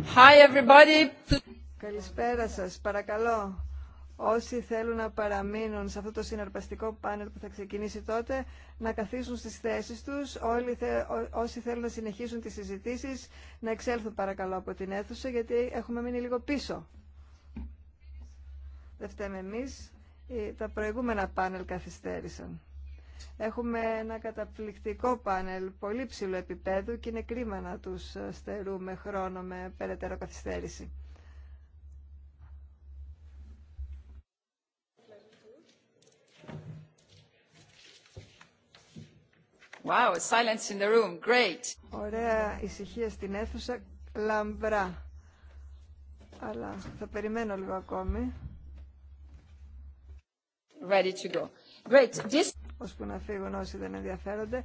Hi everybody. Καλησπέρα σας. Παρακαλώ, όσοι θέλουν να παραμείνουν σε αυτό το συναρπαστικό πάνελ που θα ξεκινήσει τότε, να καθίσουν στις θέσεις τους. Όλοι, όσοι θέλουν να συνεχίσουν τις συζητήσεις, να εξέλθουν παρακαλώ από την αίθουσα, γιατί έχουμε μείνει λίγο πίσω. Δεν φταίμε εμείς. Ε, τα προηγούμενα πάνελ καθυστέρησαν. Έχουμε ένα καταπληκτικό πάνελ πολύ ψηλού επίπεδου και είναι κρίμα να τους στερούμε χρόνο με περαιτέρω καθυστέρηση. Wow, silence in the room. Great. Ωραία ησυχία στην αίθουσα, λαμπρά. Αλλά θα περιμένω λίγο ακόμη. Ready to go. Great. This ώσπου να φύγουν όσοι δεν ενδιαφέρονται.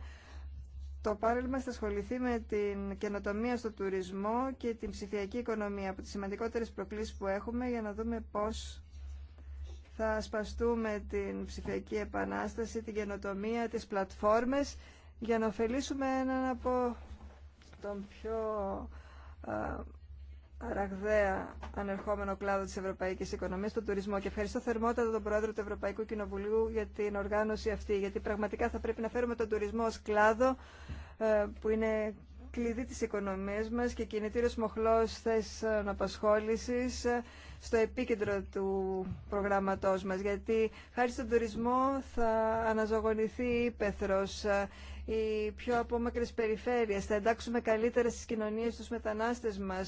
Το πάρελ μας θα ασχοληθεί με την καινοτομία στο τουρισμό και την ψηφιακή οικονομία από τις σημαντικότερες προκλήσεις που έχουμε για να δούμε πώς θα σπαστούμε την ψηφιακή επανάσταση, την καινοτομία, τις πλατφόρμες για να ωφελήσουμε έναν από τον πιο αραγδαία ανερχόμενο κλάδο τη Ευρωπαϊκή οικονομία, τον τουρισμό. Και ευχαριστώ θερμότατα τον Πρόεδρο του Ευρωπαϊκού Κοινοβουλίου για την οργάνωση αυτή, γιατί πραγματικά θα πρέπει να φέρουμε τον τουρισμό ω κλάδο ε, που είναι κλειδί τη οικονομία μα και κινητήριο μοχλό θέσεων απασχόληση ε, στο επίκεντρο του προγράμματό μα. Γιατί χάρη στον τουρισμό θα αναζωογονηθεί η Ήπεθρος, ε, οι πιο απόμακρε περιφέρειε, θα εντάξουμε καλύτερα στι κοινωνίε του μετανάστε μα.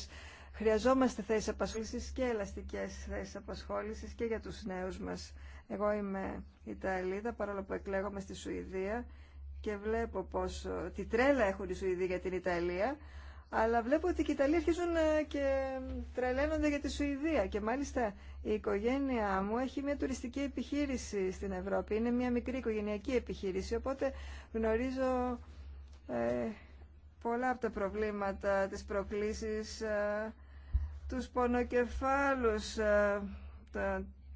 Χρειαζόμαστε θέσεις απασχόλησης και ελαστικές θέσεις απασχόλησης και για τους νέους μας. Εγώ είμαι Ιταλίδα, παρόλο που εκλέγομαι στη Σουηδία και βλέπω πως ε, τη τρέλα έχουν οι Σουηδοί για την Ιταλία, αλλά βλέπω ότι και οι Ιταλοί αρχίζουν ε, και τρελαίνονται για τη Σουηδία. Και μάλιστα η οικογένειά μου έχει μια τουριστική επιχείρηση στην Ευρώπη. Είναι μια μικρή οικογενειακή επιχείρηση, οπότε γνωρίζω ε, πολλά από τα προβλήματα, τις προκλήσεις ε, τους πονοκεφάλους ε,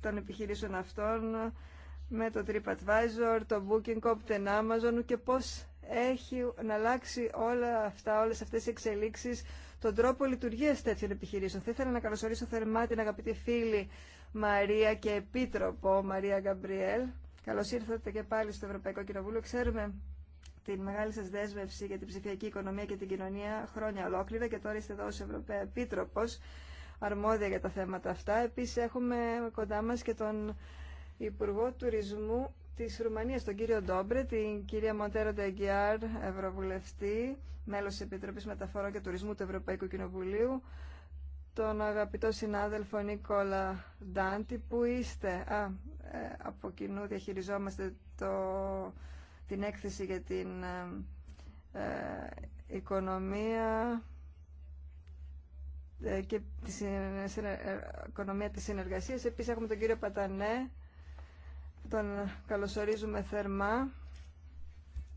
των επιχειρήσεων αυτών με το TripAdvisor, το Booking.com, την Amazon και πώς έχει να αλλάξει όλα αυτά, όλες αυτές οι εξελίξεις, τον τρόπο λειτουργίας τέτοιων επιχειρήσεων. Θα ήθελα να καλωσορίσω θερμά την αγαπητή φίλη Μαρία και Επίτροπο Μαρία Γκαμπριέλ. Καλώς ήρθατε και πάλι στο Ευρωπαϊκό Κοινοβούλιο. Ξέρουμε την μεγάλη σας δέσμευση για την ψηφιακή οικονομία και την κοινωνία χρόνια ολόκληρα και τώρα είστε εδώ ως Ευρωπαία Επίτροπος αρμόδια για τα θέματα αυτά. Επίσης έχουμε κοντά μας και τον Υπουργό Τουρισμού της Ρουμανίας, τον κύριο Ντόμπρε, την κυρία Μοντέρα Ντεγκιάρ, Ευρωβουλευτή, μέλος της Επιτροπής Μεταφορών και Τουρισμού του Ευρωπαϊκού Κοινοβουλίου, τον αγαπητό συνάδελφο Νίκολα Ντάντι, που είστε, α, ε, από κοινού διαχειριζόμαστε το την έκθεση για την ε, ε, οικονομία ε, και τη οικονομία της συνεργασίας. Επίσης έχουμε τον κύριο Πατανέ, τον καλωσορίζουμε θερμά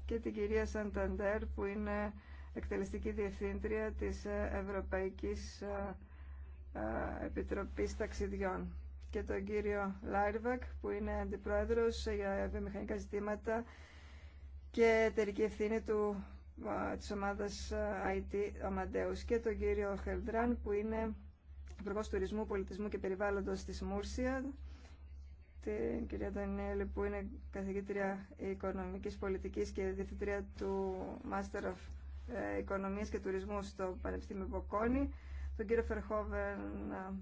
και την κυρία Σανταντέρ που είναι εκτελεστική διευθύντρια της Ευρωπαϊκής Επιτροπής Ταξιδιών και τον κύριο Λάιρβακ που είναι αντιπρόεδρος για βιομηχανικά ζητήματα και εταιρική ευθύνη του, της ομάδας IT Αμαντέους και τον κύριο Χελδράν, που είναι Υπουργό Τουρισμού, Πολιτισμού και Περιβάλλοντος της Μούρσια την κυρία Ντανιέλη που είναι καθηγήτρια οικονομικής πολιτικής και διευθυντρία του Master of ε, Οικονομίας και Τουρισμού στο Πανεπιστήμιο Βοκόνη τον κύριο Φερχόβεν,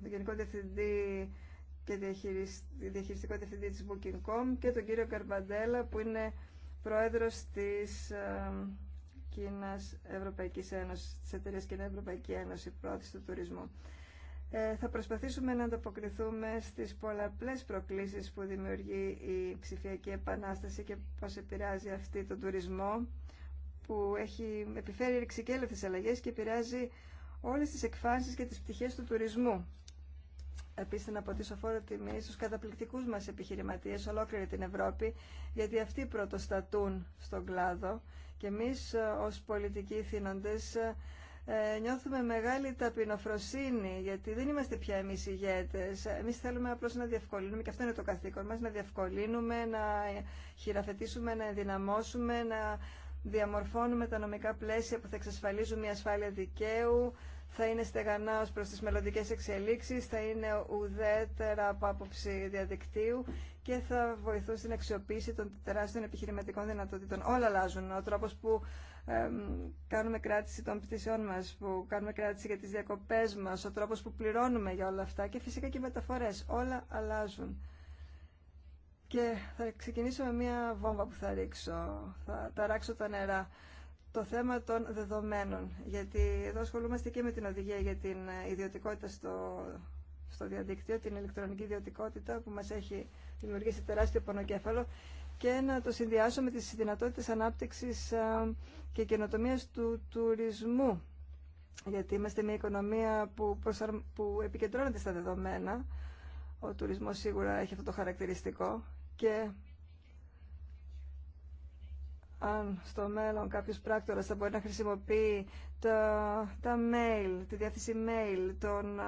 τον Γενικό Διευθυντή και Διαχειριστικό Διευθυντή της Booking.com και τον κύριο Καρμπαντέλα που είναι πρόεδρος της Κίνας Ευρωπαϊκής Ένωσης, της εταιρείας Ευρωπαϊκή Ένωση, Πρόθεση του τουρισμού. Ε, θα προσπαθήσουμε να ανταποκριθούμε στις πολλαπλές προκλήσεις που δημιουργεί η ψηφιακή επανάσταση και πώς επηρεάζει αυτή τον τουρισμό που έχει επιφέρει ρηξικέλευτες αλλαγές και επηρεάζει όλες τις εκφάνσεις και τις πτυχές του τουρισμού. Επίση, να αποτίσω φόρο τιμή στους καταπληκτικούς μας επιχειρηματίες ολόκληρη την Ευρώπη, γιατί αυτοί πρωτοστατούν στον κλάδο και εμεί, ε, ω πολιτικοί θύνοντες ε, ε, νιώθουμε μεγάλη ταπεινοφροσύνη, γιατί δεν είμαστε πια εμείς ηγέτες. Εμείς θέλουμε απλώς να διευκολύνουμε, και αυτό είναι το καθήκον μας, να διευκολύνουμε, να χειραφετήσουμε, να ενδυναμώσουμε, να διαμορφώνουμε τα νομικά πλαίσια που θα εξασφαλίζουν μια ασφάλεια δικαίου, θα είναι στεγανά ως προς τις μελλοντικές εξελίξεις, θα είναι ουδέτερα από άποψη διαδικτύου και θα βοηθούν στην αξιοποίηση των τεράστιων επιχειρηματικών δυνατοτήτων. Όλα αλλάζουν. Ο τρόπος που κάνουμε κράτηση των πτήσεών μας, που κάνουμε κράτηση για τις διακοπές μας, ο τρόπος που πληρώνουμε για όλα αυτά και φυσικά και οι μεταφορές. Όλα αλλάζουν. Και θα ξεκινήσω με μια βόμβα που θα ρίξω. Θα ταράξω τα νερά το θέμα των δεδομένων, γιατί εδώ ασχολούμαστε και με την οδηγία για την ιδιωτικότητα στο, στο διαδίκτυο, την ηλεκτρονική ιδιωτικότητα που μας έχει δημιουργήσει τεράστιο πονοκέφαλο και να το συνδυάσω με τις δυνατότητες ανάπτυξης και καινοτομία του τουρισμού, γιατί είμαστε μια οικονομία που, που επικεντρώνεται στα δεδομένα. Ο τουρισμός σίγουρα έχει αυτό το χαρακτηριστικό και αν στο μέλλον κάποιος πράκτορας θα μπορεί να χρησιμοποιεί τα, τα mail, τη διάθεση mail, τον,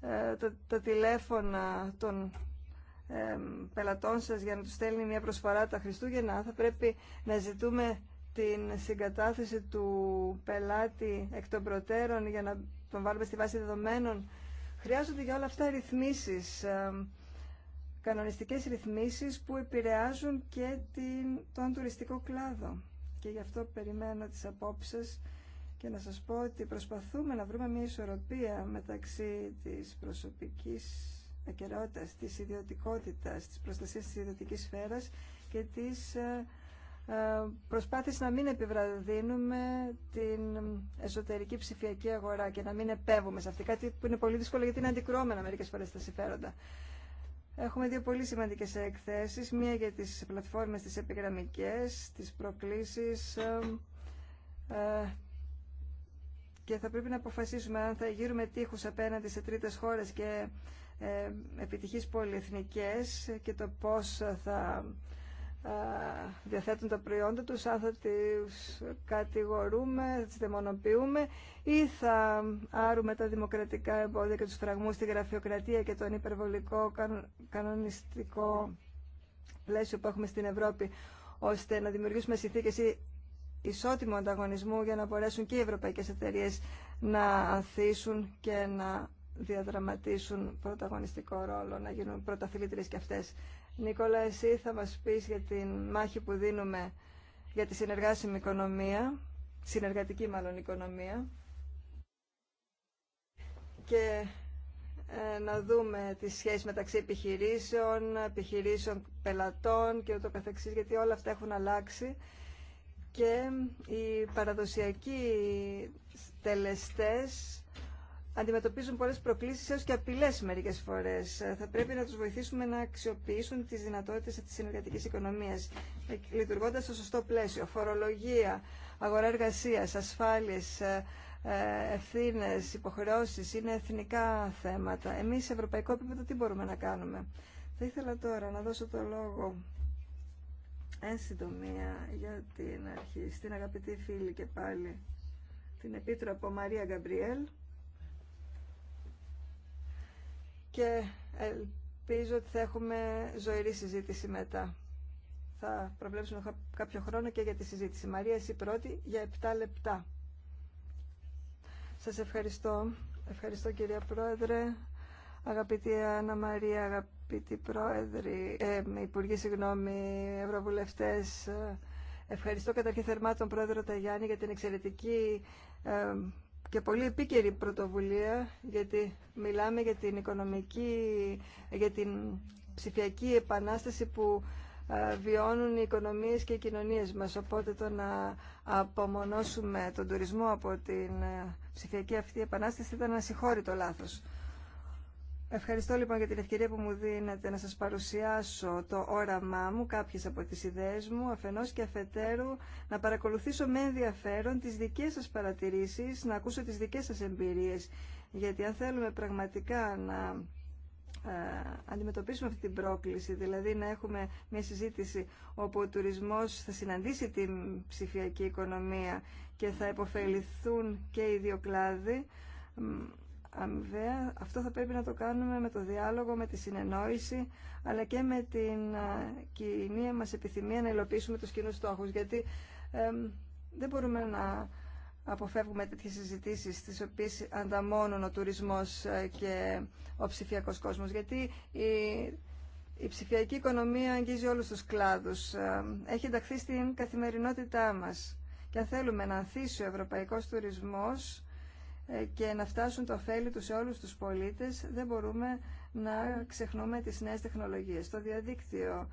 ε, τα, τηλέφωνα των πελατών σας για να τους στέλνει μια προσφορά τα Χριστούγεννα, θα πρέπει να ζητούμε την συγκατάθεση του πελάτη εκ των προτέρων για να τον βάλουμε στη βάση δεδομένων. Χρειάζονται για όλα αυτά ρυθμίσεις, κανονιστικές ρυθμίσεις που επηρεάζουν και την, τον τουριστικό κλάδο. Και γι' αυτό περιμένω τις απόψεις και να σας πω ότι προσπαθούμε να βρούμε μια ισορροπία μεταξύ της προσωπικής ακεραιότητας, της ιδιωτικότητας, της προστασίας της ιδιωτικής σφαίρας και της ε, ε, προσπάθειας να μην επιβραδύνουμε την εσωτερική ψηφιακή αγορά και να μην επέβουμε σε αυτή, κάτι που είναι πολύ δύσκολο γιατί είναι αντικρώμενα μερικές φορές τα συμφέροντα. Έχουμε δύο πολύ σημαντικές εκθέσεις, μία για τις πλατφόρμες τις επιγραμμικές, τις προκλήσεις ε, και θα πρέπει να αποφασίσουμε αν θα γύρουμε τείχους απέναντι σε τρίτες χώρες και ε, επιτυχής πολυεθνικές και το πώς θα ε, διαθέτουν τα προϊόντα τους, αν θα τις κατηγορούμε, θα τις δαιμονοποιούμε ή θα άρουμε τα δημοκρατικά εμπόδια και τους φραγμούς στη γραφειοκρατία και τον υπερβολικό κανονιστικό πλαίσιο που έχουμε στην Ευρώπη, ώστε να δημιουργήσουμε συνθήκες ισότιμου ανταγωνισμού για να μπορέσουν και οι ευρωπαϊκές εταιρείες να ανθίσουν και να διαδραματίσουν πρωταγωνιστικό ρόλο, να γίνουν πρωταθλήτριες και αυτές Νίκολα, εσύ θα μας πεις για τη μάχη που δίνουμε για τη συνεργάσιμη οικονομία, συνεργατική μάλλον οικονομία και ε, να δούμε τις σχέσεις μεταξύ επιχειρήσεων, επιχειρήσεων πελατών και ούτω καθεξής, γιατί όλα αυτά έχουν αλλάξει και οι παραδοσιακοί τελεστές αντιμετωπίζουν πολλέ προκλήσει έω και απειλέ μερικέ φορέ. Θα πρέπει να του βοηθήσουμε να αξιοποιήσουν τι δυνατότητε τη συνεργατική οικονομία, λειτουργώντα στο σωστό πλαίσιο, φορολογία, αγορά εργασία, ασφάλειες, ε, ε, ευθύνε, υποχρεώσει. είναι εθνικά θέματα. Εμεί σε ευρωπαϊκό επίπεδο τι μπορούμε να κάνουμε. Θα ήθελα τώρα να δώσω το λόγο εν συντομία για την αρχή, στην αγαπητή φίλη και πάλι, την Επίτροπο Μαρία Γκαμπριέλ, και ελπίζω ότι θα έχουμε ζωηρή συζήτηση μετά. Θα προβλέψουμε κάποιο χρόνο και για τη συζήτηση. Μαρία, εσύ πρώτη για 7 λεπτά. Σας ευχαριστώ. Ευχαριστώ κυρία Πρόεδρε, αγαπητή Άννα Μαρία, αγαπητή Πρόεδροι, ε, Υπουργοί, συγγνώμη, Ευρωβουλευτές. Ε, ευχαριστώ καταρχήν θερμά τον Πρόεδρο Ταγιάννη για την εξαιρετική ε, και πολύ επίκαιρη πρωτοβουλία γιατί μιλάμε για την οικονομική, για την ψηφιακή επανάσταση που βιώνουν οι οικονομίες και οι κοινωνίες μας. Οπότε το να απομονώσουμε τον τουρισμό από την ε, ψηφιακή αυτή επανάσταση ήταν το λάθος. Ευχαριστώ λοιπόν για την ευκαιρία που μου δίνετε να σας παρουσιάσω το όραμά μου, κάποιες από τις ιδέες μου, αφενός και αφετέρου, να παρακολουθήσω με ενδιαφέρον τις δικές σας παρατηρήσεις, να ακούσω τις δικές σας εμπειρίες. Γιατί αν θέλουμε πραγματικά να ε, αντιμετωπίσουμε αυτή την πρόκληση, δηλαδή να έχουμε μια συζήτηση όπου ο τουρισμός θα συναντήσει την ψηφιακή οικονομία και θα επωφεληθούν και οι δύο κλάδοι, αμοιβαία. Αυτό θα πρέπει να το κάνουμε με το διάλογο, με τη συνεννόηση, αλλά και με την κοινή μας επιθυμία να υλοποιήσουμε τους κοινούς στόχους, γιατί δεν μπορούμε να αποφεύγουμε τέτοιες συζητήσεις τις οποίες ανταμώνουν ο τουρισμός και ο ψηφιακός κόσμος, γιατί η, η ψηφιακή οικονομία αγγίζει όλους τους κλάδους. Έχει ενταχθεί στην καθημερινότητά μας. Και αν θέλουμε να ανθίσει ο ευρωπαϊκός τουρισμός, ε, και να φτάσουν το ωφέλη του σε όλους τους πολίτες, δεν μπορούμε να ξεχνούμε τις νέες τεχνολογίες. Το διαδίκτυο,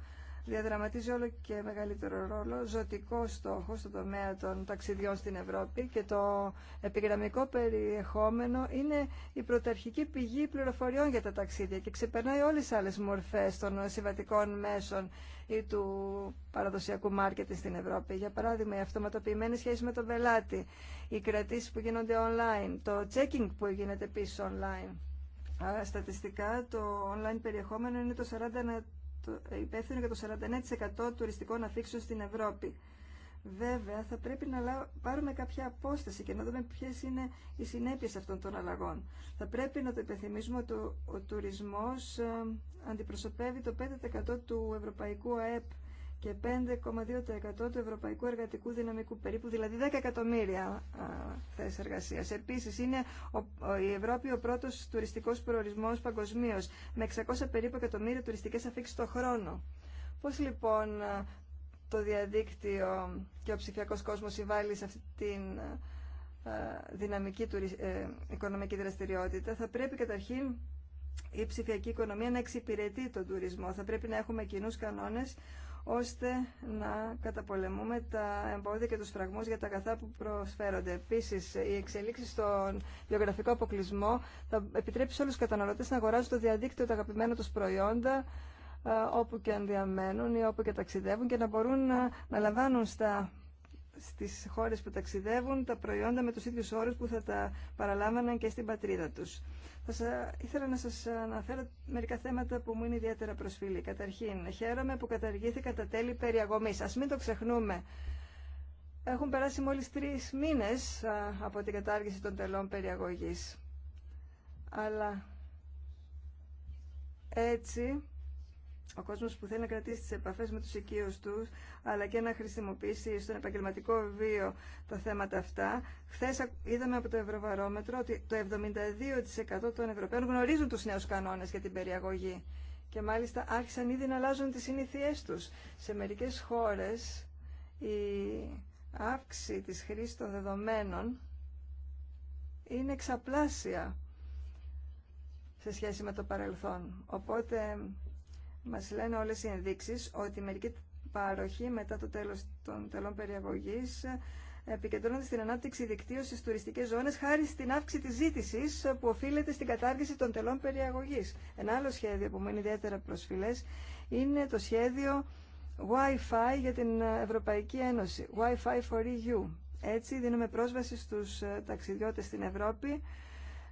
διαδραματίζει όλο και μεγαλύτερο ρόλο, ζωτικό στόχο στον τομέα των ταξιδιών στην Ευρώπη και το επιγραμμικό περιεχόμενο είναι η πρωταρχική πηγή πληροφοριών για τα ταξίδια και ξεπερνάει όλες τις άλλες μορφές των συμβατικών μέσων ή του παραδοσιακού μάρκετινγκ στην Ευρώπη. Για παράδειγμα, οι αυτοματοποιημένες σχέσεις με τον πελάτη, οι κρατήσεις που γίνονται online, το checking που γίνεται επίσης online. στατιστικά το online περιεχόμενο είναι το 40 υπεύθυνο για το 49% τουριστικών αφήξεων στην Ευρώπη. Βέβαια, θα πρέπει να πάρουμε κάποια απόσταση και να δούμε ποιε είναι οι συνέπειε αυτών των αλλαγών. Θα πρέπει να το υπενθυμίσουμε ότι ο τουρισμό ε, αντιπροσωπεύει το 5% του ευρωπαϊκού ΑΕΠ και 5,2% του ευρωπαϊκού εργατικού δυναμικού περίπου, δηλαδή 10 εκατομμύρια θέσει εργασία. Επίση, είναι η Ευρώπη ο πρώτο τουριστικό προορισμό παγκοσμίω, με 600 περίπου εκατομμύρια τουριστικέ αφήξει το χρόνο. Πώ λοιπόν το διαδίκτυο και ο ψηφιακό κόσμο ή βάλει αυτή την κόσμος συμβάλλει σε αυτή την δυναμική ε, οικονομική δραστηριότητα, θα πρέπει καταρχήν η ψηφιακή οικονομία να εξυπηρετεί τον τουρισμό. Θα πρέπει να έχουμε κοινού κανόνες ώστε να καταπολεμούμε τα εμπόδια και τους φραγμούς για τα αγαθά που προσφέρονται. Επίσης, η εξελίξη στον βιογραφικό αποκλεισμό θα επιτρέψει σε όλους τους καταναλωτές να αγοράζουν το διαδίκτυο τα αγαπημένα τους προϊόντα ε, όπου και αν διαμένουν ή όπου και ταξιδεύουν και να μπορούν να, ε, να λαμβάνουν στα στις χώρες που ταξιδεύουν τα προϊόντα με τους ίδιους όρους που θα τα παραλάμβαναν και στην πατρίδα τους. Θα Ήθελα να σας αναφέρω μερικά θέματα που μου είναι ιδιαίτερα προσφύλη. Καταρχήν, χαίρομαι που καταργήθηκα τα τέλη περιαγωγή. Ας μην το ξεχνούμε. Έχουν περάσει μόλις τρεις μήνες από την κατάργηση των τελών περιαγωγής. Αλλά έτσι ο κόσμος που θέλει να κρατήσει τις επαφές με τους οικείους του, αλλά και να χρησιμοποιήσει στον επαγγελματικό βίο τα θέματα αυτά. Χθε είδαμε από το Ευρωβαρόμετρο ότι το 72% των Ευρωπαίων γνωρίζουν τους νέους κανόνες για την περιαγωγή και μάλιστα άρχισαν ήδη να αλλάζουν τις συνήθειές τους. Σε μερικές χώρες η αύξηση της χρήσης των δεδομένων είναι εξαπλάσια σε σχέση με το παρελθόν. Οπότε μας λένε όλες οι ενδείξεις ότι μερικοί παροχοί μετά το τέλος των τελών περιαγωγής επικεντρώνονται στην ανάπτυξη δικτύωση στι τουριστικέ ζώνε χάρη στην αύξηση τη ζήτηση που οφείλεται στην κατάργηση των τελών περιαγωγή. Ένα άλλο σχέδιο που μου είναι ιδιαίτερα προσφυλέ είναι το σχέδιο Wi-Fi για την Ευρωπαϊκή Ένωση, Wi-Fi for EU. Έτσι δίνουμε πρόσβαση στους ταξιδιώτες στην Ευρώπη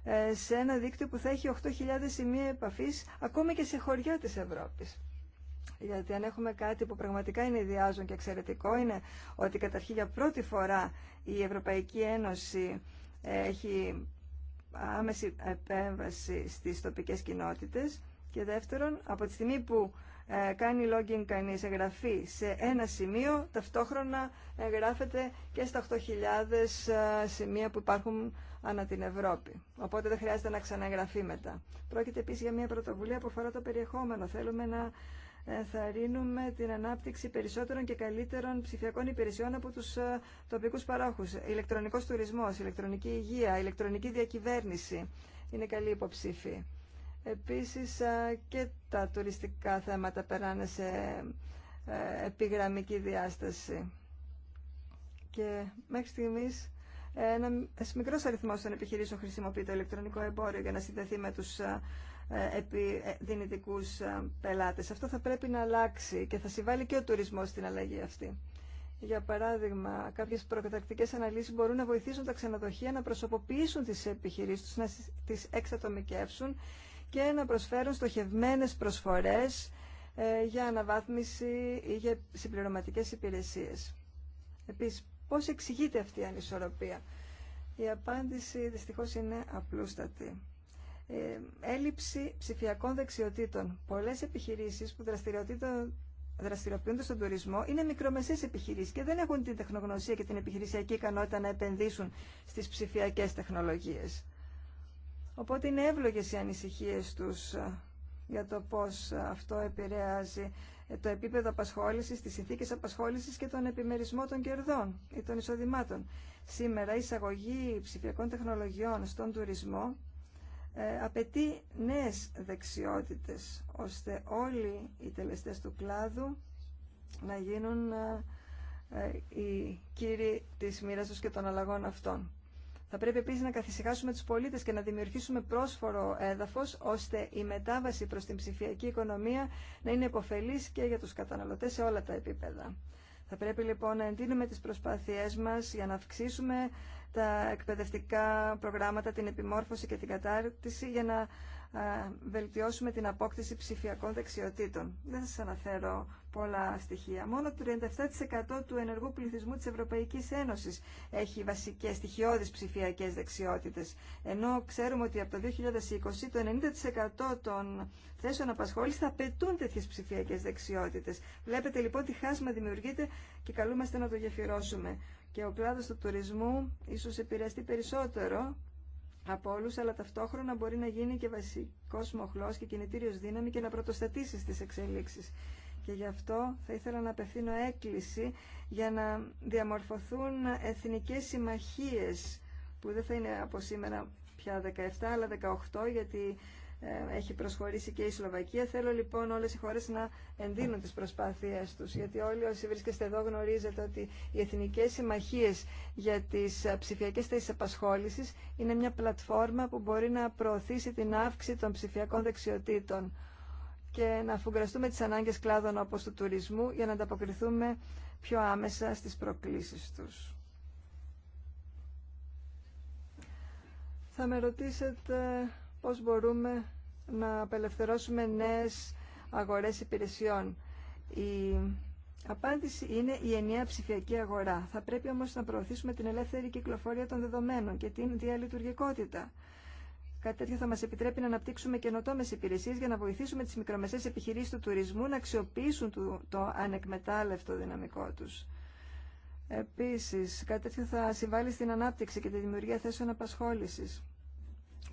ε, σε ένα δίκτυο που θα έχει 8.000 σημεία επαφής ακόμη και σε χωριά της Ευρώπης. Γιατί αν έχουμε κάτι που πραγματικά είναι ιδιάζον και εξαιρετικό είναι ότι καταρχήν για πρώτη φορά η Ευρωπαϊκή Ένωση ε, έχει άμεση επέμβαση στις τοπικές κοινότητες και δεύτερον από τη στιγμή που ε, κάνει login κανείς εγγραφή σε ένα σημείο ταυτόχρονα εγγράφεται και στα 8.000 σημεία που υπάρχουν ανά την Ευρώπη. Οπότε δεν χρειάζεται να ξαναγραφεί μετά. Πρόκειται επίση για μια πρωτοβουλία που αφορά το περιεχόμενο. Θέλουμε να ενθαρρύνουμε την ανάπτυξη περισσότερων και καλύτερων ψηφιακών υπηρεσιών από του ε, τοπικού παρόχου. Ηλεκτρονικό τουρισμό, ηλεκτρονική υγεία, ηλεκτρονική διακυβέρνηση είναι καλή υποψήφη. Επίση, ε, και τα τουριστικά θέματα περνάνε σε ε, επιγραμμική διάσταση. Και μέχρι στιγμής ένα μικρό αριθμό των επιχειρήσεων χρησιμοποιεί το ηλεκτρονικό εμπόριο για να συνδεθεί με του ε, ε, ε, δυνητικού πελάτε. Αυτό θα πρέπει να αλλάξει και θα συμβάλλει και ο τουρισμό στην αλλαγή αυτή. Για παράδειγμα, κάποιε προκατακτικέ αναλύσει μπορούν να βοηθήσουν τα ξενοδοχεία να προσωποποιήσουν τι επιχειρήσει του, να τι εξατομικεύσουν και να προσφέρουν στοχευμένε προσφορέ για αναβάθμιση ή για συμπληρωματικέ υπηρεσίε πώς εξηγείται αυτή η ανισορροπία. Η απάντηση δυστυχώς είναι απλούστατη. Ε, έλλειψη ψηφιακών δεξιοτήτων. Πολλές επιχειρήσεις που δραστηριοποιούνται στον τουρισμό είναι μικρομεσαίες επιχειρήσεις και δεν έχουν την τεχνογνωσία και την επιχειρησιακή ικανότητα να επενδύσουν στις ψηφιακές τεχνολογίες. Οπότε είναι εύλογες οι ανησυχίες τους για το πώς αυτό επηρεάζει το επίπεδο απασχόλησης, τις συνθήκες απασχόλησης και τον επιμερισμό των κερδών ή των εισοδημάτων. Σήμερα η εισαγωγή ψηφιακών τεχνολογιών στον τουρισμό ε, απαιτεί νέες δεξιότητες, ώστε όλοι οι τελεστές του κλάδου να γίνουν ε, ε οι κύριοι της μοίρας τους και των αλλαγών αυτών. Θα πρέπει επίσης να καθησυχάσουμε του πολίτες και να δημιουργήσουμε πρόσφορο έδαφος, ώστε η μετάβαση προς την ψηφιακή οικονομία να είναι υποφελής και για τους καταναλωτές σε όλα τα επίπεδα. Θα πρέπει λοιπόν να εντείνουμε τις προσπάθειές μας για να αυξήσουμε τα εκπαιδευτικά προγράμματα, την επιμόρφωση και την κατάρτιση για να βελτιώσουμε την απόκτηση ψηφιακών δεξιοτήτων. Δεν σας αναφέρω πολλά στοιχεία. Μόνο το 37% του ενεργού πληθυσμού της Ευρωπαϊκής Ένωσης έχει βασικές στοιχειώδεις ψηφιακές δεξιότητες. Ενώ ξέρουμε ότι από το 2020 το 90% των θέσεων απασχόλησης θα απαιτούν τέτοιες ψηφιακές δεξιότητες. Βλέπετε λοιπόν τι χάσμα δημιουργείται και καλούμαστε να το γεφυρώσουμε. Και ο κλάδος του τουρισμού ίσως επηρεαστεί περισσότερο από όλου, αλλά ταυτόχρονα μπορεί να γίνει και βασικός μοχλός και κινητήριο δύναμη και να πρωτοστατήσει στις εξελίξεις. Και γι' αυτό θα ήθελα να απευθύνω έκκληση για να διαμορφωθούν εθνικές συμμαχίε που δεν θα είναι από σήμερα πια 17 αλλά 18 γιατί ε, έχει προσχωρήσει και η Σλοβακία. Θέλω λοιπόν όλες οι χώρες να ενδύνουν τις προσπάθειές τους, γιατί όλοι όσοι βρίσκεστε εδώ γνωρίζετε ότι οι εθνικές συμμαχίες για τις ε, ψηφιακές θέσεις απασχόλησης είναι μια πλατφόρμα που μπορεί να προωθήσει την αύξηση των ψηφιακών δεξιοτήτων και να αφουγκραστούμε τις ανάγκες κλάδων όπως του τουρισμού για να ανταποκριθούμε πιο άμεσα στις προκλήσεις τους. Θα με ρωτήσετε πώς μπορούμε να απελευθερώσουμε νέες αγορές υπηρεσιών. Η απάντηση είναι η ενιαία ψηφιακή αγορά. Θα πρέπει όμως να προωθήσουμε την ελεύθερη κυκλοφορία των δεδομένων και την διαλειτουργικότητα. Κάτι τέτοιο θα μα επιτρέπει να αναπτύξουμε καινοτόμε υπηρεσίε για να βοηθήσουμε τι μικρομεσαίε επιχειρήσει του τουρισμού να αξιοποιήσουν το ανεκμετάλλευτο δυναμικό του. Επίση, κάτι τέτοιο θα συμβάλλει στην ανάπτυξη και τη δημιουργία θέσεων απασχόληση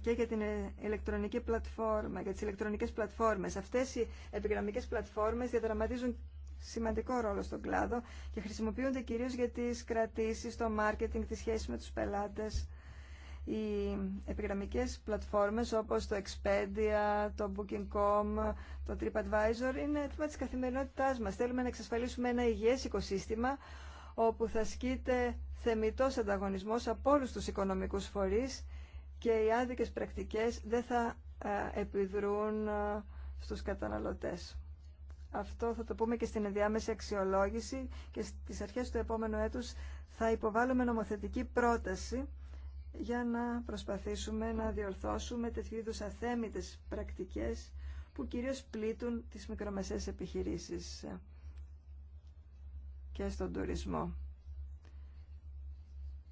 και για την ηλεκτρονική πλατφόρμα, για τις ηλεκτρονικές πλατφόρμες. Αυτές οι επιγραμμικές πλατφόρμες διαδραματίζουν σημαντικό ρόλο στον κλάδο και χρησιμοποιούνται κυρίως για τις κρατήσεις, το μάρκετινγκ, τη σχέση με τους πελάτες. Οι επιγραμμικές πλατφόρμες όπως το Expedia, το Booking.com, το TripAdvisor είναι έτοιμα της καθημερινότητάς μας. Θέλουμε να εξασφαλίσουμε ένα υγιές οικοσύστημα όπου θα σκείται θεμητός ανταγωνισμός από όλους τους οικονομικούς φορείς και οι άδικες πρακτικές δεν θα ε, επιδρούν ε, στους καταναλωτές. Αυτό θα το πούμε και στην ενδιάμεση αξιολόγηση και στις αρχές του επόμενου έτους θα υποβάλουμε νομοθετική πρόταση για να προσπαθήσουμε να διορθώσουμε τέτοιου είδους αθέμητες πρακτικές που κυρίως πλήττουν τις μικρομεσαίες επιχειρήσεις και στον τουρισμό.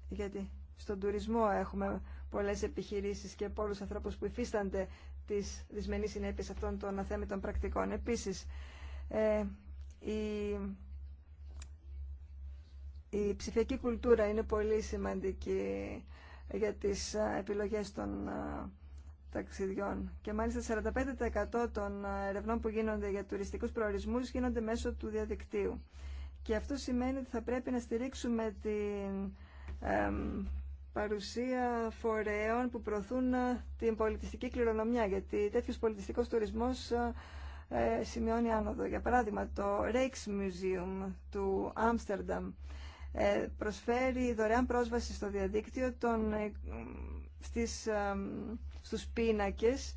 Γιατί στον τουρισμό έχουμε πολλές επιχειρήσεις και πολλούς ανθρώπους που υφίστανται τις δυσμενείς συνέπειες αυτών των αθέμητων πρακτικών. Επίσης, ε, η, η ψηφιακή κουλτούρα είναι πολύ σημαντική για τις ε, επιλογές των ε, ταξιδιών. Και μάλιστα 45% των ε, ερευνών που γίνονται για τουριστικούς προορισμούς γίνονται μέσω του διαδικτύου. Και αυτό σημαίνει ότι θα πρέπει να στηρίξουμε την παρουσία φορέων που προωθούν ε, την πολιτιστική κληρονομιά, γιατί τέτοιος πολιτιστικός τουρισμός ε, ε, σημειώνει άνοδο. Για παράδειγμα, το Rijksmuseum του Άμστερνταμ προσφέρει δωρεάν πρόσβαση στο διαδίκτυο των, στις, στους πίνακες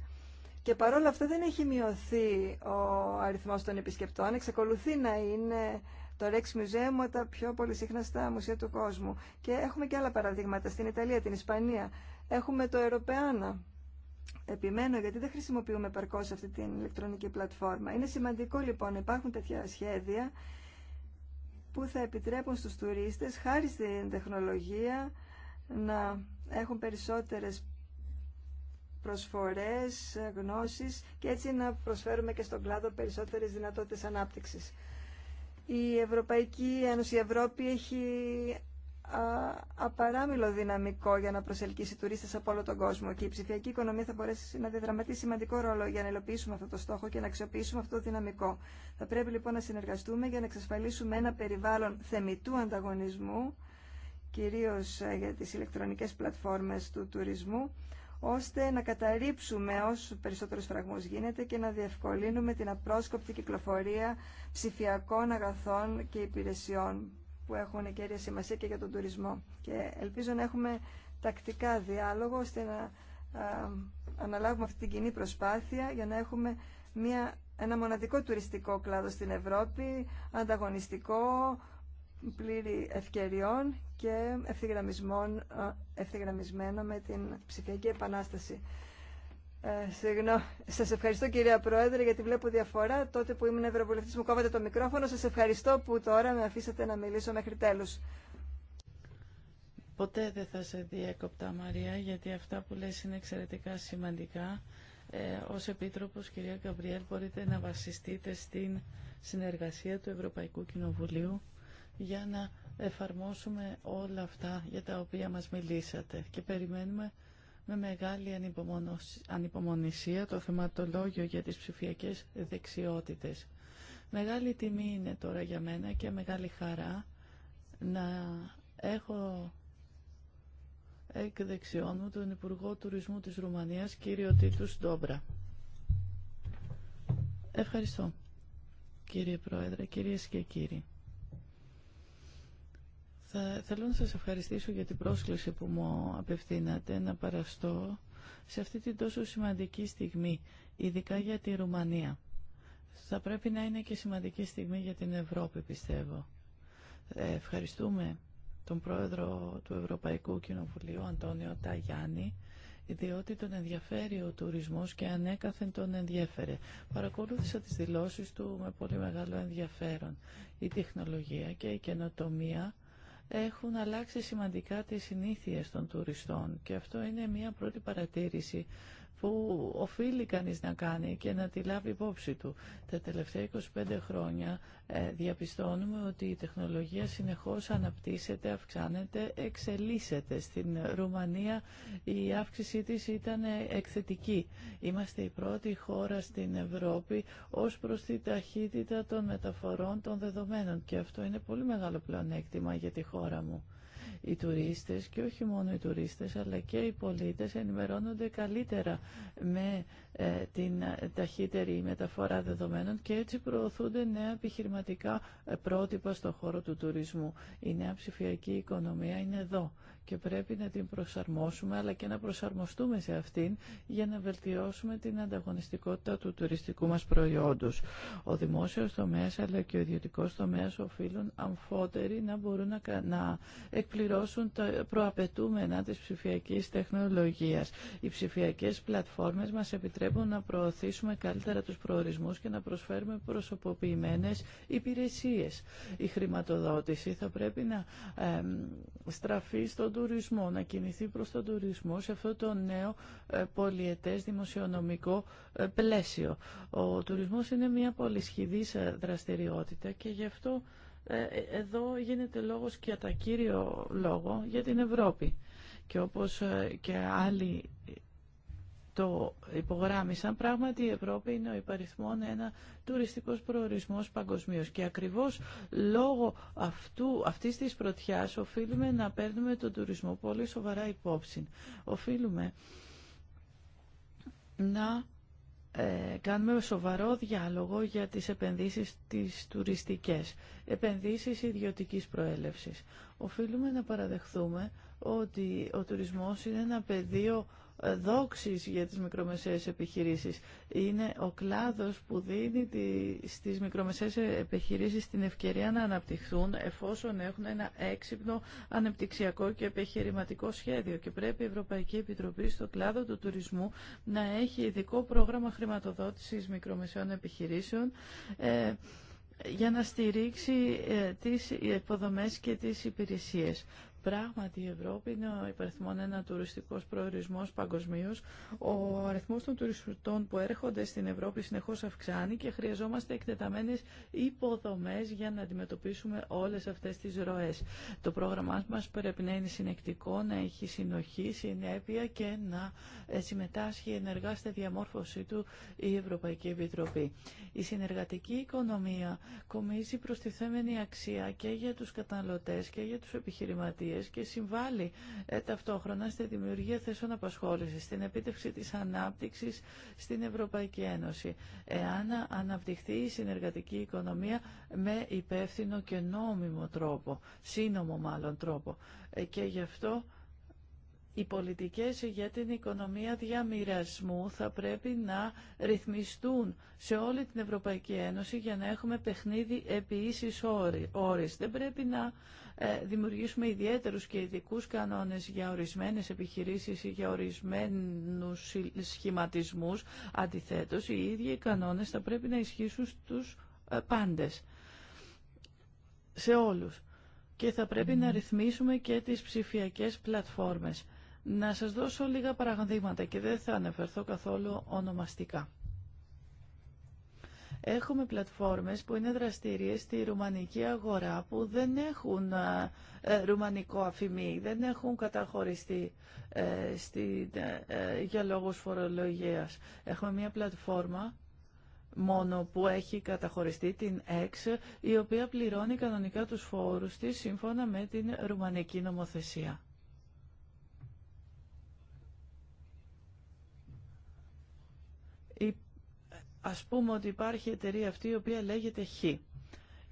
και παρόλα αυτά δεν έχει μειωθεί ο αριθμός των επισκεπτών, εξακολουθεί να είναι το Rex Museum, τα πιο πολύ συχνά στα μουσεία του κόσμου. Και έχουμε και άλλα παραδείγματα στην Ιταλία, την Ισπανία. Έχουμε το Europeana. Επιμένω γιατί δεν χρησιμοποιούμε παρκώ αυτή την ηλεκτρονική πλατφόρμα. Είναι σημαντικό λοιπόν υπάρχουν τέτοια σχέδια που θα επιτρέπουν στους τουρίστες χάρη στην τεχνολογία να έχουν περισσότερες προσφορές, γνώσεις και έτσι να προσφέρουμε και στον κλάδο περισσότερες δυνατότητες ανάπτυξης. Η Ευρωπαϊκή Ένωση, η Ευρώπη έχει απαράμιλο δυναμικό για να προσελκύσει τουρίστες από όλο τον κόσμο και η ψηφιακή οικονομία θα μπορέσει να διαδραματίσει σημαντικό ρόλο για να υλοποιήσουμε αυτό το στόχο και να αξιοποιήσουμε αυτό το δυναμικό. Θα πρέπει λοιπόν να συνεργαστούμε για να εξασφαλίσουμε ένα περιβάλλον θεμητού ανταγωνισμού κυρίως ε, για τις ηλεκτρονικές πλατφόρμες του τουρισμού ώστε να καταρρύψουμε όσο περισσότερους φραγμός γίνεται και να διευκολύνουμε την απρόσκοπτη κυκλοφορία ψηφιακών αγαθών και υπηρεσιών που έχουν κέρια σημασία και για τον τουρισμό. Και ελπίζω να έχουμε τακτικά διάλογο ώστε να αναλάβουμε αυτή την κοινή προσπάθεια για να έχουμε μια, ένα μοναδικό τουριστικό κλάδο στην Ευρώπη, ανταγωνιστικό, πλήρη ευκαιριών και ε, ευθυγραμμισμένο με την ψηφιακή επανάσταση. Ε, Σας ευχαριστώ κυρία Πρόεδρε γιατί βλέπω διαφορά. Τότε που ήμουν Ευρωβουλευτής μου κόβατε το μικρόφωνο. Σας ευχαριστώ που τώρα με αφήσατε να μιλήσω μέχρι τέλους. Ποτέ δεν θα σε διέκοπτα Μαρία γιατί αυτά που λες είναι εξαιρετικά σημαντικά. Ε, ως Επίτροπος κυρία Γκαμπριέλ μπορείτε να βασιστείτε στην συνεργασία του Ευρωπαϊκού Κοινοβουλίου για να εφαρμόσουμε όλα αυτά για τα οποία μας μιλήσατε και περιμένουμε με μεγάλη ανυπομονησία το θεματολόγιο για τις ψηφιακές δεξιότητες. Μεγάλη τιμή είναι τώρα για μένα και μεγάλη χαρά να έχω εκ δεξιών μου τον Υπουργό Τουρισμού της Ρουμανίας, κύριο Τίτους Ντόμπρα. Ευχαριστώ, κύριε Πρόεδρε, κυρίες και κύριοι θέλω να σας ευχαριστήσω για την πρόσκληση που μου απευθύνατε να παραστώ σε αυτή την τόσο σημαντική στιγμή, ειδικά για τη Ρουμανία. Θα πρέπει να είναι και σημαντική στιγμή για την Ευρώπη, πιστεύω. Ε, ευχαριστούμε τον πρόεδρο του Ευρωπαϊκού Κοινοβουλίου, Αντώνιο Ταγιάννη, διότι τον ενδιαφέρει ο τουρισμός και ανέκαθεν τον ενδιαφέρε. Παρακολούθησα τις δηλώσεις του με πολύ μεγάλο ενδιαφέρον. Η τεχνολογία και η καινοτομία έχουν αλλάξει σημαντικά τις συνήθειες των τουριστών και αυτό είναι μια πρώτη παρατήρηση που οφείλει κανείς να κάνει και να τη λάβει υπόψη του. Τα τελευταία 25 χρόνια ε, διαπιστώνουμε ότι η τεχνολογία συνεχώς αναπτύσσεται, αυξάνεται, εξελίσσεται. Στην Ρουμανία η αύξησή της ήταν ε, εκθετική. Είμαστε η πρώτη χώρα στην Ευρώπη ως προς τη ταχύτητα των μεταφορών των δεδομένων και αυτό είναι πολύ μεγάλο πλεονέκτημα για τη χώρα μου οι τουρίστες και όχι μόνο οι τουρίστες αλλά και οι πολίτες ενημερώνονται καλύτερα με ε, την ταχύτερη μεταφορά δεδομένων και έτσι προωθούνται νέα επιχειρηματικά πρότυπα στον χώρο του τουρισμού. Η νέα ψηφιακή οικονομία είναι εδώ και πρέπει να την προσαρμόσουμε αλλά και να προσαρμοστούμε σε αυτήν για να βελτιώσουμε την ανταγωνιστικότητα του τουριστικού μας προϊόντος. Ο δημόσιος τομέας αλλά και ο ιδιωτικός τομέας οφείλουν αμφότεροι να μπορούν να, εκπληρώσουν τα προαπαιτούμενα της ψηφιακής τεχνολογίας. Οι ψηφιακές πλατφόρμες μας επιτρέπουν να προωθήσουμε καλύτερα τους προορισμούς και να προσφέρουμε προσωποποιημένες υπηρεσίες. Η χρηματοδότηση θα πρέπει να στραφεί στον τουρισμό, να κινηθεί προς τον τουρισμό σε αυτό το νέο ε, πολιετές δημοσιονομικό ε, πλαίσιο. Ο τουρισμός είναι μια πολυσχηδής ε, δραστηριότητα και γι' αυτό εδώ γίνεται λόγος και τα κύριο λόγο για την Ευρώπη. Και όπως και άλλοι το υπογράμμισαν, πράγματι η Ευρώπη είναι ο υπαριθμόν ένα τουριστικός προορισμός παγκοσμίως και ακριβώς λόγω αυτού, αυτής της πρωτιάς οφείλουμε να παίρνουμε τον τουρισμό πολύ σοβαρά υπόψη. Οφείλουμε να ε, κάνουμε σοβαρό διάλογο για τις επενδύσεις τις τουριστικές, επενδύσεις ιδιωτικής προέλευσης. Οφείλουμε να παραδεχθούμε ότι ο τουρισμός είναι ένα πεδίο δόξης για τις μικρομεσαίες επιχειρήσεις. Είναι ο κλάδος που δίνει στις μικρομεσαίες επιχειρήσεις την ευκαιρία να αναπτυχθούν εφόσον έχουν ένα έξυπνο ανεπτυξιακό και επιχειρηματικό σχέδιο και πρέπει η Ευρωπαϊκή Επιτροπή στο κλάδο του τουρισμού να έχει ειδικό πρόγραμμα χρηματοδότησης μικρομεσαίων επιχειρήσεων ε, για να στηρίξει ε, τις υποδομές και τις υπηρεσίες. Πράγματι η Ευρώπη είναι ο ένα τουριστικός προορισμός παγκοσμίω. Ο αριθμός των τουριστών που έρχονται στην Ευρώπη συνεχώς αυξάνει και χρειαζόμαστε εκτεταμένες υποδομές για να αντιμετωπίσουμε όλες αυτές τις ροές. Το πρόγραμμά μας πρέπει να είναι συνεκτικό, να έχει συνοχή, συνέπεια και να ε, συμμετάσχει ενεργά στη διαμόρφωσή του η Ευρωπαϊκή Επιτροπή. Η συνεργατική οικονομία κομίζει προστιθέμενη αξία και για τους καταναλωτές και για τους επιχειρηματίες ευκαιρίες και συμβάλλει ε, ταυτόχρονα στη δημιουργία θέσεων απασχόλησης, στην επίτευξη της ανάπτυξης στην Ευρωπαϊκή Ένωση. Εάν αναπτυχθεί η συνεργατική οικονομία με υπεύθυνο και νόμιμο τρόπο, σύνομο μάλλον τρόπο. Ε, και γι' αυτό οι πολιτικές για την οικονομία διαμοιρασμού θα πρέπει να ρυθμιστούν σε όλη την Ευρωπαϊκή Ένωση για να έχουμε παιχνίδι επί ίσης όρες. Δεν πρέπει να ε, δημιουργήσουμε ιδιαίτερους και ειδικού κανόνες για ορισμένες επιχειρήσεις ή για ορισμένους σχηματισμούς. Αντιθέτως, οι ίδιοι κανόνες θα πρέπει να ισχύσουν στους ε, πάντες, σε όλους. Και θα πρέπει να ρυθμίσουμε και τις ψηφιακές πλατφόρμες. Να σας δώσω λίγα παραδείγματα και δεν θα αναφερθώ καθόλου ονομαστικά. Έχουμε πλατφόρμες που είναι δραστήριες στη ρουμανική αγορά που δεν έχουν ε, ε, ρουμανικό αφημί, δεν έχουν καταχωριστεί ε, στη, για λόγους φορολογίας. Έχουμε μια πλατφόρμα μόνο που έχει καταχωριστεί την ΕΞ, η οποία πληρώνει κανονικά τους φόρους της σύμφωνα με την ρουμανική νομοθεσία. Ας πούμε ότι υπάρχει εταιρεία αυτή η οποία λέγεται Χ.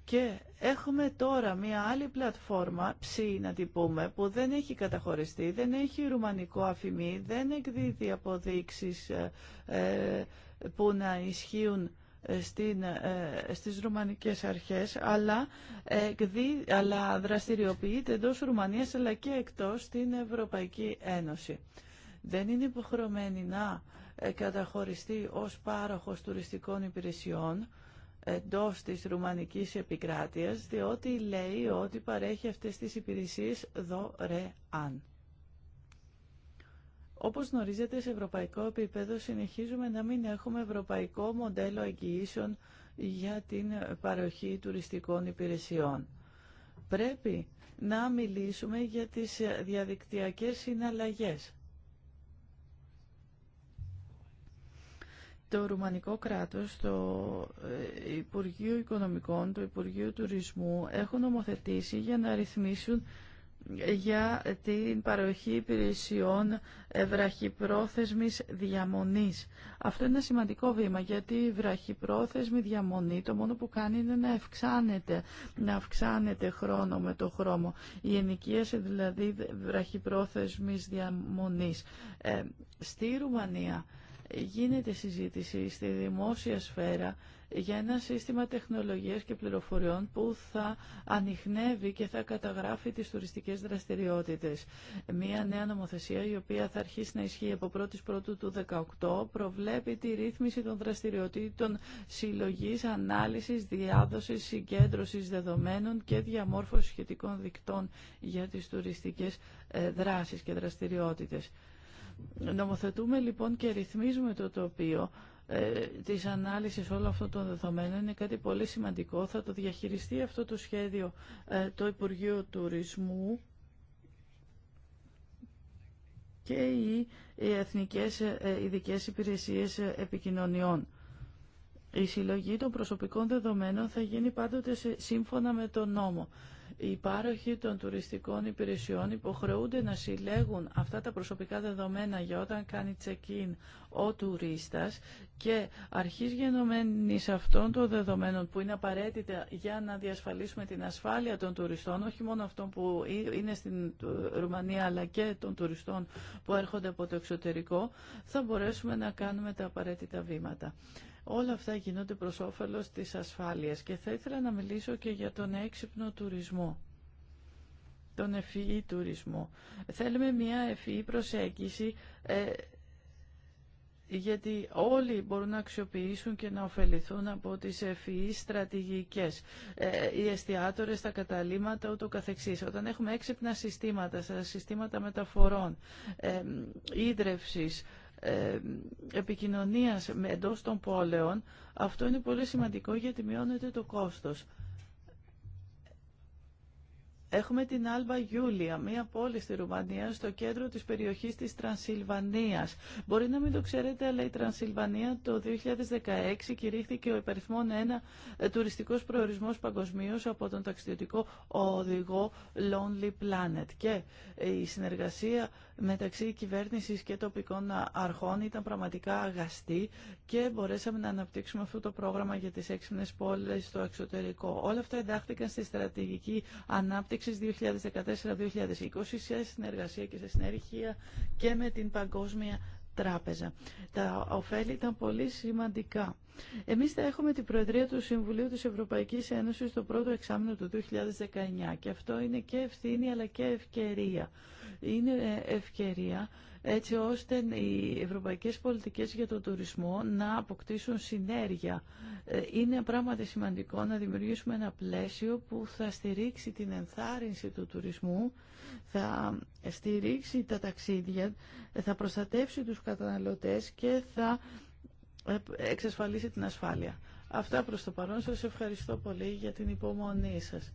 Και έχουμε τώρα μια άλλη πλατφόρμα, ψη να την πούμε, που δεν έχει καταχωριστεί, δεν έχει ρουμανικό αφημί, δεν εκδίδει αποδείξεις ε, ε που να ισχύουν ε, στην, ε, στις ρουμανικές αρχές, αλλά, αλλά δραστηριοποιείται εντός Ρουμανίας αλλά και εκτός στην Ευρωπαϊκή Ένωση. Δεν είναι υποχρεωμένη να ε, καταχωριστεί ως πάροχος τουριστικών υπηρεσιών εντός της Ρουμανικής επικράτειας, διότι λέει ότι παρέχει αυτές τις υπηρεσίες δωρεάν. Όπως γνωρίζετε, σε ευρωπαϊκό επίπεδο συνεχίζουμε να μην έχουμε ευρωπαϊκό μοντέλο εγγυήσεων για την παροχή τουριστικών υπηρεσιών. Πρέπει να μιλήσουμε για τις διαδικτυακές συναλλαγές το Ρουμανικό κράτος, το ε, Υπουργείο Οικονομικών, το Υπουργείο Τουρισμού έχουν νομοθετήσει για να ρυθμίσουν ε, για την παροχή υπηρεσιών ε, βραχυπρόθεσμης διαμονής. Αυτό είναι ένα σημαντικό βήμα γιατί η βραχυπρόθεσμη διαμονή το μόνο που κάνει είναι να αυξάνεται, να αυξάνεται χρόνο με το χρόνο. Η ενοικίαση δηλαδή βραχυπρόθεσμης διαμονής. στη Ρουμανία γίνεται συζήτηση στη δημόσια σφαίρα για ένα σύστημα τεχνολογίας και πληροφοριών που θα ανοιχνεύει και θα καταγράφει τις τουριστικές δραστηριότητες. Μία νέα νομοθεσία η οποία θα αρχίσει να ισχύει από Πρώτου του 2018 προβλέπει τη ρύθμιση των δραστηριοτήτων συλλογής, ανάλυσης, διάδοσης, συγκέντρωσης δεδομένων και διαμόρφωση σχετικών δικτών για τις τουριστικές ε, δράσεις και δραστηριότητες. Νομοθετούμε λοιπόν και ρυθμίζουμε το τοπίο ε, της ανάλυσης όλων αυτών των δεδομένων. Είναι κάτι πολύ σημαντικό. Θα το διαχειριστεί αυτό το σχέδιο ε, το Υπουργείο Τουρισμού και οι, Εθνικές υπηρεσίε ε, Υπηρεσίες ε, Επικοινωνιών. Η συλλογή των προσωπικών δεδομένων θα γίνει πάντοτε σύμφωνα με τον νόμο οι πάροχοι των τουριστικών υπηρεσιών υποχρεούνται να συλλέγουν αυτά τα προσωπικά δεδομένα για όταν κάνει check-in ο τουρίστας και αρχής γενομένης αυτών των δεδομένων που είναι απαραίτητα για να διασφαλίσουμε την ασφάλεια των τουριστών, όχι μόνο αυτών που είναι στην Ρουμανία αλλά και των τουριστών που έρχονται από το εξωτερικό, θα μπορέσουμε να κάνουμε τα απαραίτητα βήματα. Όλα αυτά γίνονται προς όφελος της ασφάλειας και θα ήθελα να μιλήσω και για τον έξυπνο τουρισμό τον ευφυή τουρισμό. Θέλουμε μια ευφυή προσέγγιση ε, γιατί όλοι μπορούν να αξιοποιήσουν και να ωφεληθούν από τις ευφυείς στρατηγικές. Ε, οι εστιατόρες, τα καταλήμματα, ούτω καθεξής. Όταν έχουμε έξυπνα συστήματα, συστήματα μεταφορών, ε, ίδρευσης, ε, επικοινωνίας εντός των πόλεων, αυτό είναι πολύ σημαντικό γιατί μειώνεται το κόστος. Έχουμε την Άλβα Γιούλια, μια πόλη στη Ρουμανία, στο κέντρο της περιοχής της Τρανσιλβανίας. Μπορεί να μην το ξέρετε, αλλά η Τρανσιλβανία το 2016 κηρύχθηκε ο υπεριθμόν ένα ε, τουριστικός προορισμός παγκοσμίω από τον ταξιδιωτικό οδηγό Lonely Planet. Και ε, η συνεργασία μεταξύ κυβέρνησης και τοπικών ε, αρχών ήταν πραγματικά αγαστή και μπορέσαμε να αναπτύξουμε αυτό το πρόγραμμα για τις έξυπνες πόλεις στο εξωτερικό. Όλα αυτά εντάχθηκαν στη στρατηγική ανάπτυξη ανάπτυξης 2014-2020 σε συνεργασία και σε συνεργεία και με την Παγκόσμια Τράπεζα. Τα ωφέλη ήταν πολύ σημαντικά εμείς θα έχουμε την Προεδρία του Συμβουλίου της Ευρωπαϊκής Ένωση το πρώτο εξάμεινο του 2019 και αυτό είναι και ευθύνη αλλά και ευκαιρία. Είναι ε, ευκαιρία έτσι ώστε οι ευρωπαϊκές πολιτικές για τον τουρισμό να αποκτήσουν συνέργεια. Ε, είναι πράγματι σημαντικό να δημιουργήσουμε ένα πλαίσιο που θα στηρίξει την ενθάρρυνση του τουρισμού, θα στηρίξει τα ταξίδια, θα προστατεύσει τους καταναλωτές και θα εξασφαλίσει την ασφάλεια. Αυτά προς το παρόν. Σας ευχαριστώ πολύ για την υπομονή σας.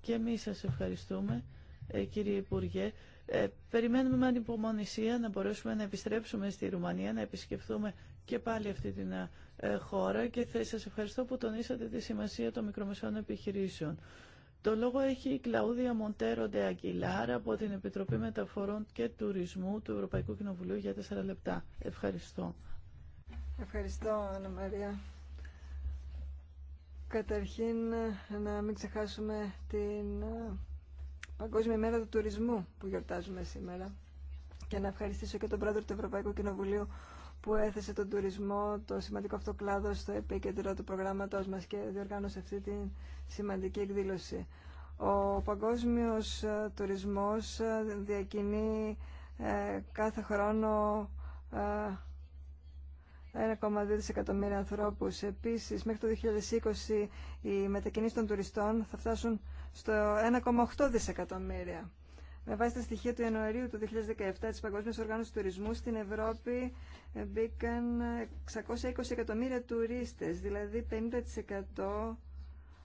Και εμείς σας ευχαριστούμε, ε, κύριε Υπουργέ. Ε, περιμένουμε με ανυπομονησία να μπορέσουμε να επιστρέψουμε στη Ρουμανία, να επισκεφθούμε και πάλι αυτή την ε, χώρα και θα σας ευχαριστώ που τονίσατε τη σημασία των μικρομεσαίων επιχειρήσεων. Το λόγο έχει η Κλαούδια Μοντέρο Αγγιλάρα από την Επιτροπή Μεταφορών και Τουρισμού του Ευρωπαϊκού Κοινοβουλίου για 4 λεπτά. Ευχαριστώ. Ευχαριστώ, Άννα Μαρία. Καταρχήν, να μην ξεχάσουμε την ε, Παγκόσμια Μέρα του Τουρισμού που γιορτάζουμε σήμερα και να ευχαριστήσω και τον πρόεδρο του Ευρωπαϊκού Κοινοβουλίου που έθεσε τον τουρισμό, το σημαντικό αυτό κλάδο, στο επίκεντρο του προγράμματός μας και διοργάνωσε αυτή τη σημαντική εκδήλωση. Ο παγκόσμιος ε, τουρισμός ε, διακινεί κάθε χρόνο 1,2 δισεκατομμύρια ανθρώπου. Επίσης, μέχρι το 2020 οι μετακινήσει των τουριστών θα φτάσουν στο 1,8 δισεκατομμύρια. Με βάση τα στοιχεία του Ιανουαρίου του 2017 της Παγκόσμιας Οργάνωσης Τουρισμού στην Ευρώπη μπήκαν 620 εκατομμύρια τουρίστες, δηλαδή 50%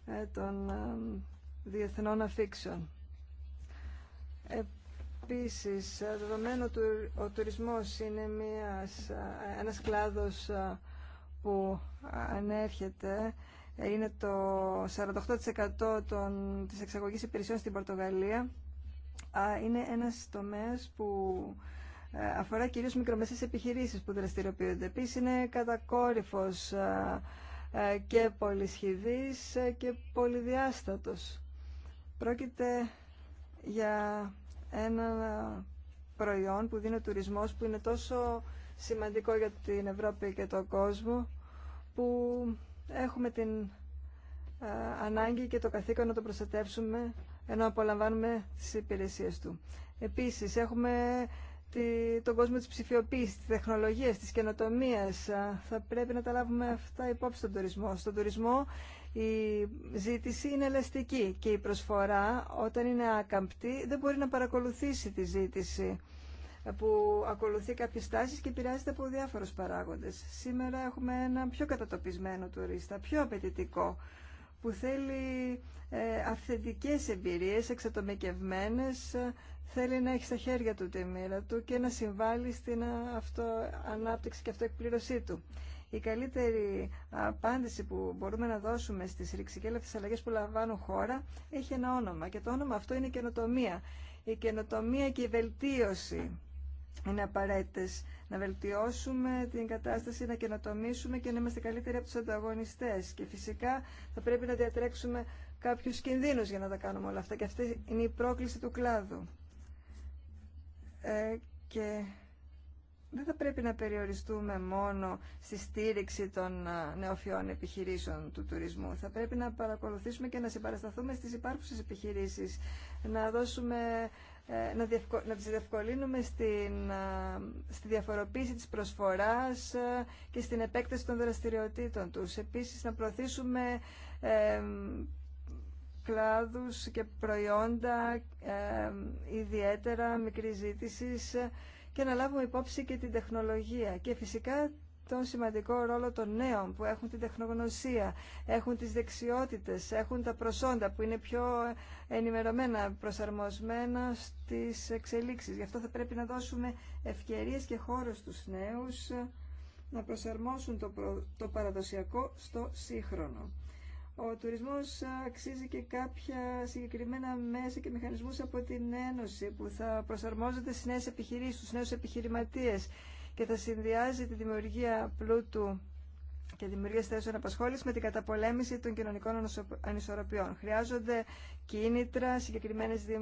ε, των ε, διεθνών αφήξεων. Ε, Επίσης, δεδομένου του ο τουρισμός είναι μιας, ένας κλάδος που ανέρχεται, είναι το 48% των, της εξαγωγής υπηρεσιών στην Πορτογαλία, είναι ένας τομέας που ε, αφορά κυρίως μικρομεσαίες επιχειρήσεις που δραστηριοποιούνται. Επίσης, είναι κατακόρυφος ε, και πολυσχηδής ε, και πολυδιάστατος. Πρόκειται για ένα προϊόν που δίνει ο τουρισμός που είναι τόσο σημαντικό για την Ευρώπη και τον κόσμο που έχουμε την ε, ανάγκη και το καθήκον να το προστατεύσουμε ενώ απολαμβάνουμε τις υπηρεσίες του. Επίσης, έχουμε τη, τον κόσμο της ψηφιοποίησης, της τεχνολογίας, της καινοτομίας. Ε, θα πρέπει να τα λάβουμε αυτά υπόψη στον Στον τουρισμό η ζήτηση είναι ελαστική και η προσφορά όταν είναι ακαμπτή δεν μπορεί να παρακολουθήσει τη ζήτηση που ακολουθεί κάποιες τάσεις και επηρεάζεται από διάφορους παράγοντες. Σήμερα έχουμε ένα πιο κατατοπισμένο τουρίστα, πιο απαιτητικό, που θέλει ε, αυθεντικές εμπειρίες, εξατομικευμένες, ε, θέλει να έχει στα χέρια του τη μοίρα του και να συμβάλλει στην ε, αυτοανάπτυξη και αυτοεκπλήρωσή του η καλύτερη απάντηση που μπορούμε να δώσουμε στις ρηξικέλευτες αλλαγές που λαμβάνουν χώρα έχει ένα όνομα και το όνομα αυτό είναι καινοτομία. Η καινοτομία και η βελτίωση είναι απαραίτητε να βελτιώσουμε την κατάσταση, να καινοτομήσουμε και να είμαστε καλύτεροι από τους ανταγωνιστές. Και φυσικά θα πρέπει να διατρέξουμε κάποιους κινδύνους για να τα κάνουμε όλα αυτά. Και αυτή είναι η πρόκληση του κλάδου. Ε, και δεν θα πρέπει να περιοριστούμε μόνο στη στήριξη των νεοφιών επιχειρήσεων του τουρισμού. Θα πρέπει να παρακολουθήσουμε και να συμπαρασταθούμε στις υπάρχουσες επιχειρήσεις, να δώσουμε ε, να, διευκολύνουμε στη διαφοροποίηση της προσφοράς ε, και στην επέκταση των δραστηριοτήτων τους. Επίσης, να προωθήσουμε ε, κλάδους και προϊόντα ε, ιδιαίτερα μικρής ζήτησης και να λάβουμε υπόψη και την τεχνολογία και φυσικά τον σημαντικό ρόλο των νέων που έχουν την τεχνογνωσία, έχουν τις δεξιότητες, έχουν τα προσόντα που είναι πιο ενημερωμένα, προσαρμοσμένα στις εξελίξεις. Γι' αυτό θα πρέπει να δώσουμε ευκαιρίες και χώρο στους νέους να προσαρμόσουν το παραδοσιακό στο σύγχρονο. Ο τουρισμός αξίζει και κάποια συγκεκριμένα μέσα και μηχανισμούς από την Ένωση που θα προσαρμόζονται στις νέες επιχειρήσεις, στους νέους επιχειρηματίες και θα συνδυάζει τη δημιουργία πλούτου και δημιουργία θέσεων απασχόληση με την καταπολέμηση των κοινωνικών ανισορροπιών. Χρειάζονται κίνητρα, συγκεκριμένες ε,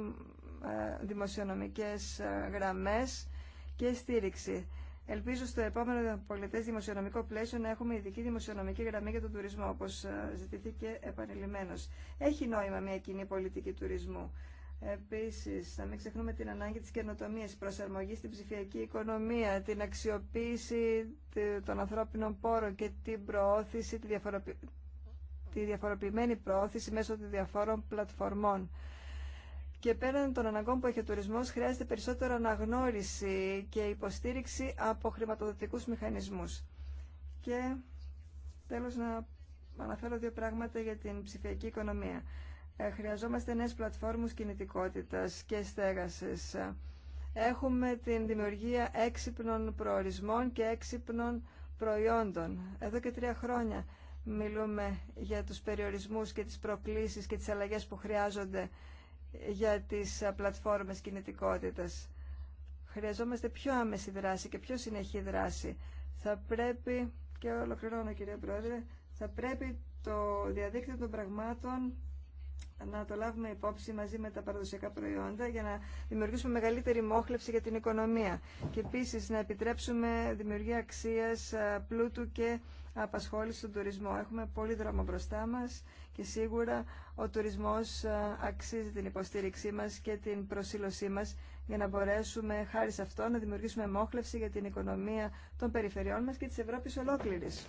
δημοσιονομικές ε, γραμμές και στήριξη. Ελπίζω στο επόμενο πολιτέ δημοσιονομικό πλαίσιο να έχουμε ειδική δημοσιονομική γραμμή για τον τουρισμό, όπω ε, ζητήθηκε επανειλημμένω. Έχει νόημα μια κοινή πολιτική τουρισμού. Επίση, να μην ξεχνούμε την ανάγκη τη καινοτομία, προσαρμογή στην ψηφιακή οικονομία, την αξιοποίηση των ανθρώπινων πόρων και την προώθηση, τη, τη διαφοροποιημένη προώθηση μέσω των διαφόρων πλατφορμών. Και πέραν των αναγκών που έχει ο τουρισμός, χρειάζεται περισσότερο αναγνώριση και υποστήριξη από χρηματοδοτικούς μηχανισμούς. Και τέλος να αναφέρω δύο πράγματα για την ψηφιακή οικονομία. Ε, χρειαζόμαστε νέες πλατφόρμους κινητικότητας και στέγασης. Έχουμε την δημιουργία έξυπνων προορισμών και έξυπνων προϊόντων. Εδώ και τρία χρόνια μιλούμε για τους περιορισμούς και τις προκλήσεις και τις αλλαγές που χρειάζονται για τις ε, πλατφόρμες κινητικότητας. Χρειαζόμαστε πιο άμεση δράση και πιο συνεχή δράση. Θα πρέπει, και ολοκληρώνω κύριε Πρόεδρε, θα πρέπει το διαδίκτυο των πραγμάτων να το λάβουμε υπόψη μαζί με τα παραδοσιακά προϊόντα για να δημιουργήσουμε μεγαλύτερη μόχλευση για την οικονομία και επίσης να επιτρέψουμε δημιουργία αξίας, ε, πλούτου και απασχόληση στον τουρισμό. Έχουμε πολύ δρόμο μπροστά μας και σίγουρα ο τουρισμός ε, αξίζει την υποστήριξή μας και την προσήλωσή μας για να μπορέσουμε χάρη σε αυτό να δημιουργήσουμε μόχλευση για την οικονομία των περιφερειών μας και της Ευρώπης ολόκληρης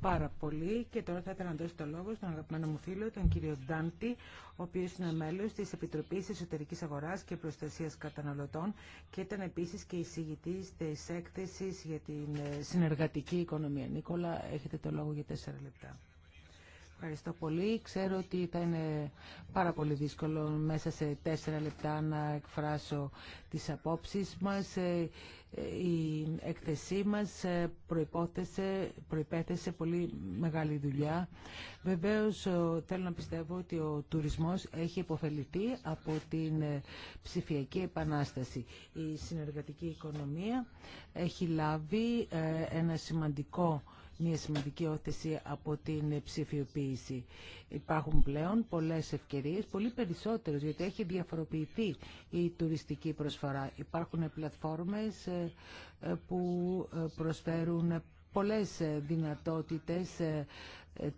πάρα πολύ και τώρα θα ήθελα να δώσω το λόγο στον αγαπημένο μου φίλο, τον κύριο Ντάντη, ο οποίο είναι μέλο τη Επιτροπή Εσωτερική Αγορά και Προστασία Καταναλωτών και ήταν επίση και εισηγητή τη έκθεση για την ε, συνεργατική οικονομία. Νίκολα, έχετε το λόγο για τέσσερα λεπτά. Ευχαριστώ πολύ. Ξέρω ότι θα είναι πάρα πολύ δύσκολο μέσα σε τέσσερα λεπτά να εκφράσω τις απόψεις μας. Ε, η έκθεσή μας ε, προϋπόθεσε, προϋπέθεσε πολύ μεγάλη δουλειά. Βεβαίως ε, θέλω να πιστεύω ότι ο τουρισμός έχει υποφεληθεί από την ε, ψηφιακή επανάσταση. Η συνεργατική οικονομία έχει λάβει ένα σημαντικό μια σημαντική όθεση από την ψηφιοποίηση. Υπάρχουν πλέον πολλές ευκαιρίες, πολύ περισσότερες, γιατί έχει διαφοροποιηθεί η τουριστική προσφορά. Υπάρχουν πλατφόρμες ε, ε, που ε, προσφέρουν πολλές δυνατότητες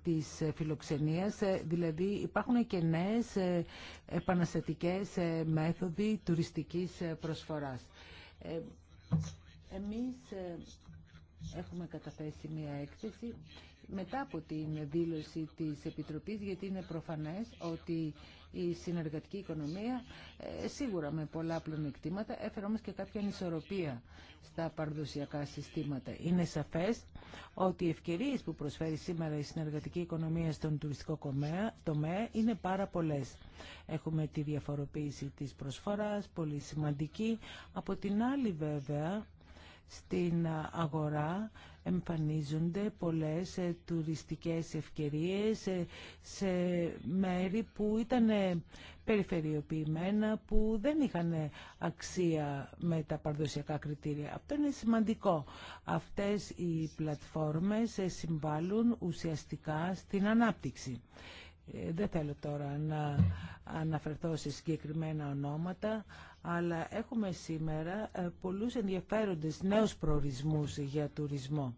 της φιλοξενίας, δηλαδή υπάρχουν και νέες επαναστατικές μέθοδοι τουριστικής προσφοράς. Εμείς έχουμε καταθέσει μια έκθεση μετά από την δήλωση της Επιτροπής, γιατί είναι προφανές ότι η συνεργατική οικονομία ε, σίγουρα με πολλά πλονεκτήματα έφερε όμως και κάποια ανισορροπία στα παραδοσιακά συστήματα. Είναι σαφές ότι οι ευκαιρίες που προσφέρει σήμερα η συνεργατική οικονομία στον τουριστικό τομέα είναι πάρα πολλές. Έχουμε τη διαφοροποίηση της προσφοράς, πολύ σημαντική. Από την άλλη βέβαια, στην αγορά εμφανίζονται πολλές ε, τουριστικές ευκαιρίες ε, σε μέρη που ήταν ε, περιφερειοποιημένα, που δεν είχαν αξία με τα παραδοσιακά κριτήρια. Αυτό είναι σημαντικό. Αυτές οι πλατφόρμες συμβάλλουν ουσιαστικά στην ανάπτυξη. Ε, δεν θέλω τώρα να αναφερθώ σε συγκεκριμένα ονόματα, αλλά έχουμε σήμερα ε, πολλούς ενδιαφέροντες νέους προορισμούς για τουρισμό.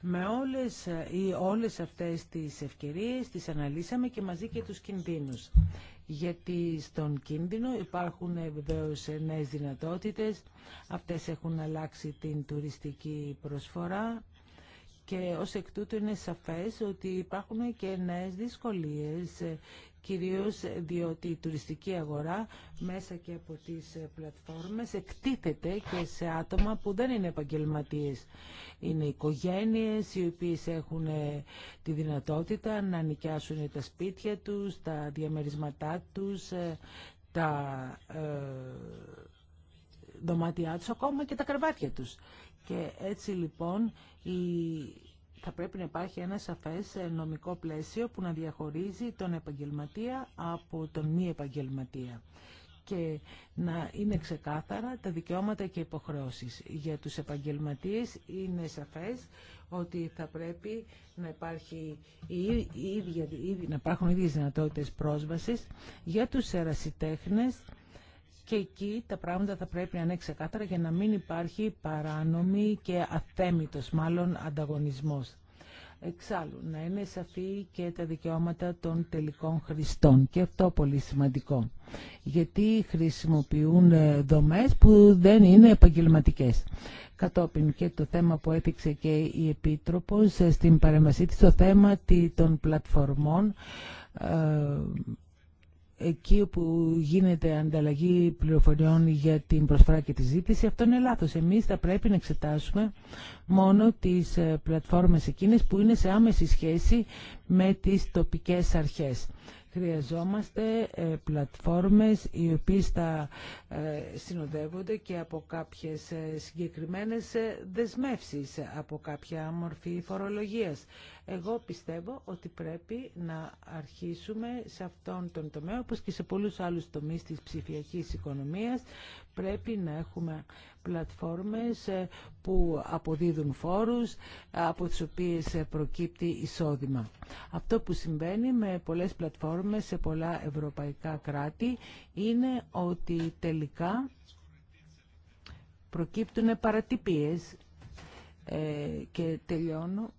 Με όλες, ή ε, όλες αυτές τις ευκαιρίες τις αναλύσαμε και μαζί και τους κινδύνους. Γιατί στον κίνδυνο υπάρχουν βεβαίω νέες δυνατότητες, αυτές έχουν αλλάξει την τουριστική προσφορά, και ως εκ τούτου είναι σαφές ότι υπάρχουν και νέες δυσκολίες κυρίως διότι η τουριστική αγορά μέσα και από τις πλατφόρμες εκτίθεται και σε άτομα που δεν είναι επαγγελματίες. Είναι οικογένειες οι οποίες έχουν ε, τη δυνατότητα να νοικιάσουν τα σπίτια τους, τα διαμερισματά τους, ε, τα ε, δωμάτια τους, ακόμα και τα κρεβάτια τους. Και έτσι λοιπόν η... θα πρέπει να υπάρχει ένα σαφές ε, νομικό πλαίσιο που να διαχωρίζει τον επαγγελματία από τον μη επαγγελματία και να είναι ξεκάθαρα τα δικαιώματα και υποχρεώσεις. Για τους επαγγελματίες είναι σαφές ότι θα πρέπει να, υπάρχει η ίδια, να υπάρχουν οι ίδιες δυνατότητες πρόσβασης. Για τους ερασιτέχνες και εκεί τα πράγματα θα πρέπει να είναι ξεκάθαρα για να μην υπάρχει παράνομη και αθέμητος μάλλον ανταγωνισμός. Εξάλλου, να είναι σαφή και τα δικαιώματα των τελικών χρηστών. Και αυτό πολύ σημαντικό. Γιατί χρησιμοποιούν ε, δομές που δεν είναι επαγγελματικές. Κατόπιν και το θέμα που έθιξε και η Επίτροπος ε, στην παρέμβασή της, το θέμα των πλατφορμών ε, εκεί όπου γίνεται ανταλλαγή πληροφοριών για την προσφορά και τη ζήτηση, αυτό είναι λάθος. Εμείς θα πρέπει να εξετάσουμε μόνο τις ε, πλατφόρμες εκείνες που είναι σε άμεση σχέση με τις τοπικές αρχές. Χρειαζόμαστε ε, πλατφόρμες οι οποίες θα ε, συνοδεύονται και από κάποιες συγκεκριμένες δεσμεύσεις, από κάποια μορφή φορολογίας. Εγώ πιστεύω ότι πρέπει να αρχίσουμε σε αυτόν τον τομέα, όπως και σε πολλούς άλλους τομείς της ψηφιακής οικονομίας, πρέπει να έχουμε πλατφόρμες ε, που αποδίδουν φόρους, από τις οποίες προκύπτει εισόδημα. Αυτό που συμβαίνει με πολλές πλατφόρμες σε πολλά ευρωπαϊκά κράτη είναι ότι τελικά προκύπτουν παρατυπίες ε, και τελειώνω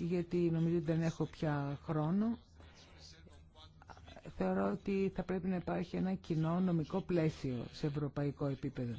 γιατί νομίζω ότι δεν έχω πια χρόνο. Θεωρώ ότι θα πρέπει να υπάρχει ένα κοινό νομικό πλαίσιο σε ευρωπαϊκό επίπεδο.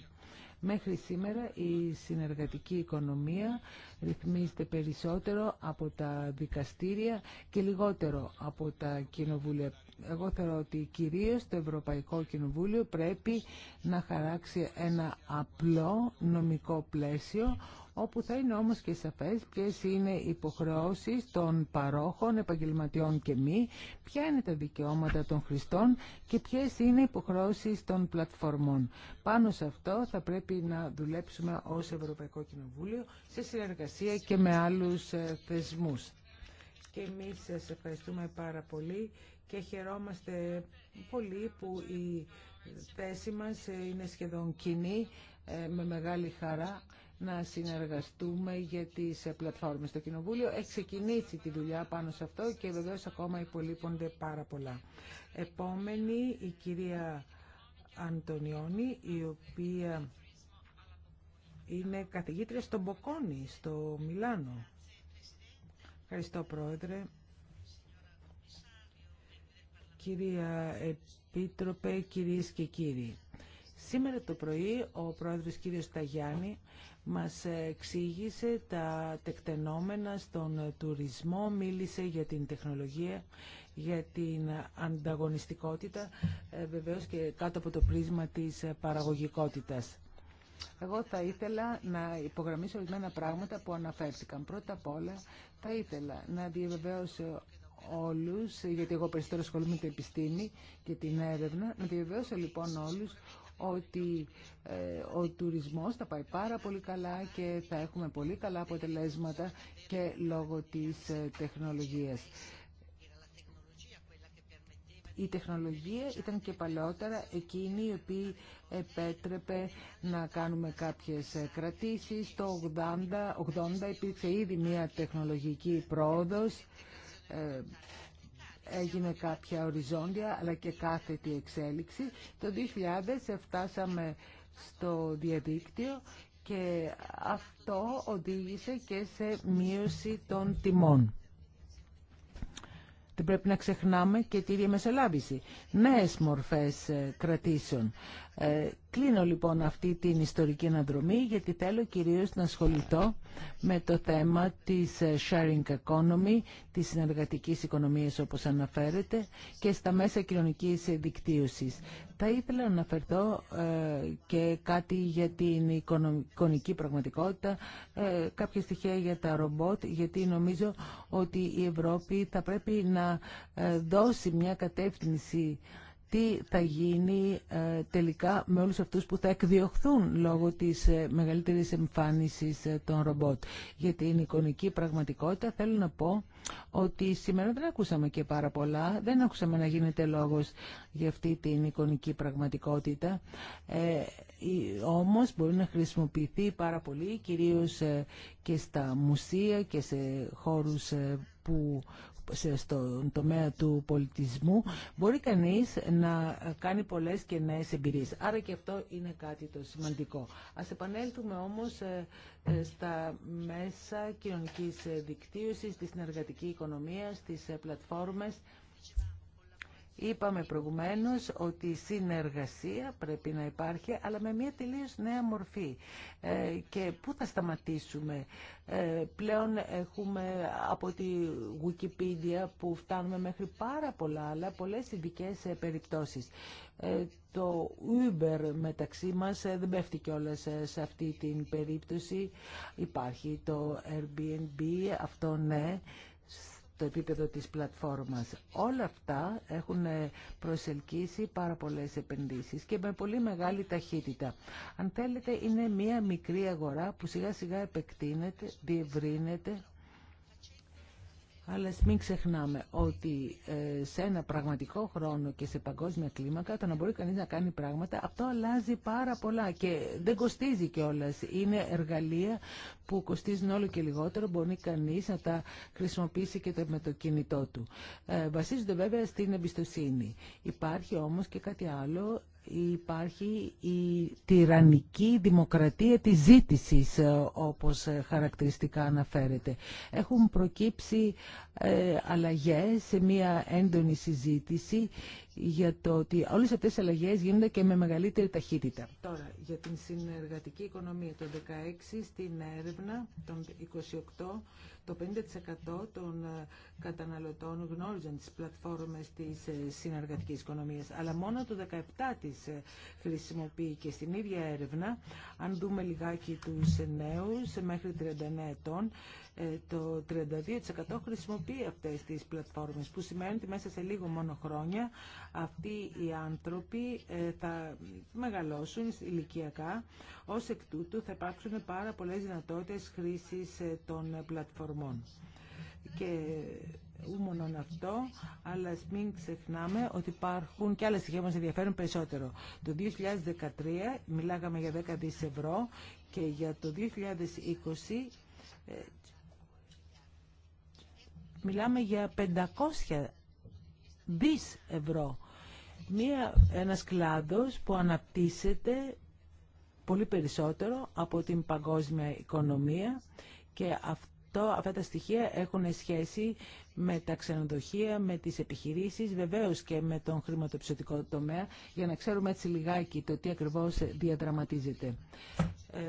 Μέχρι σήμερα η συνεργατική οικονομία ρυθμίζεται περισσότερο από τα δικαστήρια και λιγότερο από τα κοινοβούλια. Εγώ θεωρώ ότι κυρίως το Ευρωπαϊκό Κοινοβούλιο πρέπει να χαράξει ένα απλό νομικό πλαίσιο όπου θα είναι όμως και σαφές ποιες είναι οι υποχρεώσεις των παρόχων, επαγγελματιών και μη, ποια είναι τα δικαιώματα των χρηστών και ποιες είναι οι υποχρεώσεις των πλατφορμών. Πάνω σε αυτό θα πρέπει να δουλέψουμε ως Ευρωπαϊκό Κοινοβούλιο σε συνεργασία και με άλλους ε, θεσμούς. Και εμείς σας ευχαριστούμε πάρα πολύ και χαιρόμαστε πολύ που η θέση μας είναι σχεδόν κοινή ε, με μεγάλη χαρά να συνεργαστούμε για τις ε, πλατφόρμες. Το Κοινοβούλιο έχει ξεκινήσει τη δουλειά πάνω σε αυτό και βεβαίως ακόμα υπολείπονται πάρα πολλά. Επόμενη η κυρία Αντωνιώνη, η οποία είναι καθηγήτρια στο Μποκόνι, στο Μιλάνο. Ευχαριστώ, Πρόεδρε κύρια Επίτροπε, κυρίες και κύριοι. Σήμερα το πρωί ο πρόεδρος κύριος Ταγιάννη μας εξήγησε τα τεκτενόμενα στον τουρισμό, μίλησε για την τεχνολογία, για την ανταγωνιστικότητα, ε, βεβαίως και κάτω από το πρίσμα της παραγωγικότητας. Εγώ θα ήθελα να υπογραμμίσω ορισμένα πράγματα που αναφέρθηκαν. Πρώτα απ' όλα θα ήθελα να διαβεβαίωσω όλους, γιατί εγώ περισσότερο ασχολούμαι με την επιστήμη και την έρευνα, να διαβεβαιώσω λοιπόν όλους ότι ε, ο τουρισμός θα πάει πάρα πολύ καλά και θα έχουμε πολύ καλά αποτελέσματα και λόγω της ε, τεχνολογίας. Η τεχνολογία ήταν και παλαιότερα εκείνη η οποία επέτρεπε να κάνουμε κάποιες ε, κρατήσεις. Το 80, 80 υπήρξε ήδη μια τεχνολογική πρόοδος ε, έγινε κάποια οριζόντια αλλά και κάθετη εξέλιξη. Το 2000 φτάσαμε στο διαδίκτυο και αυτό οδήγησε και σε μείωση των τιμών. Δεν πρέπει να ξεχνάμε και τη διαμεσολάβηση. Νέες μορφές ε, κρατήσεων. Ε, κλείνω λοιπόν αυτή την ιστορική αναδρομή γιατί θέλω κυρίως να ασχοληθώ με το θέμα της ε, sharing economy, της συνεργατικής οικονομίας όπως αναφέρεται και στα μέσα κοινωνικής δικτύωσης. Θα ήθελα να αναφερθώ ε, και κάτι για την οικονομική πραγματικότητα, ε, κάποια στοιχεία για τα ρομπότ, γιατί νομίζω ότι η Ευρώπη θα πρέπει να ε, δώσει μια κατεύθυνση τι θα γίνει ε, τελικά με όλους αυτούς που θα εκδιωχθούν λόγω της ε, μεγαλύτερης εμφάνισης ε, των ρομπότ. Για την εικονική πραγματικότητα θέλω να πω ότι σήμερα δεν ακούσαμε και πάρα πολλά, δεν ακούσαμε να γίνεται λόγος για αυτή την εικονική πραγματικότητα. Ε, όμως μπορεί να χρησιμοποιηθεί πάρα πολύ, κυρίως ε, και στα μουσεία και σε χώρους ε, που στον τομέα του πολιτισμού μπορεί κανείς να κάνει πολλές και νέες εμπειρίες. Άρα και αυτό είναι κάτι το σημαντικό. Ας επανέλθουμε όμως ε, στα μέσα κοινωνικής δικτύωσης, τη συνεργατική οικονομία, στις ε, πλατφόρμες. Είπαμε προηγουμένως ότι η συνεργασία πρέπει να υπάρχει, αλλά με μια τελείως νέα μορφή. Ε, και πού θα σταματήσουμε. Ε, πλέον έχουμε από τη Wikipedia που φτάνουμε μέχρι πάρα πολλά άλλα, πολλές ειδικέ περιπτώσεις. το Uber μεταξύ μας δεν πέφτει κιόλα σε αυτή την περίπτωση. Υπάρχει το Airbnb, αυτό ναι, το επίπεδο της πλατφόρμας. Όλα αυτά έχουν ε, προσελκύσει πάρα πολλές επενδύσεις και με πολύ μεγάλη ταχύτητα. Αν θέλετε είναι μία μικρή αγορά που σιγά σιγά επεκτείνεται, διευρύνεται αλλά μην ξεχνάμε ότι ε, σε ένα πραγματικό χρόνο και σε παγκόσμια κλίμακα το να μπορεί κανείς να κάνει πράγματα αυτό αλλάζει πάρα πολλά και δεν κοστίζει κιόλα. Είναι εργαλεία που κοστίζουν όλο και λιγότερο, μπορεί κανείς να τα χρησιμοποιήσει και με το κινητό του. Ε, βασίζονται βέβαια στην εμπιστοσύνη. Υπάρχει όμως και κάτι άλλο υπάρχει η τυραννική δημοκρατία της ζήτησης ε, όπως ε, χαρακτηριστικά αναφέρεται. Έχουν προκύψει ε, αλλαγές σε μια έντονη συζήτηση για το ότι όλες αυτές οι αλλαγές γίνονται και με μεγαλύτερη ταχύτητα. Τώρα, για την συνεργατική οικονομία, το 16 στην έρευνα, των 28, το 50% των καταναλωτών γνώριζαν τις πλατφόρμες της ε, συνεργατικής οικονομίας, αλλά μόνο το 17% ε, χρησιμοποιεί και στην ίδια έρευνα, αν δούμε λιγάκι τους νέους μέχρι 39 ετών, ε, το 32% χρησιμοποιεί αυτές τις πλατφόρμες, που σημαίνει ότι μέσα σε λίγο μόνο χρόνια αυτοί οι άνθρωποι ε, θα μεγαλώσουν ηλικιακά. Ως εκ τούτου θα υπάρξουν πάρα πολλές δυνατότητες χρήσης ε, των πλατφορμών. Και μόνον αυτό, αλλά μην ξεχνάμε ότι υπάρχουν και άλλα στοιχεία που μας ενδιαφέρουν περισσότερο. Το 2013 μιλάγαμε για 10 δις ευρώ και για το 2020 Μιλάμε για 500 δις ευρώ. Μία, ένας κλάδος που αναπτύσσεται πολύ περισσότερο από την παγκόσμια οικονομία και αυτό, αυτά τα στοιχεία έχουν σχέση με τα ξενοδοχεία, με τις επιχειρήσεις, βεβαίως και με τον χρηματοπιστωτικό τομέα, για να ξέρουμε έτσι λιγάκι το τι ακριβώς διαδραματίζεται. Ε,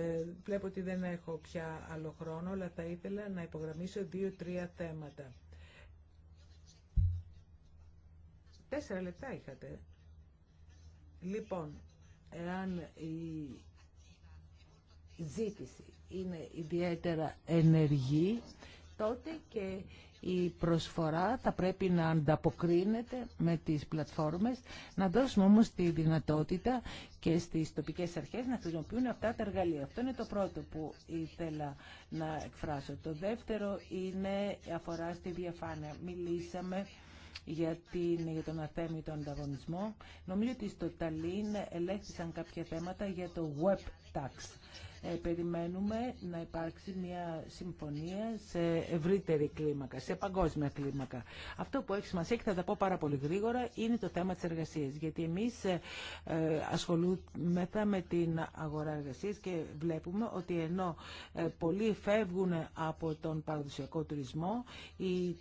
βλέπω ότι δεν έχω πια άλλο χρόνο, αλλά θα ήθελα να υπογραμμίσω δύο-τρία θέματα. Τέσσερα λεπτά είχατε. Λοιπόν, εάν η ζήτηση είναι ιδιαίτερα ενεργή, τότε και η προσφορά θα πρέπει να ανταποκρίνεται με τις πλατφόρμες, να δώσουμε όμως τη δυνατότητα και στις τοπικές αρχές να χρησιμοποιούν αυτά τα εργαλεία. Αυτό είναι το πρώτο που ήθελα να εκφράσω. Το δεύτερο είναι αφορά στη διαφάνεια. Μιλήσαμε για, την, για τον αθέμητο ανταγωνισμό. Νομίζω ότι στο Ταλίν ελέγχθησαν κάποια θέματα για το web tax. Ε, περιμένουμε να υπάρξει μια συμφωνία σε ευρύτερη κλίμακα, σε παγκόσμια κλίμακα. Αυτό που έχει σημασία και θα τα πω πάρα πολύ γρήγορα είναι το θέμα της εργασίας. Γιατί εμείς ε, ε ασχολούμεθα με την αγορά εργασίας και βλέπουμε ότι ενώ ε, πολλοί φεύγουν από τον παραδοσιακό τουρισμό, οι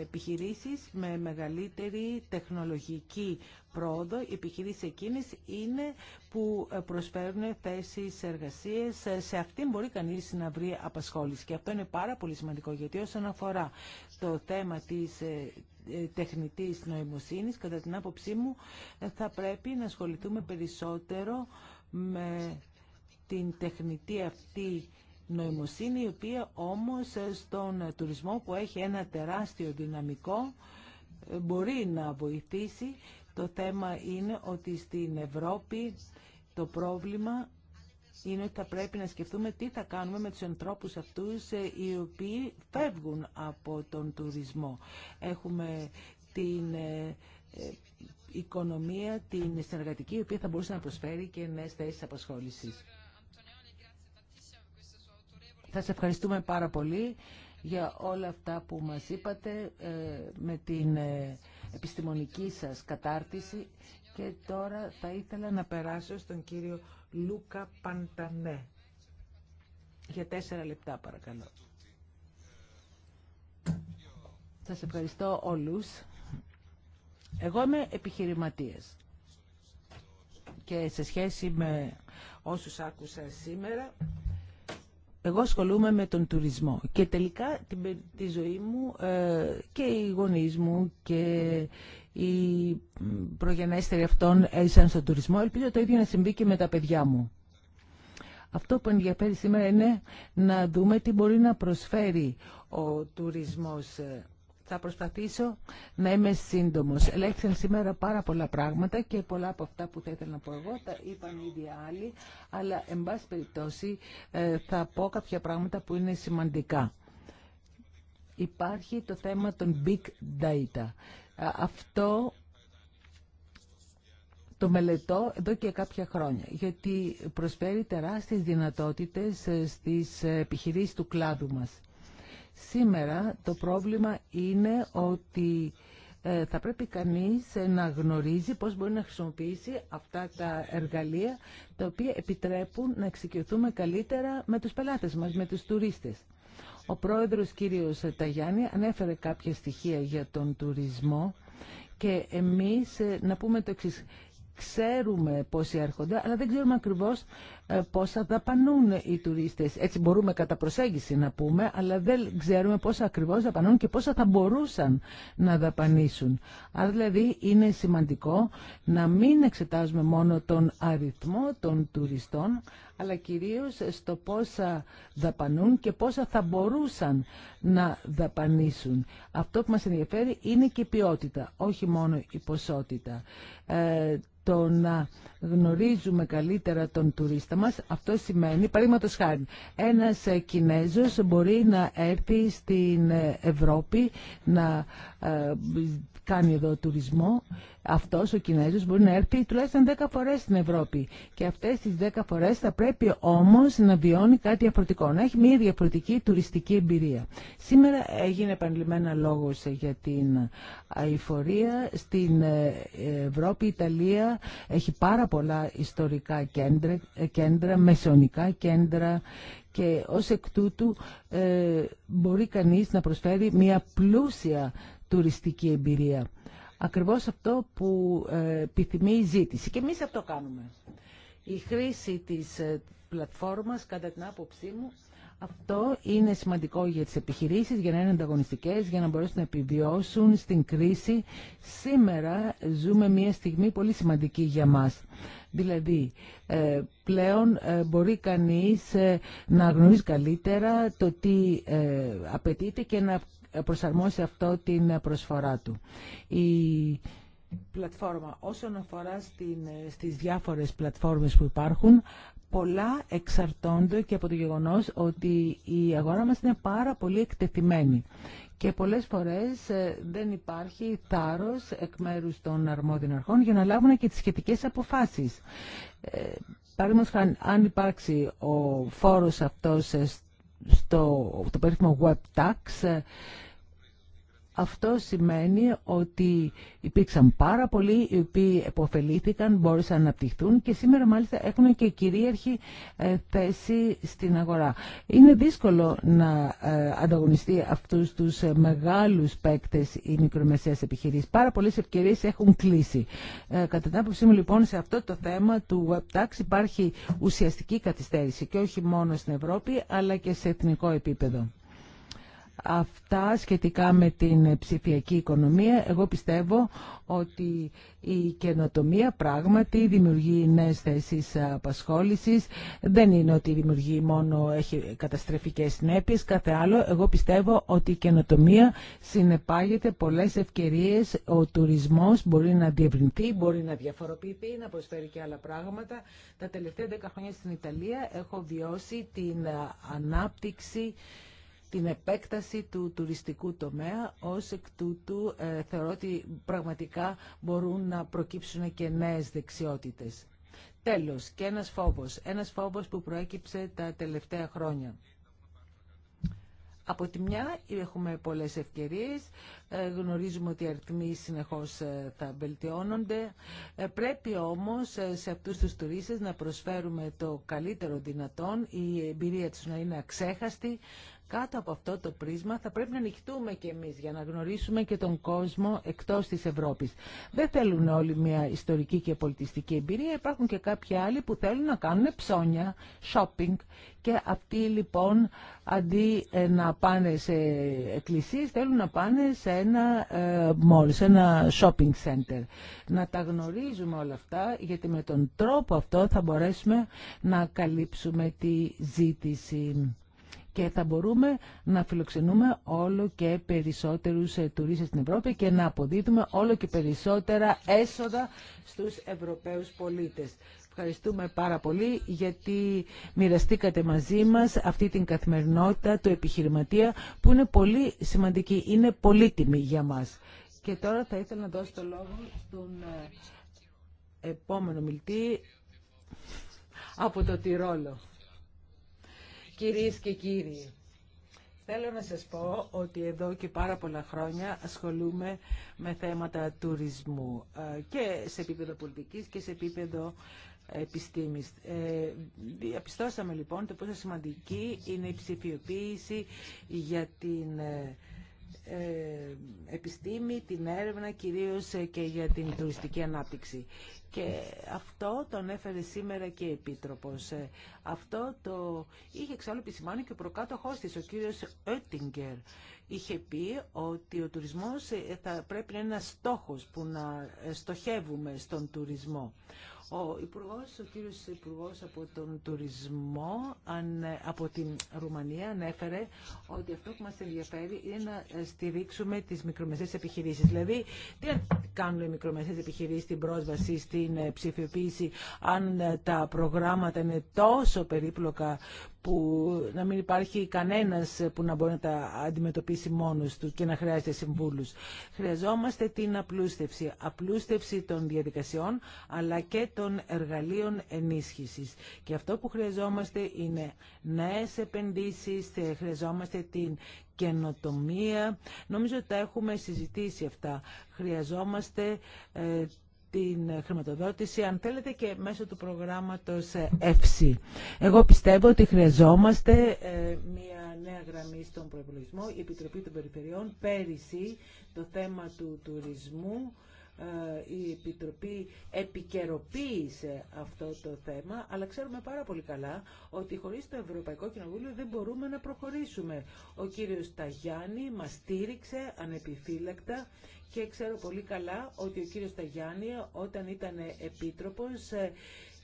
επιχειρήσεις με μεγαλύτερη τεχνολογική πρόοδο, οι επιχειρήσεις εκείνες είναι που προσφέρουν θέσεις εργασίες. Σε αυτήν μπορεί κανείς να βρει απασχόληση. Και αυτό είναι πάρα πολύ σημαντικό, γιατί όσον αφορά το θέμα της ε, ε, τεχνητής νοημοσύνης, κατά την άποψή μου, ε, θα πρέπει να ασχοληθούμε περισσότερο με την τεχνητή αυτή νοημοσύνη η οποία όμως στον τουρισμό που έχει ένα τεράστιο δυναμικό ε, μπορεί να βοηθήσει. Το θέμα είναι ότι στην Ευρώπη το πρόβλημα είναι ότι θα πρέπει να σκεφτούμε τι θα κάνουμε με τους ανθρώπους αυτούς ε, οι οποίοι φεύγουν από τον τουρισμό. Έχουμε την ε, οικονομία, την συνεργατική, η οποία θα μπορούσε να προσφέρει και νέες θέσεις απασχόλησης. Θα Σας ευχαριστούμε πάρα πολύ για όλα αυτά που μας είπατε ε, με την ε, επιστημονική σας κατάρτιση και τώρα θα ήθελα να περάσω στον κύριο Λούκα Παντανέ. Για τέσσερα λεπτά παρακαλώ. Σας ευχαριστώ όλους. Εγώ είμαι επιχειρηματίας και σε σχέση με όσους άκουσα σήμερα εγώ ασχολούμαι με τον τουρισμό και τελικά την, τη ζωή μου ε, και οι γονεί μου και οι προγενέστεροι αυτών έζησαν στον τουρισμό. Ελπίζω το ίδιο να συμβεί και με τα παιδιά μου. Αυτό που ενδιαφέρει σήμερα είναι να δούμε τι μπορεί να προσφέρει ο τουρισμός ε, θα προσπαθήσω να είμαι σύντομο. Ελέγχθηκαν σήμερα πάρα πολλά πράγματα και πολλά από αυτά που θα ήθελα να πω εγώ τα είπαν ήδη άλλοι, αλλά εν πάση περιπτώσει ε, θα πω κάποια πράγματα που είναι σημαντικά. Υπάρχει το θέμα των big data. Αυτό το μελετώ εδώ και κάποια χρόνια, γιατί προσφέρει τεράστιες δυνατότητες ε, στις επιχειρήσεις του κλάδου μας. Σήμερα το πρόβλημα είναι ότι ε, θα πρέπει κανείς ε, να γνωρίζει πώς μπορεί να χρησιμοποιήσει αυτά τα εργαλεία τα οποία επιτρέπουν να εξοικειωθούμε καλύτερα με τους πελάτες μας, με τους τουρίστες. Ο πρόεδρος κύριος Ταγιάννη ανέφερε κάποια στοιχεία για τον τουρισμό και εμείς ε, να πούμε το εξής. Ξέρουμε πόσοι έρχονται, αλλά δεν ξέρουμε ακριβώς ε, πόσα δαπανούν οι τουρίστες. Έτσι μπορούμε κατά προσέγγιση να πούμε, αλλά δεν ξέρουμε πόσα ακριβώς δαπανούν και πόσα θα μπορούσαν να δαπανήσουν. Άρα δηλαδή είναι σημαντικό να μην εξετάζουμε μόνο τον αριθμό των τουριστών, αλλά κυρίως στο πόσα δαπανούν και πόσα θα μπορούσαν να δαπανήσουν. Αυτό που μας ενδιαφέρει είναι και η ποιότητα, όχι μόνο η ποσότητα. Ε, το να γνωρίζουμε καλύτερα τον τουρίστα αυτό σημαίνει, παραδείγματο χάρη, ένας ε, Κινέζος μπορεί να έρθει στην ε, Ευρώπη να ε, κάνει εδώ τουρισμό, αυτός ο Κινέζος μπορεί να έρθει τουλάχιστον 10 φορές στην Ευρώπη. Και αυτές τις 10 φορές θα πρέπει όμως να βιώνει κάτι διαφορετικό, να έχει μια διαφορετική τουριστική εμπειρία. Σήμερα έγινε επανειλημμένα λόγος για την αηφορία. Στην ε, Ευρώπη, η Ιταλία έχει πάρα πολλά ιστορικά κέντρα, κέντρα μεσαιωνικά κέντρα και ως εκ τούτου ε, μπορεί κανείς να προσφέρει μια πλούσια τουριστική εμπειρία. Ακριβώς αυτό που ε, επιθυμεί η ζήτηση. Και εμείς αυτό κάνουμε. Η χρήση της ε, πλατφόρμας, κατά την άποψή μου, αυτό είναι σημαντικό για τις επιχειρήσεις, για να είναι ανταγωνιστικές, για να μπορέσουν να επιβιώσουν στην κρίση. Σήμερα ζούμε μια στιγμή πολύ σημαντική για μας. Δηλαδή, ε, πλέον μπορεί κανείς να γνωρίζει καλύτερα το τι απαιτείται και να προσαρμόσει αυτό την προσφορά του. Η πλατφόρμα όσον αφορά στην, στις διάφορες πλατφόρμες που υπάρχουν πολλά εξαρτώνται και από το γεγονός ότι η αγορά μας είναι πάρα πολύ εκτεθειμένη και πολλές φορές ε, δεν υπάρχει θάρρος εκ μέρους των αρμόδιων αρχών για να λάβουν και τις σχετικές αποφάσεις. Ε, παραδείγματος, αν υπάρξει ο φόρος αυτός ε, στο το περίφημο web tax, αυτό σημαίνει ότι υπήρξαν πάρα πολλοί οι οποίοι επωφελήθηκαν, μπόρεσαν να αναπτυχθούν και σήμερα μάλιστα έχουν και κυρίαρχη ε, θέση στην αγορά. Είναι δύσκολο να ε, ανταγωνιστεί αυτούς τους ε, μεγάλους παίκτες οι μικρομεσαίες επιχειρήσεις. Πάρα πολλές ευκαιρίες έχουν κλείσει. Κατά την άποψή μου λοιπόν σε αυτό το θέμα του WebTax υπάρχει ουσιαστική καθυστέρηση και όχι μόνο στην Ευρώπη αλλά και σε εθνικό επίπεδο. Αυτά σχετικά με την ψηφιακή οικονομία. Εγώ πιστεύω ότι η καινοτομία πράγματι δημιουργεί νέες θέσεις απασχόλησης. Δεν είναι ότι δημιουργεί μόνο έχει καταστρεφικές συνέπειες, κάθε άλλο. Εγώ πιστεύω ότι η καινοτομία συνεπάγεται πολλές ευκαιρίες. Ο τουρισμός μπορεί να διευρυνθεί, μπορεί να διαφοροποιηθεί, να προσφέρει και άλλα πράγματα. Τα τελευταία δέκα χρόνια στην Ιταλία έχω βιώσει την ανάπτυξη την επέκταση του τουριστικού τομέα. Ως εκ τούτου ε, θεωρώ ότι πραγματικά μπορούν να προκύψουν και νέες δεξιότητες. Τέλος, και ένας φόβος. Ένας φόβος που προέκυψε τα τελευταία χρόνια. Από τη μια έχουμε πολλές ευκαιρίες, ε, γνωρίζουμε ότι οι αριθμοί συνεχώς ε, θα βελτιώνονται. Πρέπει όμως σε αυτούς τους τουρίστες να προσφέρουμε το καλύτερο δυνατόν, η εμπειρία τους να είναι αξέχαστη, κάτω από αυτό το πρίσμα θα πρέπει να ανοιχτούμε και εμείς για να γνωρίσουμε και τον κόσμο εκτός της Ευρώπης. Δεν θέλουν όλοι μια ιστορική και πολιτιστική εμπειρία. Υπάρχουν και κάποιοι άλλοι που θέλουν να κάνουν ψώνια, shopping. Και αυτοί λοιπόν αντί ε, να πάνε σε εκκλησίες θέλουν να πάνε σε ένα ε, mall, σε ένα shopping center. Να τα γνωρίζουμε όλα αυτά γιατί με τον τρόπο αυτό θα μπορέσουμε να καλύψουμε τη ζήτηση και θα μπορούμε να φιλοξενούμε όλο και περισσότερους ε, τουρίστες στην Ευρώπη και να αποδίδουμε όλο και περισσότερα έσοδα στους Ευρωπαίους πολίτες. Ευχαριστούμε πάρα πολύ γιατί μοιραστήκατε μαζί μας αυτή την καθημερινότητα του επιχειρηματία που είναι πολύ σημαντική, είναι πολύτιμη για μας. Και τώρα θα ήθελα να δώσω το λόγο στον ε, επόμενο μιλτή από το Τυρόλο. Κυρίες και κύριοι, θέλω να σας πω ότι εδώ και πάρα πολλά χρόνια ασχολούμαι με θέματα τουρισμού ε, και σε επίπεδο πολιτικής και σε επίπεδο επιστήμης. Ε, διαπιστώσαμε λοιπόν το πόσο σημαντική είναι η ψηφιοποίηση για την ε, ε, επιστήμη, την έρευνα κυρίως ε, και για την τουριστική ανάπτυξη. Και αυτό τον έφερε σήμερα και η Επίτροπος. Ε, αυτό το είχε εξάλλου επισημάνει και ο προκάτοχός της, ο κύριος Ότιγκερ. Είχε πει ότι ο τουρισμός θα πρέπει να είναι ένας στόχος που να στοχεύουμε στον τουρισμό. Ο υπουργό, ο κύριος Υπουργό από τον τουρισμό από την Ρουμανία ανέφερε ότι αυτό που μας ενδιαφέρει είναι να στηρίξουμε τις μικρομεσαίες επιχειρήσεις. Δηλαδή, τι κάνουν οι μικρομεσαίες επιχειρήσεις στην πρόσβαση, στην ψηφιοποίηση, αν τα προγράμματα είναι τόσο περίπλοκα που να μην υπάρχει κανένας που να μπορεί να τα αντιμετωπίσει μόνος του και να χρειάζεται συμβούλους. Χρειαζόμαστε την απλούστευση. Απλούστευση των διαδικασιών αλλά και των εργαλείων ενίσχυσης. Και αυτό που χρειαζόμαστε είναι νέες επενδύσεις, χρειαζόμαστε την καινοτομία. Νομίζω ότι τα έχουμε συζητήσει αυτά. Χρειαζόμαστε ε, την χρηματοδότηση, αν θέλετε, και μέσω του προγράμματος ΕΦΣΥ. Εγώ πιστεύω ότι χρειαζόμαστε ε, μια νέα γραμμή στον προεπιλογισμό, Η Επιτροπή των Περιφερειών πέρυσι το θέμα του τουρισμού ε, η Επιτροπή επικαιροποίησε αυτό το θέμα, αλλά ξέρουμε πάρα πολύ καλά ότι χωρίς το Ευρωπαϊκό Κοινοβούλιο δεν μπορούμε να προχωρήσουμε. Ο κύριος Ταγιάννη μας στήριξε ανεπιφύλακτα και ξέρω πολύ καλά ότι ο κύριος Ταγιάννη όταν ήταν επίτροπος ε,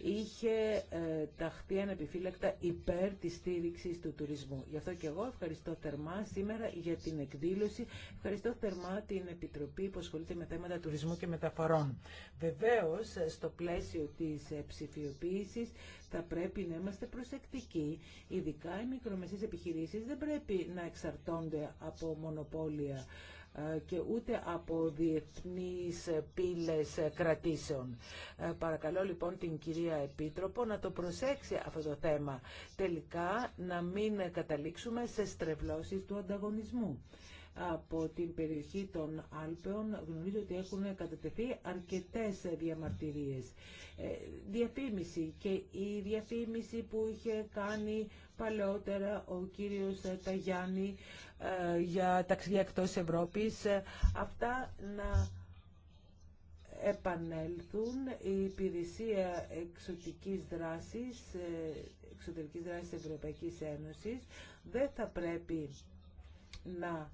είχε ε, ταχθεί ανεπιφύλακτα υπέρ της στήριξη του τουρισμού. Γι' αυτό και εγώ ευχαριστώ θερμά σήμερα για την εκδήλωση. Ευχαριστώ θερμά την Επιτροπή που ασχολείται με θέματα τουρισμού και μεταφορών. Βεβαίως, στο πλαίσιο της ε, ψηφιοποίηση θα πρέπει να είμαστε προσεκτικοί. Ειδικά οι μικρομεσαίες επιχειρήσει δεν πρέπει να εξαρτώνται από μονοπόλια ε, και ούτε από διεθνείς πύλες κρατήσεων. Ε, παρακαλώ λοιπόν την κυρία Επίτροπο να το προσέξει αυτό το θέμα. Τελικά να μην καταλήξουμε σε στρεβλώσεις του ανταγωνισμού από την περιοχή των Άλπαιων γνωρίζω ότι έχουν κατατεθεί αρκετές διαμαρτυρίες. Ε, διαφήμιση και η διαφήμιση που είχε κάνει παλαιότερα ο κύριος Ταγιάννη ε, για ταξίδια εκτός Ευρώπης. Ε, αυτά να επανέλθουν η υπηρεσία εξωτικής δράσης, ε, εξωτερικής δράσης Ευρωπαϊκής Ένωσης δεν θα πρέπει να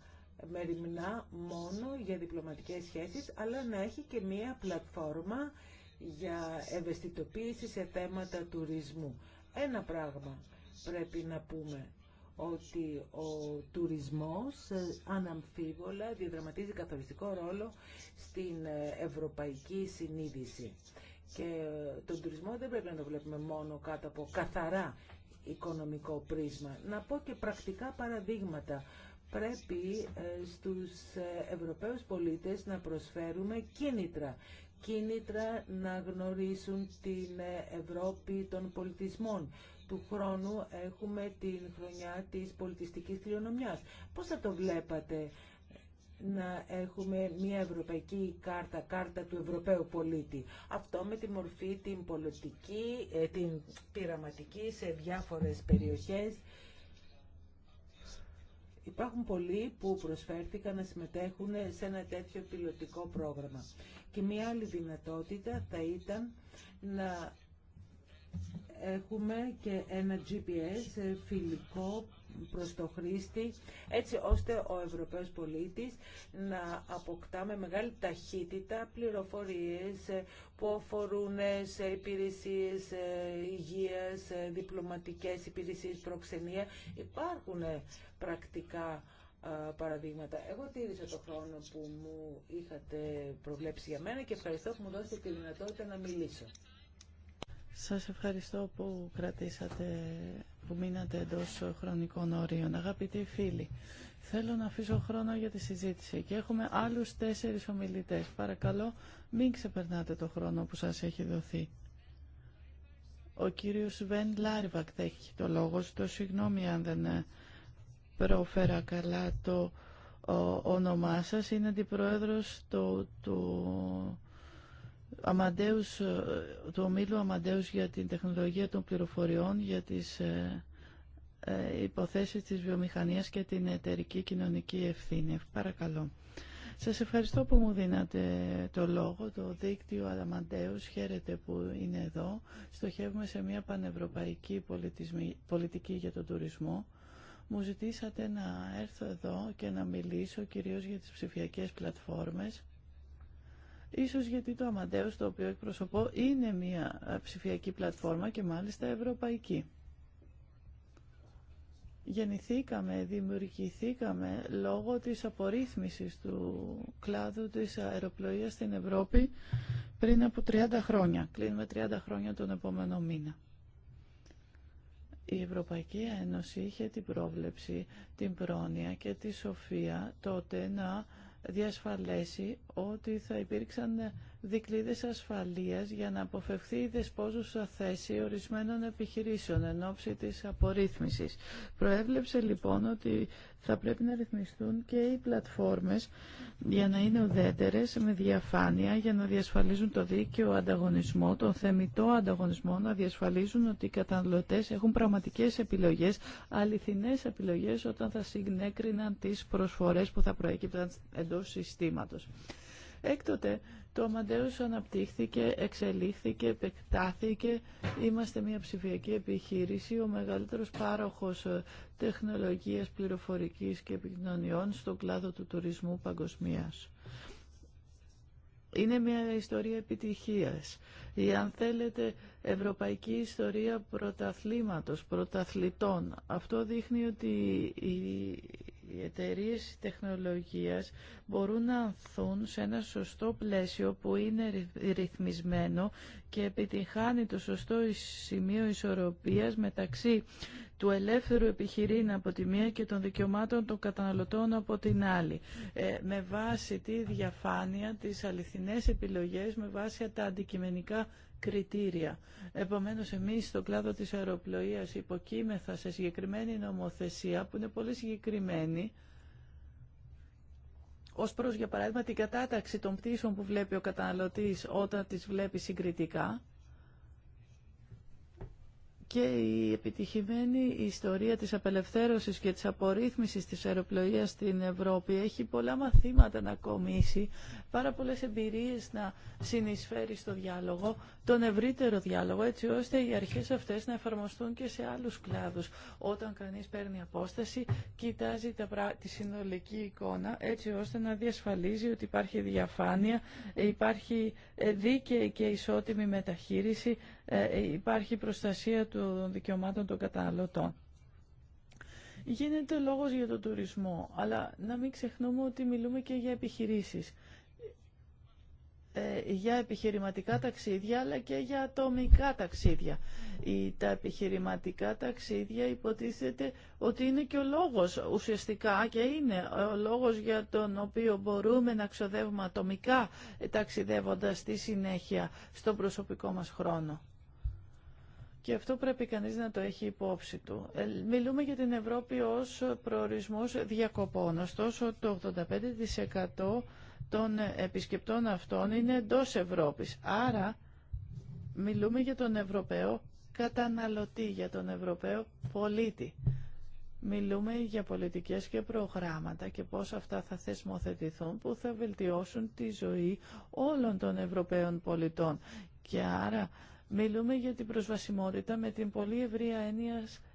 μεριμνά μόνο για διπλωματικές σχέσεις, αλλά να έχει και μία πλατφόρμα για ευαισθητοποίηση σε θέματα τουρισμού. Ένα πράγμα πρέπει να πούμε ότι ο τουρισμός ε, αναμφίβολα διαδραματίζει καθοριστικό ρόλο στην ε, ευρωπαϊκή συνείδηση. Και ε, τον τουρισμό δεν πρέπει να το βλέπουμε μόνο κάτω από καθαρά οικονομικό πρίσμα. Να πω και πρακτικά παραδείγματα. Πρέπει στους Ευρωπαίους πολίτες να προσφέρουμε κίνητρα. Κίνητρα να γνωρίσουν την Ευρώπη των πολιτισμών του χρόνου έχουμε την χρονιά της πολιτιστικής κληρονομιάς. Πώς θα το βλέπατε να έχουμε μια ευρωπαϊκή κάρτα, κάρτα του Ευρωπαίου πολίτη. Αυτό με τη μορφή την πολιτική, ε, την πειραματική σε διάφορες περιοχές. Υπάρχουν πολλοί που προσφέρθηκαν να συμμετέχουν σε ένα τέτοιο πιλωτικό πρόγραμμα. Και μια άλλη δυνατότητα θα ήταν να Έχουμε και ένα GPS φιλικό προς το χρήστη, έτσι ώστε ο Ευρωπαίος πολίτης να αποκτά με μεγάλη ταχύτητα πληροφορίες που αφορούν σε υπηρεσίες ε, υγείας, ε, διπλωματικές υπηρεσίες προξενία. Υπάρχουν πρακτικά ε, παραδείγματα. Εγώ τήρησα το χρόνο που μου είχατε προβλέψει για μένα και ευχαριστώ που μου δώσετε τη δυνατότητα να μιλήσω. Σας ευχαριστώ που κρατήσατε, που μείνατε εντός χρονικών όριων. Αγαπητοί φίλοι, θέλω να αφήσω χρόνο για τη συζήτηση και έχουμε άλλους τέσσερις ομιλητές. Παρακαλώ, μην ξεπερνάτε το χρόνο που σας έχει δοθεί. Ο κύριος Βεν Λάριβακ έχει το λόγο. Στο συγγνώμη αν δεν ε, πρόφερα καλά το όνομά σας. Είναι αντιπρόεδρος του, του Αμαντέους, ε, του ομίλου Αμαντέους για την τεχνολογία των πληροφοριών, για τις ε, ε υποθέσεις της βιομηχανίας και την εταιρική κοινωνική ευθύνη. Ε, παρακαλώ. Σας ευχαριστώ που μου δίνατε το λόγο. Το δίκτυο Αδαμαντέους χαίρεται που είναι εδώ. Στοχεύουμε σε μια πανευρωπαϊκή πολιτική για τον τουρισμό. Μου ζητήσατε να έρθω εδώ και να μιλήσω κυρίως για τις ψηφιακές πλατφόρμες Ίσως γιατί το Αμαντέο το οποίο εκπροσωπώ, είναι μια ψηφιακή πλατφόρμα και μάλιστα ευρωπαϊκή. Γεννηθήκαμε, δημιουργηθήκαμε λόγω της απορρίθμισης του κλάδου της αεροπλοείας στην Ευρώπη πριν από 30 χρόνια. Κλείνουμε 30 χρόνια τον επόμενο μήνα. Η Ευρωπαϊκή Ένωση είχε την πρόβλεψη, την πρόνοια και τη σοφία τότε να διασφαλέσει ότι θα υπήρξαν δικλείδες ασφαλείας για να αποφευθεί η δεσπόζουσα θέση ορισμένων επιχειρήσεων εν ώψη της απορρίθμισης. Προέβλεψε λοιπόν ότι θα πρέπει να ρυθμιστούν και οι πλατφόρμες για να είναι ουδέτερες με διαφάνεια, για να διασφαλίζουν το δίκαιο ανταγωνισμό, τον θεμητό ανταγωνισμό, να διασφαλίζουν ότι οι καταναλωτές έχουν πραγματικές επιλογές, αληθινές επιλογές όταν θα συνέκριναν τις προσφορές που θα προέκυπταν εντός συστήματος. Έκτοτε το Μαντέους αναπτύχθηκε, εξελίχθηκε, επεκτάθηκε. Είμαστε μια ψηφιακή επιχείρηση, ο μεγαλύτερος πάροχος ε, τεχνολογίας πληροφορικής και επικοινωνιών στον κλάδο του τουρισμού παγκοσμίας. Είναι μια ιστορία επιτυχίας ή αν θέλετε ευρωπαϊκή ιστορία πρωταθλήματος, πρωταθλητών. Αυτό δείχνει ότι η αν θελετε ευρωπαικη ιστορια πρωταθληματος πρωταθλητων αυτο δειχνει οτι οι εταιρείε τεχνολογίας μπορούν να ανθούν σε ένα σωστό πλαίσιο που είναι ρυθμισμένο και επιτυχάνει το σωστό σημείο ισορροπίας μεταξύ του ελεύθερου επιχειρήν από τη μία και των δικαιωμάτων των καταναλωτών από την άλλη. Ε, με βάση τη διαφάνεια, τις αληθινές επιλογές, με βάση τα αντικειμενικά κριτήρια. Επομένως, εμείς στο κλάδο της αεροπλοείας υποκείμεθα σε συγκεκριμένη νομοθεσία που είναι πολύ συγκεκριμένη, ως προς, για παράδειγμα, την κατάταξη των πτήσεων που βλέπει ο καταναλωτής όταν τις βλέπει συγκριτικά, και η επιτυχημένη ιστορία της απελευθέρωσης και της απορρίθμισης της αεροπλοείας στην Ευρώπη έχει πολλά μαθήματα να κομίσει, πάρα πολλές εμπειρίες να συνεισφέρει στο διάλογο, τον ευρύτερο διάλογο, έτσι ώστε οι αρχές αυτές να εφαρμοστούν και σε άλλους κλάδους. Όταν κανείς παίρνει απόσταση, κοιτάζει τη συνολική εικόνα, έτσι ώστε να διασφαλίζει ότι υπάρχει διαφάνεια, υπάρχει ε, δίκαιη και ισότιμη μεταχείριση ε, υπάρχει προστασία των δικαιωμάτων των καταναλωτών. Γίνεται λόγος για τον τουρισμό, αλλά να μην ξεχνούμε ότι μιλούμε και για επιχειρήσεις. Ε, για επιχειρηματικά ταξίδια, αλλά και για ατομικά ταξίδια. τα επιχειρηματικά ταξίδια υποτίθεται ότι είναι και ο λόγος ουσιαστικά και είναι ο λόγος για τον οποίο μπορούμε να ξοδεύουμε ατομικά ταξιδεύοντας στη συνέχεια στον προσωπικό μας χρόνο. Και αυτό πρέπει κανείς να το έχει υπόψη του. Ε, μιλούμε για την Ευρώπη ως προορισμός διακοπών. Ωστόσο, το 85% των επισκεπτών αυτών είναι εντός Ευρώπης. Άρα, μιλούμε για τον Ευρωπαίο καταναλωτή, για τον Ευρωπαίο πολίτη. Μιλούμε για πολιτικές και προγράμματα και πώς αυτά θα θεσμοθετηθούν που θα βελτιώσουν τη ζωή όλων των Ευρωπαίων πολιτών. Και άρα Μιλούμε για την προσβασιμότητα με την πολύ ευρία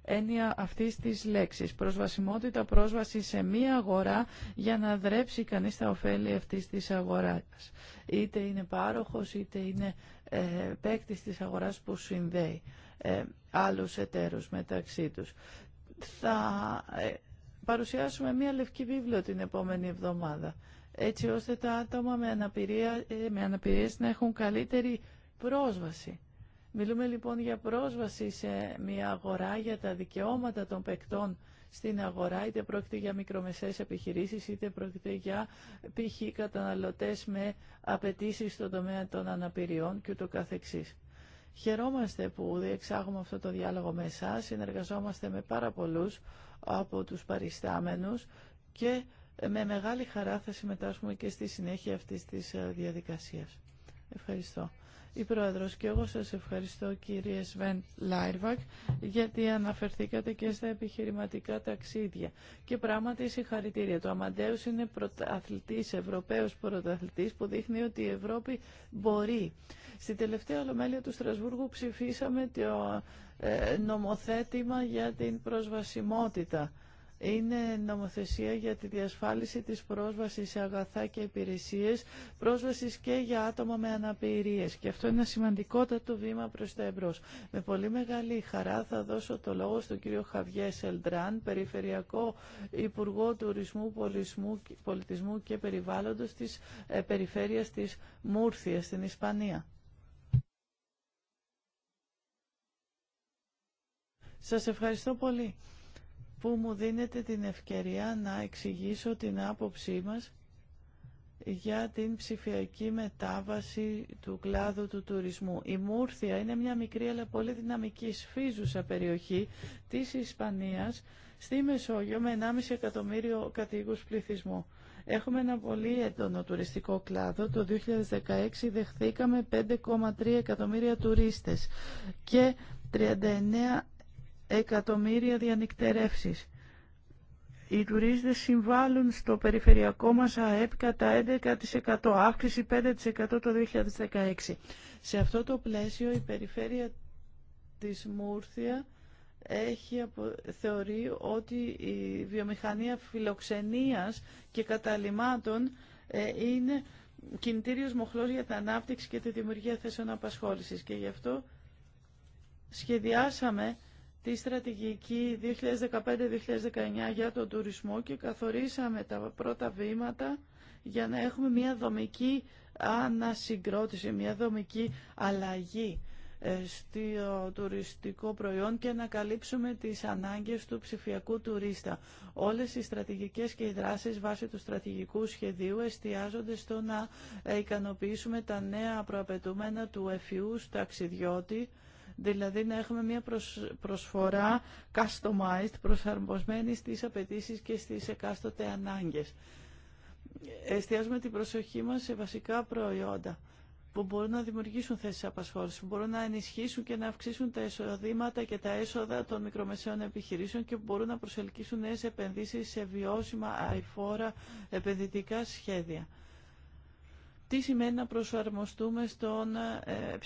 έννοια αυτής της λέξης. Προσβασιμότητα, πρόσβαση σε μία αγορά για να δρέψει κανείς τα ωφέλη αυτής της αγοράς. Είτε είναι πάροχος, είτε είναι ε, παίκτης της αγοράς που συνδέει ε, άλλους εταίρους μεταξύ τους. Θα ε, παρουσιάσουμε μία λευκή βίβλο την επόμενη εβδομάδα, έτσι ώστε τα άτομα με, αναπηρία, ε, με αναπηρίες να έχουν καλύτερη πρόσβαση Μιλούμε λοιπόν για πρόσβαση σε μια αγορά για τα δικαιώματα των παικτών στην αγορά, είτε πρόκειται για μικρομεσαίες επιχειρήσεις, είτε πρόκειται για π.χ. καταναλωτές με απαιτήσει στον τομέα των αναπηριών και ούτω καθεξής. Χαιρόμαστε που διεξάγουμε αυτό το διάλογο με εσά, συνεργαζόμαστε με πάρα πολλούς από τους παριστάμενους και με μεγάλη χαρά θα συμμετάσχουμε και στη συνέχεια αυτής της ε, διαδικασίας. Ευχαριστώ η Πρόεδρος και εγώ σας ευχαριστώ κύριε Σβέν Λάιρβακ γιατί αναφερθήκατε και στα επιχειρηματικά ταξίδια και πράγματι συγχαρητήρια. Το Αμαντέους είναι πρωταθλητής, Ευρωπαίος πρωταθλητής που δείχνει ότι η Ευρώπη μπορεί. Στη τελευταία ολομέλεια του Στρασβούργου ψηφίσαμε το ε, νομοθέτημα για την προσβασιμότητα είναι νομοθεσία για τη διασφάλιση της πρόσβασης σε αγαθά και υπηρεσίες, πρόσβασης και για άτομα με αναπηρίες. Και αυτό είναι ένα σημαντικότατο βήμα προς τα εμπρός. Με πολύ μεγάλη χαρά θα δώσω το λόγο στον κύριο Χαβιέ Σελντράν, Περιφερειακό Υπουργό Τουρισμού, Πολιτισμού και Περιβάλλοντος της ε, Περιφέρειας της Μούρθιας στην Ισπανία. Σας ευχαριστώ πολύ που μου δίνετε την ευκαιρία να εξηγήσω την άποψή μας για την ψηφιακή μετάβαση του κλάδου του τουρισμού. Η Μούρθια είναι μια μικρή αλλά πολύ δυναμική σφίζουσα περιοχή της Ισπανίας στη Μεσόγειο με 1,5 εκατομμύριο κατοίκους πληθυσμού. Έχουμε ένα πολύ έντονο τουριστικό κλάδο. Το 2016 δεχθήκαμε 5,3 εκατομμύρια τουρίστες και 39 εκατομμύρια διανυκτερεύσεις. Οι τουρίστες συμβάλλουν στο περιφερειακό μας ΑΕΠ κατά 11%, αύξηση 5% το 2016. Σε αυτό το πλαίσιο η περιφέρεια της Μούρθια έχει απο... θεωρεί ότι η βιομηχανία φιλοξενίας και καταλημάτων ε, είναι κινητήριος μοχλός για την ανάπτυξη και τη δημιουργία θέσεων απασχόλησης. Και γι' αυτό σχεδιάσαμε τη στρατηγική 2015-2019 για τον τουρισμό και καθορίσαμε τα πρώτα βήματα για να έχουμε μια δομική ανασυγκρότηση, μια δομική αλλαγή ε, στο τουριστικό προϊόν και να καλύψουμε τις ανάγκες του ψηφιακού τουρίστα. Όλες οι στρατηγικές και οι δράσεις βάσει του στρατηγικού σχεδίου εστιάζονται στο να ε, ικανοποιήσουμε τα νέα προαπαιτούμενα του εφιούς ταξιδιώτη δηλαδή να έχουμε μια προσφορά customized, προσαρμοσμένη στις απαιτήσει και στις εκάστοτε ανάγκες. Εστιάζουμε την προσοχή μας σε βασικά προϊόντα που μπορούν να δημιουργήσουν θέσεις απασχόλησης, που μπορούν να ενισχύσουν και να αυξήσουν τα εισοδήματα και τα έσοδα των μικρομεσαίων επιχειρήσεων και που μπορούν να προσελκύσουν νέες επενδύσεις σε βιώσιμα αηφόρα επενδυτικά σχέδια τι σημαίνει να προσαρμοστούμε στον ε,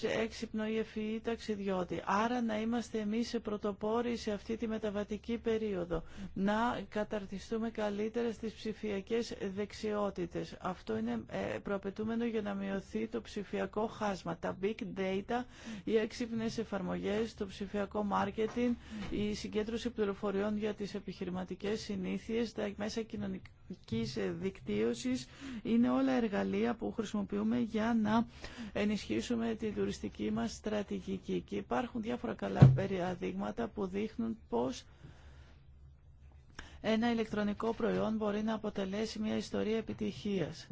ε, έξυπνο ή ευφυή ταξιδιώτη. Άρα να είμαστε εμείς σε πρωτοπόροι σε αυτή τη μεταβατική περίοδο. Να καταρτιστούμε καλύτερα στις ψηφιακές δεξιότητες. Αυτό είναι ε, προαπαιτούμενο για να μειωθεί το ψηφιακό χάσμα. Τα big data, οι έξυπνες εφαρμογές, το ψηφιακό marketing, η συγκέντρωση πληροφοριών για τις επιχειρηματικές συνήθειες, τα μέσα κοινωνικής κοινωνικής δικτύωσης είναι όλα εργαλεία που χρησιμοποιούμε για να ενισχύσουμε την τουριστική μας στρατηγική και υπάρχουν διάφορα καλά περιαδείγματα που δείχνουν πώς ένα ηλεκτρονικό προϊόν μπορεί να αποτελέσει μια ιστορία επιτυχίας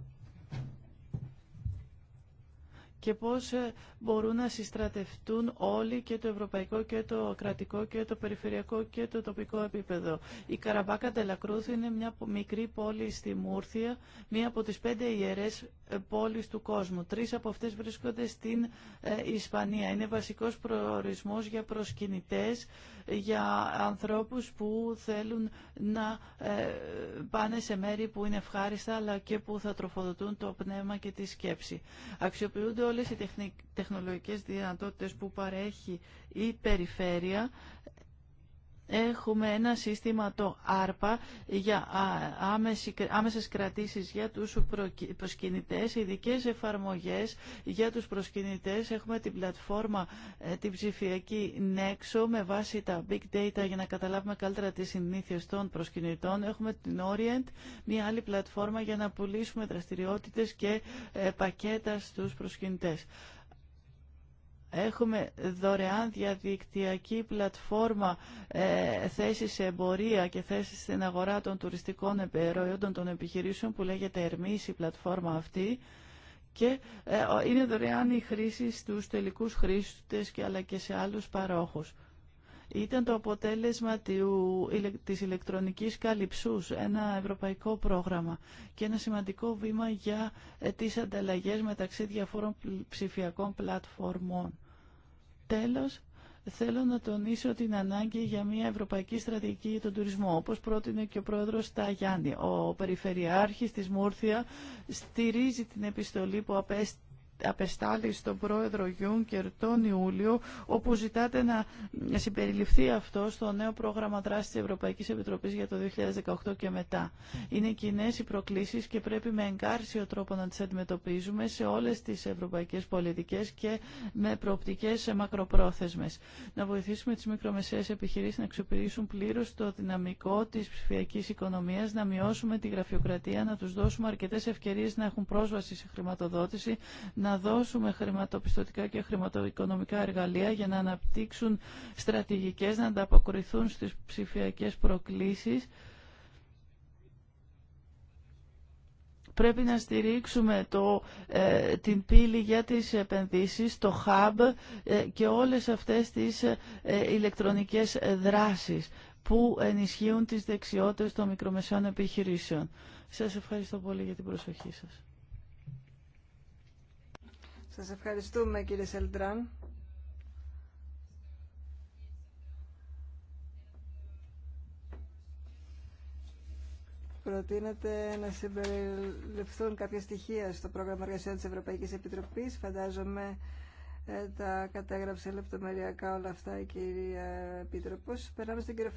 και πώς ε, μπορούν να συστρατευτούν όλοι και το ευρωπαϊκό και το κρατικό και το περιφερειακό και το τοπικό επίπεδο. Η Καραμπάκα Ντελακρούθ είναι μια μικρή πόλη στη Μούρθια, μία από τις πέντε ιερές πόλεις του κόσμου. Τρεις από αυτές βρίσκονται στην ε, Ισπανία. Είναι βασικός προορισμός για προσκυνητές, για ανθρώπους που θέλουν να ε, πάνε σε μέρη που είναι ευχάριστα αλλά και που θα τροφοδοτούν το πνεύμα και τη σκέψη. Αξιοποιούνται όλες οι τεχνολογικές δυνατότητες που παρέχει η περιφέρεια Έχουμε ένα σύστημα το ΆΡΠΑ για άμεσες κρατήσεις για τους προσκυνητές, ειδικέ εφαρμογές για τους προσκυνητές. Έχουμε την πλατφόρμα ε, την ψηφιακή Nexo με βάση τα big data για να καταλάβουμε καλύτερα τις συνήθειες των προσκυνητών. Έχουμε την Orient, μια άλλη πλατφόρμα για να πουλήσουμε δραστηριότητες και ε, πακέτα στους προσκυνητές. Έχουμε δωρεάν διαδικτυακή πλατφόρμα ε, θέση σε εμπορία και θέσεις στην αγορά των τουριστικών προϊόντων των επιχειρήσεων που λέγεται Ερμής η πλατφόρμα αυτή και ε, είναι δωρεάν η χρήση στους τελικούς χρήστες και αλλά και σε άλλους παρόχους. Ήταν το αποτέλεσμα της ηλεκτρονικής καλυψούς, ένα ευρωπαϊκό πρόγραμμα και ένα σημαντικό βήμα για ε, τις ανταλλαγές μεταξύ διαφόρων ψηφιακών πλατφορμών. Τέλος, θέλω να τονίσω την ανάγκη για μια ευρωπαϊκή στρατηγική για τον τουρισμό, όπως πρότεινε και ο πρόεδρος Ταγιάννη. Ο Περιφερειάρχης της Μούρθια στηρίζει την επιστολή που απέστη απεστάλει στον πρόεδρο Γιούνκερ τον Ιούλιο, όπου ζητάτε να συμπεριληφθεί αυτό στο νέο πρόγραμμα δράση τη Ευρωπαϊκή Επιτροπή για το 2018 και μετά. Είναι κοινέ οι προκλήσει και πρέπει με εγκάρσιο τρόπο να τι αντιμετωπίζουμε σε όλε τι ευρωπαϊκέ πολιτικέ και με προοπτικέ μακροπρόθεσμε. Να βοηθήσουμε τι μικρομεσαίε επιχειρήσει να εξοπλίσουν πλήρω το δυναμικό τη ψηφιακή οικονομία, να μειώσουμε τη γραφειοκρατία, να του δώσουμε αρκετέ ευκαιρίε να έχουν πρόσβαση σε χρηματοδότηση, να να δώσουμε χρηματοπιστωτικά και χρηματοοικονομικά εργαλεία για να αναπτύξουν στρατηγικές, να ανταποκριθούν στις ψηφιακές προκλήσεις. Πρέπει να στηρίξουμε το, ε, την πύλη για τις επενδύσεις, το hub ε, και όλες αυτές τις ε, ηλεκτρονικές δράσεις που ενισχύουν τις δεξιότητες των μικρομεσαίων επιχειρήσεων. Σας ευχαριστώ πολύ για την προσοχή σας. Σας ευχαριστούμε κύριε Σελτράν. Προτείνετε να συμπεριληφθούν κάποια στοιχεία στο πρόγραμμα εργασιών της Ευρωπαϊκής Επιτροπής. Φαντάζομαι ε, τα κατέγραψε λεπτομεριακά όλα αυτά η κυρία Επίτροπος. Περνάμε στον κύριο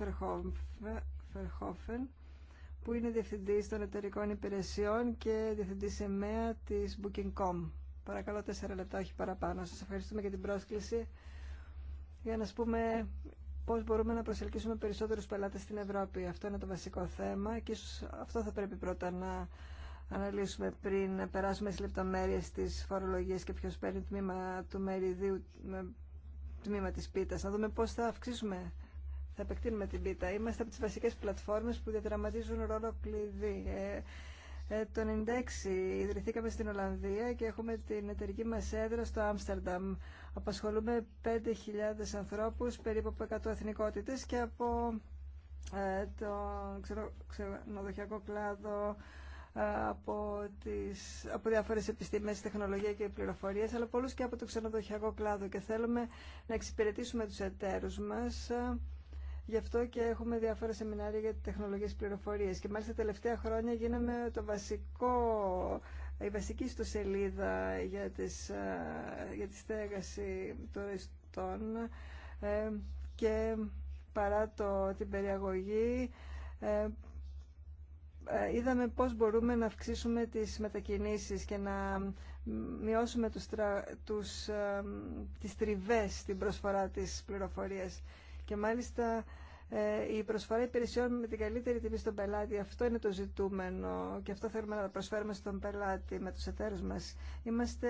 Φερχόφεν, που είναι διευθυντής των εταιρικών υπηρεσιών και διευθυντής ΕΜΕΑ της Booking.com. Παρακαλώ τέσσερα λεπτά, όχι παραπάνω. Σα ευχαριστούμε για την πρόσκληση για να πούμε πώ μπορούμε να προσελκύσουμε περισσότερου πελάτε στην Ευρώπη. Αυτό είναι το βασικό θέμα και ίσω αυτό θα πρέπει πρώτα να αναλύσουμε πριν να περάσουμε στι λεπτομέρειε τη φορολογία και ποιο παίρνει τμήμα του μεριδίου, τμήμα τη Πίτα. Να δούμε πώ θα αυξήσουμε, θα επεκτείνουμε την πίτα. Είμαστε από τι βασικέ πλατφόρμε που διαδραματίζουν ρόλο κλειδί. Ε, ε, το 1996 ιδρυθήκαμε στην Ολλανδία και έχουμε την εταιρική μας έδρα στο Άμστερνταμ. Απασχολούμε 5.000 ανθρώπους, περίπου από 100 εθνικότητε και από ε, τον ξενοδοχειακό κλάδο, ε, από, τις, από διάφορες επιστήμες, τεχνολογία και πληροφορίε, αλλά πολλούς και από το ξενοδοχειακό κλάδο και θέλουμε να εξυπηρετήσουμε του εταίρους μα. Γι' αυτό και έχουμε διάφορα σεμινάρια για τεχνολογίες πληροφορίες. Και μάλιστα τα τελευταία χρόνια γίναμε το βασικό, η βασική ιστοσελίδα για, τις, ε, για τη στέγαση τουριστών ε, και παρά το, την περιαγωγή ε, είδαμε πώς μπορούμε να αυξήσουμε τις μετακινήσεις και να μειώσουμε τους, τους, τις τριβές στην προσφορά της πληροφορίας. Και μάλιστα ε, η προσφορά υπηρεσιών με την καλύτερη τιμή στον πελάτη, αυτό είναι το ζητούμενο και αυτό θέλουμε να προσφέρουμε στον πελάτη με τους εταίρους μας. Είμαστε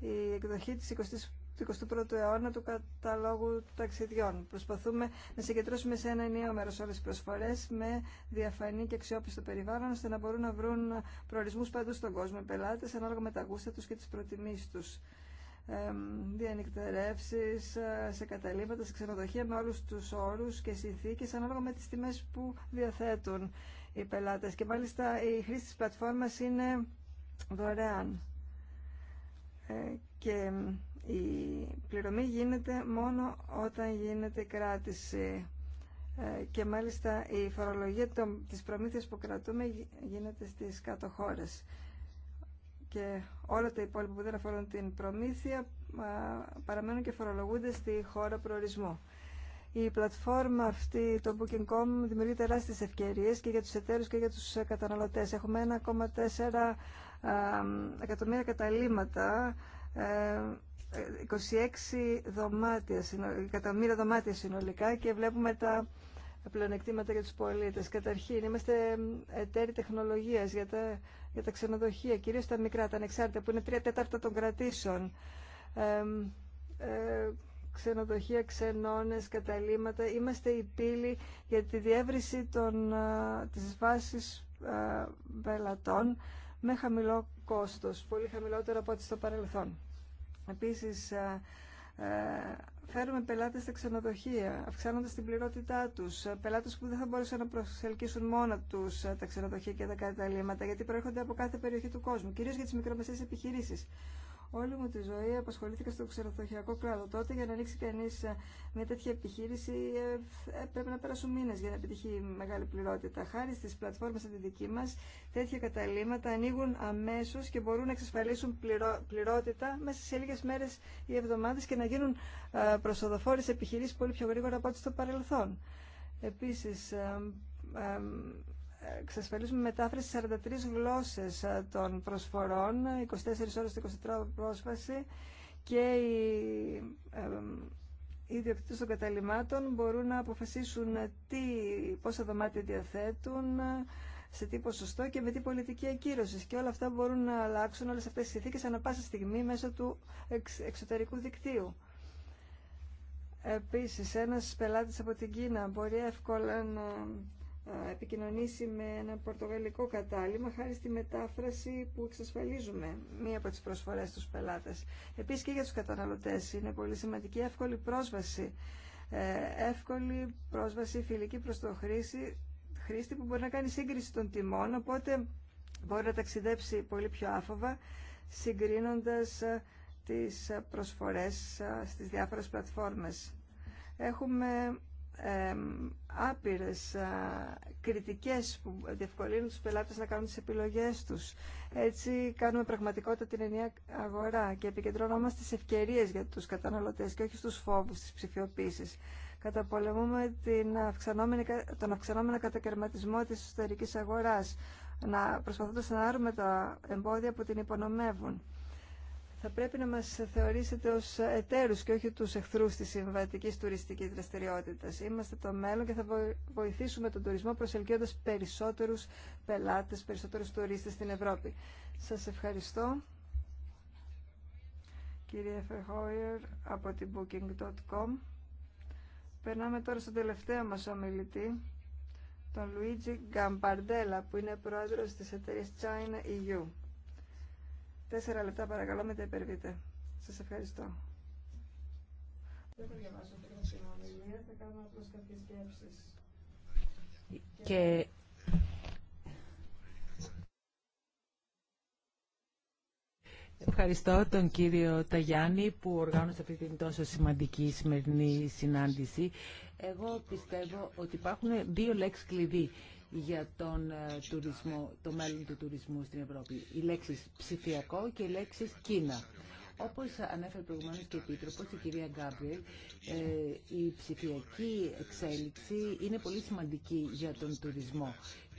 η εκδοχή της 20 του 21ου αιώνα του καταλόγου ταξιδιών. Προσπαθούμε να συγκεντρώσουμε σε ένα ενίο μέρο όλε τι προσφορέ με διαφανή και αξιόπιστο περιβάλλον, ώστε να μπορούν να βρουν προορισμού παντού στον κόσμο οι πελάτε, ανάλογα με τα γούστα του και τι προτιμήσει του διανυκτερεύσεις, ε, σε καταλήμματα, σε ξενοδοχεία με όλους τους όρους και συνθήκες ανάλογα με τις τιμές που διαθέτουν οι πελάτες. Και μάλιστα η χρήση της πλατφόρμας είναι δωρεάν. Ε, και η πληρωμή γίνεται μόνο όταν γίνεται κράτηση ε, και μάλιστα η φορολογία των, της προμήθειας που κρατούμε γίνεται στις κάτω χώρες και όλα τα υπόλοιπα που δεν αφορούν την προμήθεια παραμένουν και φορολογούνται στη χώρα προορισμού. Η πλατφόρμα αυτή, το Booking.com, δημιουργεί τεράστιες ευκαιρίες και για τους εταίρους και για τους ε, καταναλωτές. Έχουμε 1,4 εκατομμύρια καταλήμματα, 26 ε, ε, δωμάτια, εκατομμύρια δωμάτια συνολικά και βλέπουμε τα πλεονεκτήματα για τους πολίτες. Καταρχήν, είμαστε εταίροι τεχνολογίας για τα, για τα ξενοδοχεία, κυρίως τα μικρά, τα ανεξάρτητα, που είναι τρία τέταρτα των κρατήσεων. ε, ξενοδοχεία, ξενώνες, καταλήματα. Είμαστε η πύλη για τη διεύρυνση των, ε, της βάσης ε, πελατών με χαμηλό κόστος, πολύ χαμηλότερο από ό,τι στο παρελθόν. Επίσης, ε, φέρουμε πελάτε στα ξενοδοχεία, αυξάνοντα την πληρότητά του. Πελάτε που δεν θα μπορούσαν να προσελκύσουν μόνο του τα ξενοδοχεία και τα καταλήμματα, γιατί προέρχονται από κάθε περιοχή του κόσμου, κυρίω για τι μικρομεσαίε επιχειρήσει. Όλη μου τη ζωή απασχολήθηκα στο ξεροθοχειακό κλάδο. Τότε για να ανοίξει κανεί ε, μια τέτοια επιχείρηση ε, ε, πρέπει να περάσουν μήνε για να επιτυχεί μεγάλη πληρότητα. Χάρη στι πλατφόρμε σαν τη δική μα, τέτοια καταλήματα ανοίγουν αμέσω και μπορούν να εξασφαλίσουν πληρότητα μέσα σε λίγε μέρε ή εβδομάδε και να γίνουν προσοδοφόρε επιχειρήσει πολύ πιο γρήγορα από ό,τι στο παρελθόν. Επίση, εξασφαλίσουμε μετάφραση 43 γλώσσες ε, των προσφορών, 24 ώρες, 24 πρόσβαση και οι ιδιοκτήτες των καταλημάτων μπορούν να αποφασίσουν τι, πόσα δωμάτια διαθέτουν, σε τι ποσοστό και με τι πολιτική ακύρωση. Και όλα αυτά μπορούν να αλλάξουν όλες αυτές τις συνθήκες ανα πάσα στιγμή μέσω του εξωτερικού δικτύου. Επίσης, ένας πελάτης από την Κίνα μπορεί εύκολα να επικοινωνήσει με ένα πορτογαλικό κατάλημα χάρη στη μετάφραση που εξασφαλίζουμε μία από τις προσφορές στους πελάτες. Επίσης και για τους καταναλωτές είναι πολύ σημαντική εύκολη πρόσβαση. Ε, εύκολη πρόσβαση φιλική προς το χρήση, χρήστη που μπορεί να κάνει σύγκριση των τιμών, οπότε μπορεί να ταξιδέψει πολύ πιο άφοβα συγκρίνοντας ε, τις προσφορές ε, στις διάφορες πλατφόρμες. Έχουμε ε, άπειρες κριτικές που διευκολύνουν τους πελάτες να κάνουν τις επιλογές τους. Έτσι κάνουμε πραγματικότητα την ενιαία αγορά και επικεντρωνόμαστε στις ευκαιρίες για τους καταναλωτές και όχι στους φόβους της ψηφιοποίησης. Καταπολεμούμε την αυξανόμενη, τον αυξανόμενο κατακαιρματισμό της εσωτερικής αγοράς, να, προσπαθώντας να άρουμε τα εμπόδια που την υπονομεύουν θα πρέπει να μας θεωρήσετε ως εταίρους και όχι τους εχθρούς της συμβατικής τουριστικής δραστηριότητας. Είμαστε το μέλλον και θα βοηθήσουμε τον τουρισμό προσελκύοντας περισσότερους πελάτες, περισσότερους τουρίστες στην Ευρώπη. Σας ευχαριστώ. Κύριε Φεχόιερ από την booking.com. Περνάμε τώρα στον τελευταίο μας ομιλητή, τον Λουίτζι Γκαμπαρντέλα, που είναι πρόεδρος της εταιρείας China EU. Τέσσερα λεπτά παρακαλώ, τα υπερβείτε. Σας ευχαριστώ. Δεν Και... Ευχαριστώ τον κύριο Ταγιάννη που οργάνωσε αυτή την τόσο σημαντική σημερινή συνάντηση. Εγώ πιστεύω ότι υπάρχουν δύο λέξεις κλειδί για τον ε, τουρισμό, το μέλλον του τουρισμού στην Ευρώπη. Οι λέξεις ψηφιακό και οι λέξεις Κίνα. Όπως ανέφερε προηγουμένως και η Επίτροπος, η κυρία Γκάμπριελ, ε, η ψηφιακή εξέλιξη είναι πολύ σημαντική για τον τουρισμό.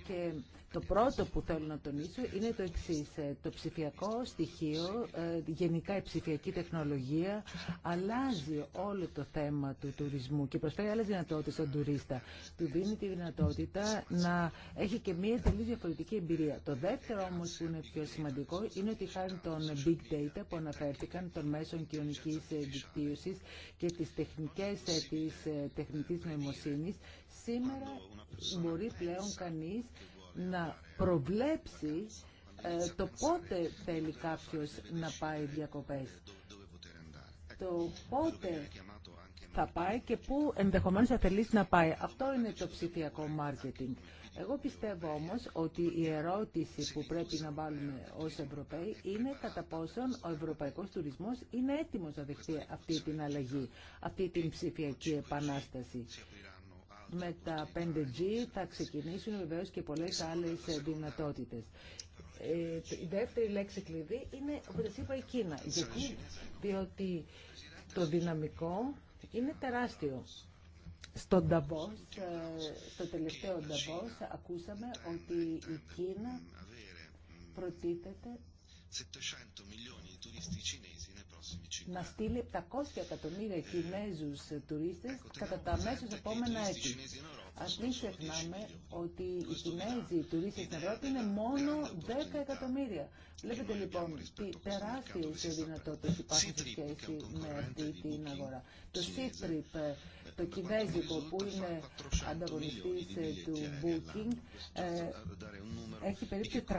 Και το πρώτο που θέλω να τονίσω είναι το εξή. Ε, το ψηφιακό στοιχείο, ε, γενικά η ψηφιακή τεχνολογία, αλλάζει όλο το θέμα του τουρισμού και προσφέρει άλλε δυνατότητε στον τουρίστα. Του δίνει τη δυνατότητα να έχει και μία τελείω διαφορετική εμπειρία. Το δεύτερο όμω που είναι πιο σημαντικό είναι ότι χάρη των big data που αναφέρθηκαν, των μέσων κοινωνική δικτύωση και τι τεχνικέ ε, τη τεχνητή νοημοσύνη, σήμερα μπορεί πλέον κανεί να προβλέψει ε, το πότε θέλει κάποιος να πάει διακοπές. Το πότε θα πάει και πού ενδεχομένως θα θελήσει να πάει. Αυτό είναι το ψηφιακό μάρκετινγκ. Εγώ πιστεύω όμως ότι η ερώτηση που πρέπει να βάλουμε ως Ευρωπαίοι είναι κατά πόσον ο ευρωπαϊκός τουρισμός είναι έτοιμος να δεχτεί αυτή την αλλαγή, αυτή την ψηφιακή επανάσταση με τα 5G θα ξεκινήσουν βεβαίως και πολλές άλλες δυνατότητες. Ε, η δεύτερη λέξη κλειδί είναι, όπως είπα, η Κίνα. Γιατί, διότι το δυναμικό είναι τεράστιο. Στο Νταβός, ε, στο τελευταίο Νταβός, ακούσαμε ότι η Κίνα προτίθεται να στείλει 700 εκατομμύρια Κινέζους τουρίστες κατά τα αμέσω επόμενα έτη. Ας μην ξεχνάμε ότι οι Κινέζοι τουρίστες στην Ευρώπη είναι μόνο 10 εκατομμύρια. Βλέπετε λοιπόν τι τεράστιες δυνατότητες υπάρχουν σε σχέση με αυτή την αγορά. Το Σίτριπ το κινέζικο που είναι ανταγωνιστής ε, του Booking ε, έχει περίπου 300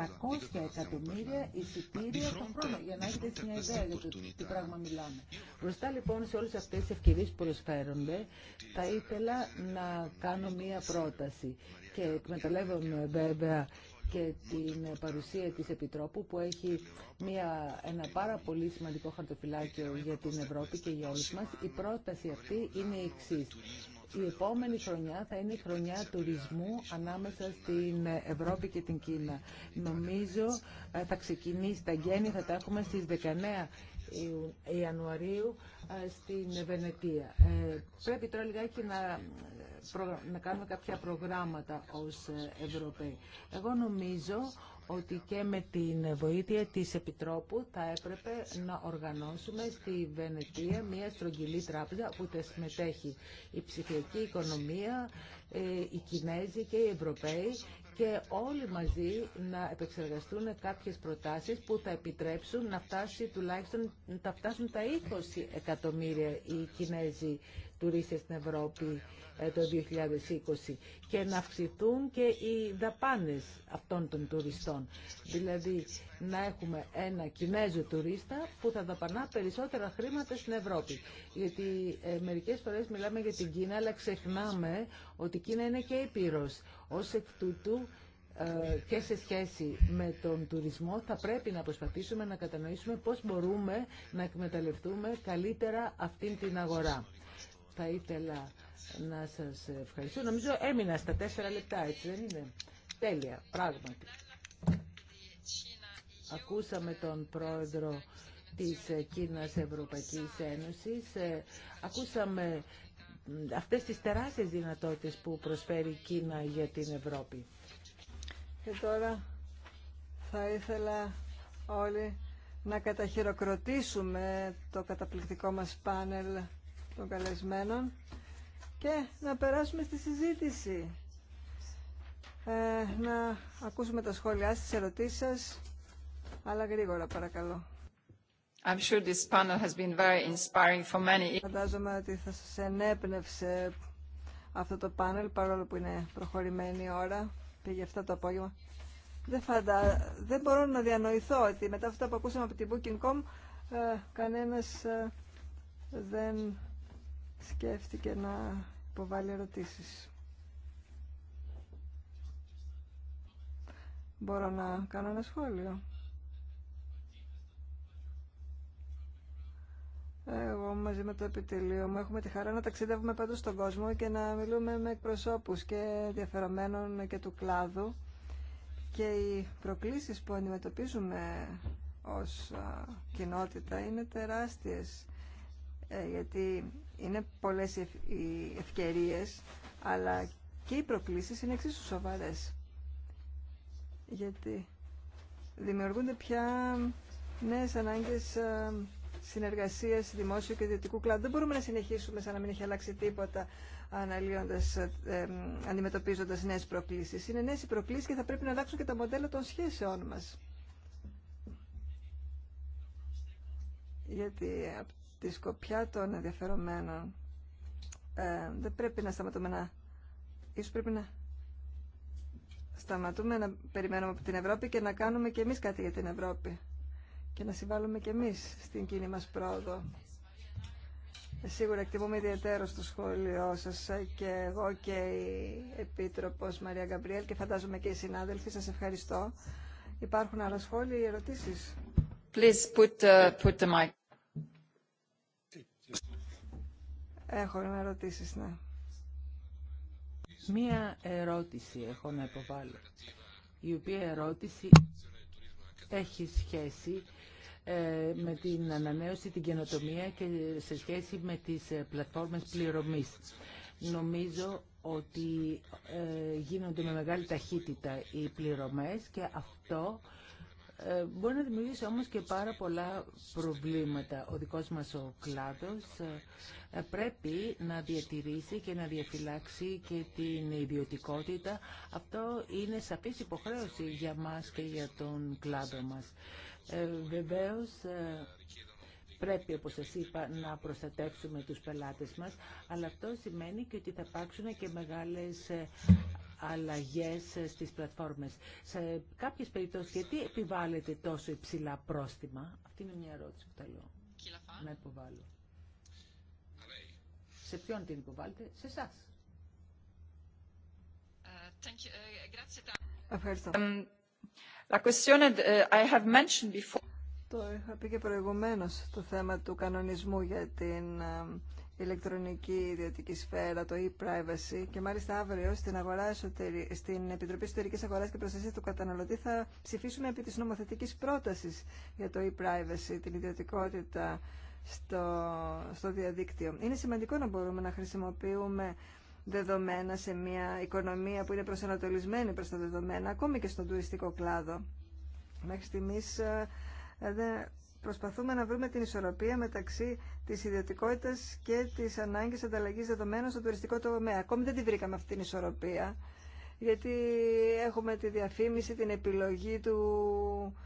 εκατομμύρια εισιτήρια το χρόνο για να έχετε μια ιδέα για το τι πράγμα μιλάμε. Μπροστά λοιπόν σε όλες αυτές τις ευκαιρίες που προσφέρονται θα ήθελα να κάνω μια πρόταση και εκμεταλλεύομαι βέβαια και την παρουσία της Επιτρόπου που έχει μια, ένα πάρα πολύ σημαντικό χαρτοφυλάκιο για την Ευρώπη και για όλους μας. Η πρόταση αυτή είναι η εξή. Η επόμενη χρονιά θα είναι η χρονιά τουρισμού ανάμεσα στην Ευρώπη και την Κίνα. Νομίζω ε, θα ξεκινήσει, τα γέννη θα τα έχουμε στις 19 Ιανουαρίου ε, στην Βενετία. Ε, πρέπει τώρα λιγάκι να, να κάνουμε κάποια προγράμματα ως ε, Ευρωπαίοι. Εγώ νομίζω ότι και με την βοήθεια της Επιτρόπου θα έπρεπε να οργανώσουμε στη Βενετία μια στρογγυλή τράπεζα που θα συμμετέχει η ψηφιακή οικονομία, οι Κινέζοι και οι Ευρωπαίοι και όλοι μαζί να επεξεργαστούν κάποιες προτάσεις που θα επιτρέψουν να φτάσει τουλάχιστον να φτάσουν τα 20 εκατομμύρια οι Κινέζοι τουρίστες στην Ευρώπη ε, το 2020 και να αυξηθούν και οι δαπάνες αυτών των τουριστών. Δηλαδή να έχουμε ένα Κινέζο τουρίστα που θα δαπανά περισσότερα χρήματα στην Ευρώπη. Γιατί ε, μερικές φορές μιλάμε για την Κίνα αλλά ξεχνάμε ότι η Κίνα είναι και ήπειρος. Ως εκ τούτου ε, και σε σχέση με τον τουρισμό θα πρέπει να προσπαθήσουμε να κατανοήσουμε πώς μπορούμε να εκμεταλλευτούμε καλύτερα αυτήν την αγορά. Θα ήθελα να σας ευχαριστώ. Νομίζω έμεινα στα τέσσερα λεπτά, έτσι δεν είναι. Τέλεια, πράγματι. Ακούσαμε τον πρόεδρο της Κίνας Ευρωπαϊκής Ένωσης. Ακούσαμε αυτές τις τεράστιες δυνατότητες που προσφέρει η Κίνα για την Ευρώπη. Και τώρα θα ήθελα όλοι να καταχειροκροτήσουμε το καταπληκτικό μας πάνελ των καλεσμένων και να περάσουμε στη συζήτηση. Ε, να ακούσουμε τα σχόλιά σας, τις ερωτήσεις σας, αλλά γρήγορα παρακαλώ. I'm sure this panel has been very inspiring for many. Φαντάζομαι ότι θα σας ενέπνευσε αυτό το πάνελ, παρόλο που είναι προχωρημένη η ώρα, πήγε αυτά το απόγευμα. Δεν, φαντα... Δεν μπορώ να διανοηθώ ότι μετά αυτά που ακούσαμε από την Booking.com, ε, κανένας ε, δεν σκέφτηκε να υποβάλει ερωτήσεις. Μπορώ να κάνω ένα σχόλιο. Εγώ μαζί με το επιτελείο μου έχουμε τη χαρά να ταξιδεύουμε παντού στον κόσμο και να μιλούμε με εκπροσώπους και ενδιαφερομένων και του κλάδου και οι προκλήσεις που αντιμετωπίζουμε ως κοινότητα είναι τεράστιες ε, γιατί είναι πολλές οι ευκαιρίες, αλλά και οι προκλήσεις είναι εξίσου σοβαρές. Γιατί δημιουργούνται πια νέες ανάγκες ε, συνεργασίας δημόσιο και ιδιωτικού κλάδου. Δεν μπορούμε να συνεχίσουμε σαν να μην έχει αλλάξει τίποτα αναλύοντας, ε, αντιμετωπίζοντας νέες προκλήσεις. Είναι νέες οι προκλήσεις και θα πρέπει να αλλάξουν και τα μοντέλα των σχέσεών μας. Γιατί από τη σκοπιά των ενδιαφερομένων ε, δεν πρέπει να σταματούμε να... Ίσως πρέπει να σταματούμε να περιμένουμε από την Ευρώπη και να κάνουμε και εμείς κάτι για την Ευρώπη και να συμβάλλουμε και εμείς στην κοινή μας πρόοδο. Ε, σίγουρα εκτιμούμε ιδιαίτερο στο σχόλιο σας και εγώ και η Επίτροπος Μαρία Γκαμπριέλ και φαντάζομαι και οι συνάδελφοι. Σας ευχαριστώ. Υπάρχουν άλλα σχόλια ή ερωτήσεις. Uh, Έχω να ρωτήσεις, ναι. Μία ερώτηση έχω να υποβάλω, η οποία ερώτηση έχει σχέση ε, με την ανανέωση, την καινοτομία και σε σχέση με τις ε, πλατφόρμες πληρωμής. Νομίζω ότι ε, γίνονται με μεγάλη ταχύτητα οι πληρωμές και αυτό ε, μπορεί να δημιουργήσει όμως και πάρα πολλά προβλήματα. Ο δικός μας ο κλάδος ε, ε, πρέπει να διατηρήσει και να διαφυλάξει και την ιδιωτικότητα. Αυτό είναι σαφής υποχρέωση για μας και για τον κλάδο μας. Ε, βεβαίως, πρέπει, όπως σας είπα, να προστατεύσουμε τους πελάτες μας, αλλά αυτό σημαίνει και ότι θα υπάρξουν και μεγάλες αλλαγές στις πλατφόρμες. Σε κάποιες περιπτώσεις, γιατί επιβάλλεται τόσο υψηλά πρόστιμα. Αυτή είναι μια ερώτηση που θέλω να υποβάλω. Σε ποιον την υποβάλλετε, σε εσά. Ε, ε, Ευχαριστώ. Um, uh, το είχα πει και προηγουμένως το θέμα του κανονισμού για την ε, ηλεκτρονική ιδιωτική σφαίρα, το e-privacy και μάλιστα αύριο στην, αγορά εσωτερι... στην Επιτροπή Εσωτερικής Αγοράς και προστασία του Καταναλωτή θα ψηφίσουμε επί της νομοθετικής πρότασης για το e-privacy, την ιδιωτικότητα στο, στο διαδίκτυο. Είναι σημαντικό να μπορούμε να χρησιμοποιούμε δεδομένα σε μια οικονομία που είναι προσανατολισμένη προς τα δεδομένα, ακόμη και στον τουριστικό κλάδο. Μέχρι στιγμής ε, ε, προσπαθούμε να βρούμε την ισορροπία μεταξύ Τη ιδιωτικότητα και της ανάγκης ανταλλαγή δεδομένων στο τουριστικό τομέα. Ακόμη δεν τη βρήκαμε αυτή την ισορροπία, γιατί έχουμε τη διαφήμιση, την επιλογή του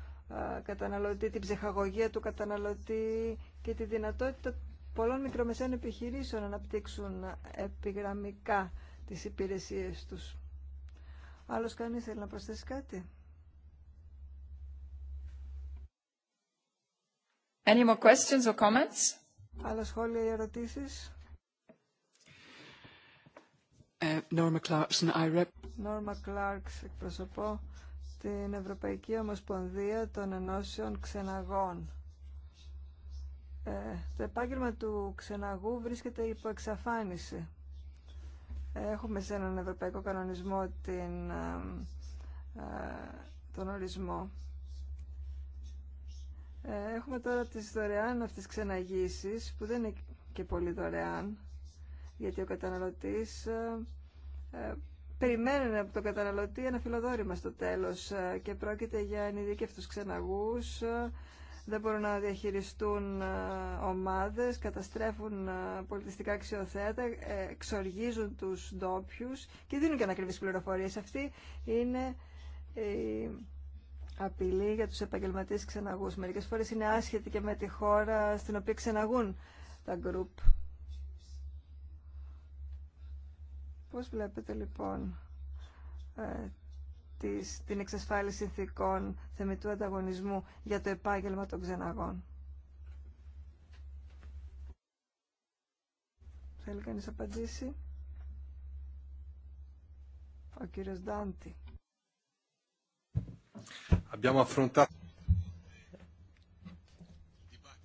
καταναλωτή, την ψυχαγωγία του καταναλωτή και τη δυνατότητα πολλών μικρομεσαίων επιχειρήσεων να αναπτύξουν επιγραμμικά τις υπηρεσίες τους. Άλλος κανείς θέλει να προσθέσει κάτι. Any more questions or comments? Άλλα σχόλια ή ερωτήσεις. Νόρμα ε, Κλάρκσον, εκπροσωπώ την Ευρωπαϊκή Ομοσπονδία των Ενώσεων Ξεναγών. Ε, το επάγγελμα του ξεναγού βρίσκεται υπό εξαφάνιση. Έχουμε σε έναν ευρωπαϊκό κανονισμό ε, τον ορισμό ε, έχουμε τώρα τις δωρεάν αυτές ξεναγήσεις που δεν είναι και πολύ δωρεάν γιατί ο καταναλωτής ε, ε περιμένει από τον καταναλωτή ένα φιλοδόρημα στο τέλος ε, και πρόκειται για ενειδίκευτους ξεναγούς δεν μπορούν να διαχειριστούν ομάδες, καταστρέφουν πολιτιστικά αξιοθέατα, εξοργίζουν τους ντόπιου και δίνουν και ανακριβείς πληροφορίες. Αυτή είναι απειλή για τους επαγγελματίες ξεναγούς. Μερικές φορές είναι άσχετη και με τη χώρα στην οποία ξεναγούν τα γκρουπ. Πώς βλέπετε λοιπόν ε, την εξασφάλιση συνθήκων θεμητού ανταγωνισμού για το επάγγελμα των ξεναγών. Θέλει κανείς απαντήσει. Ο κύριος Ντάντι.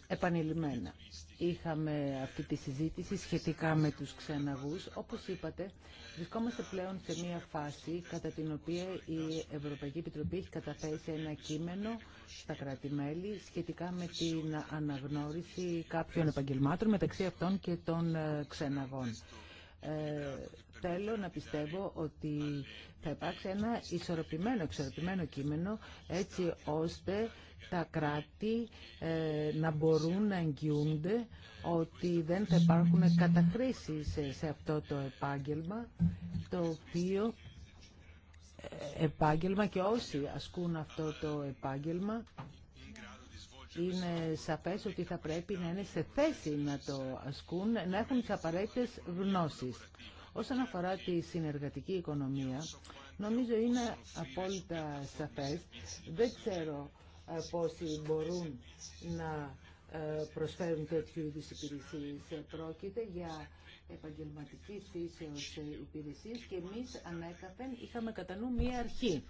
Επανειλημμένα. Είχαμε αυτή τη συζήτηση σχετικά με τους ξεναγούς. Όπως είπατε, βρισκόμαστε πλέον σε μια φάση κατά την οποία η Ευρωπαϊκή Επιτροπή έχει καταθέσει ένα κείμενο στα κράτη-μέλη σχετικά με την αναγνώριση κάποιων επαγγελμάτων, μεταξύ αυτών και των ε, ξεναγών. Ε, θέλω να πιστεύω ότι θα υπάρξει ένα ισορροπημένο, εξορροπημένο κείμενο έτσι ώστε τα κράτη ε, να μπορούν να εγγυούνται ότι δεν θα υπάρχουν καταχρήσεις σε, αυτό το επάγγελμα το οποίο ε, επάγγελμα και όσοι ασκούν αυτό το επάγγελμα είναι σαφές ότι θα πρέπει να είναι σε θέση να το ασκούν, να έχουν τι απαραίτητες γνώσεις. Όσον αφορά τη συνεργατική οικονομία, νομίζω είναι απόλυτα σαφές. Δεν ξέρω ε, πόσοι μπορούν να ε, προσφέρουν τέτοιου είδους υπηρεσίες. Πρόκειται για επαγγελματική φύσεως υπηρεσίες και εμείς ανέκαθεν είχαμε κατά νου μία αρχή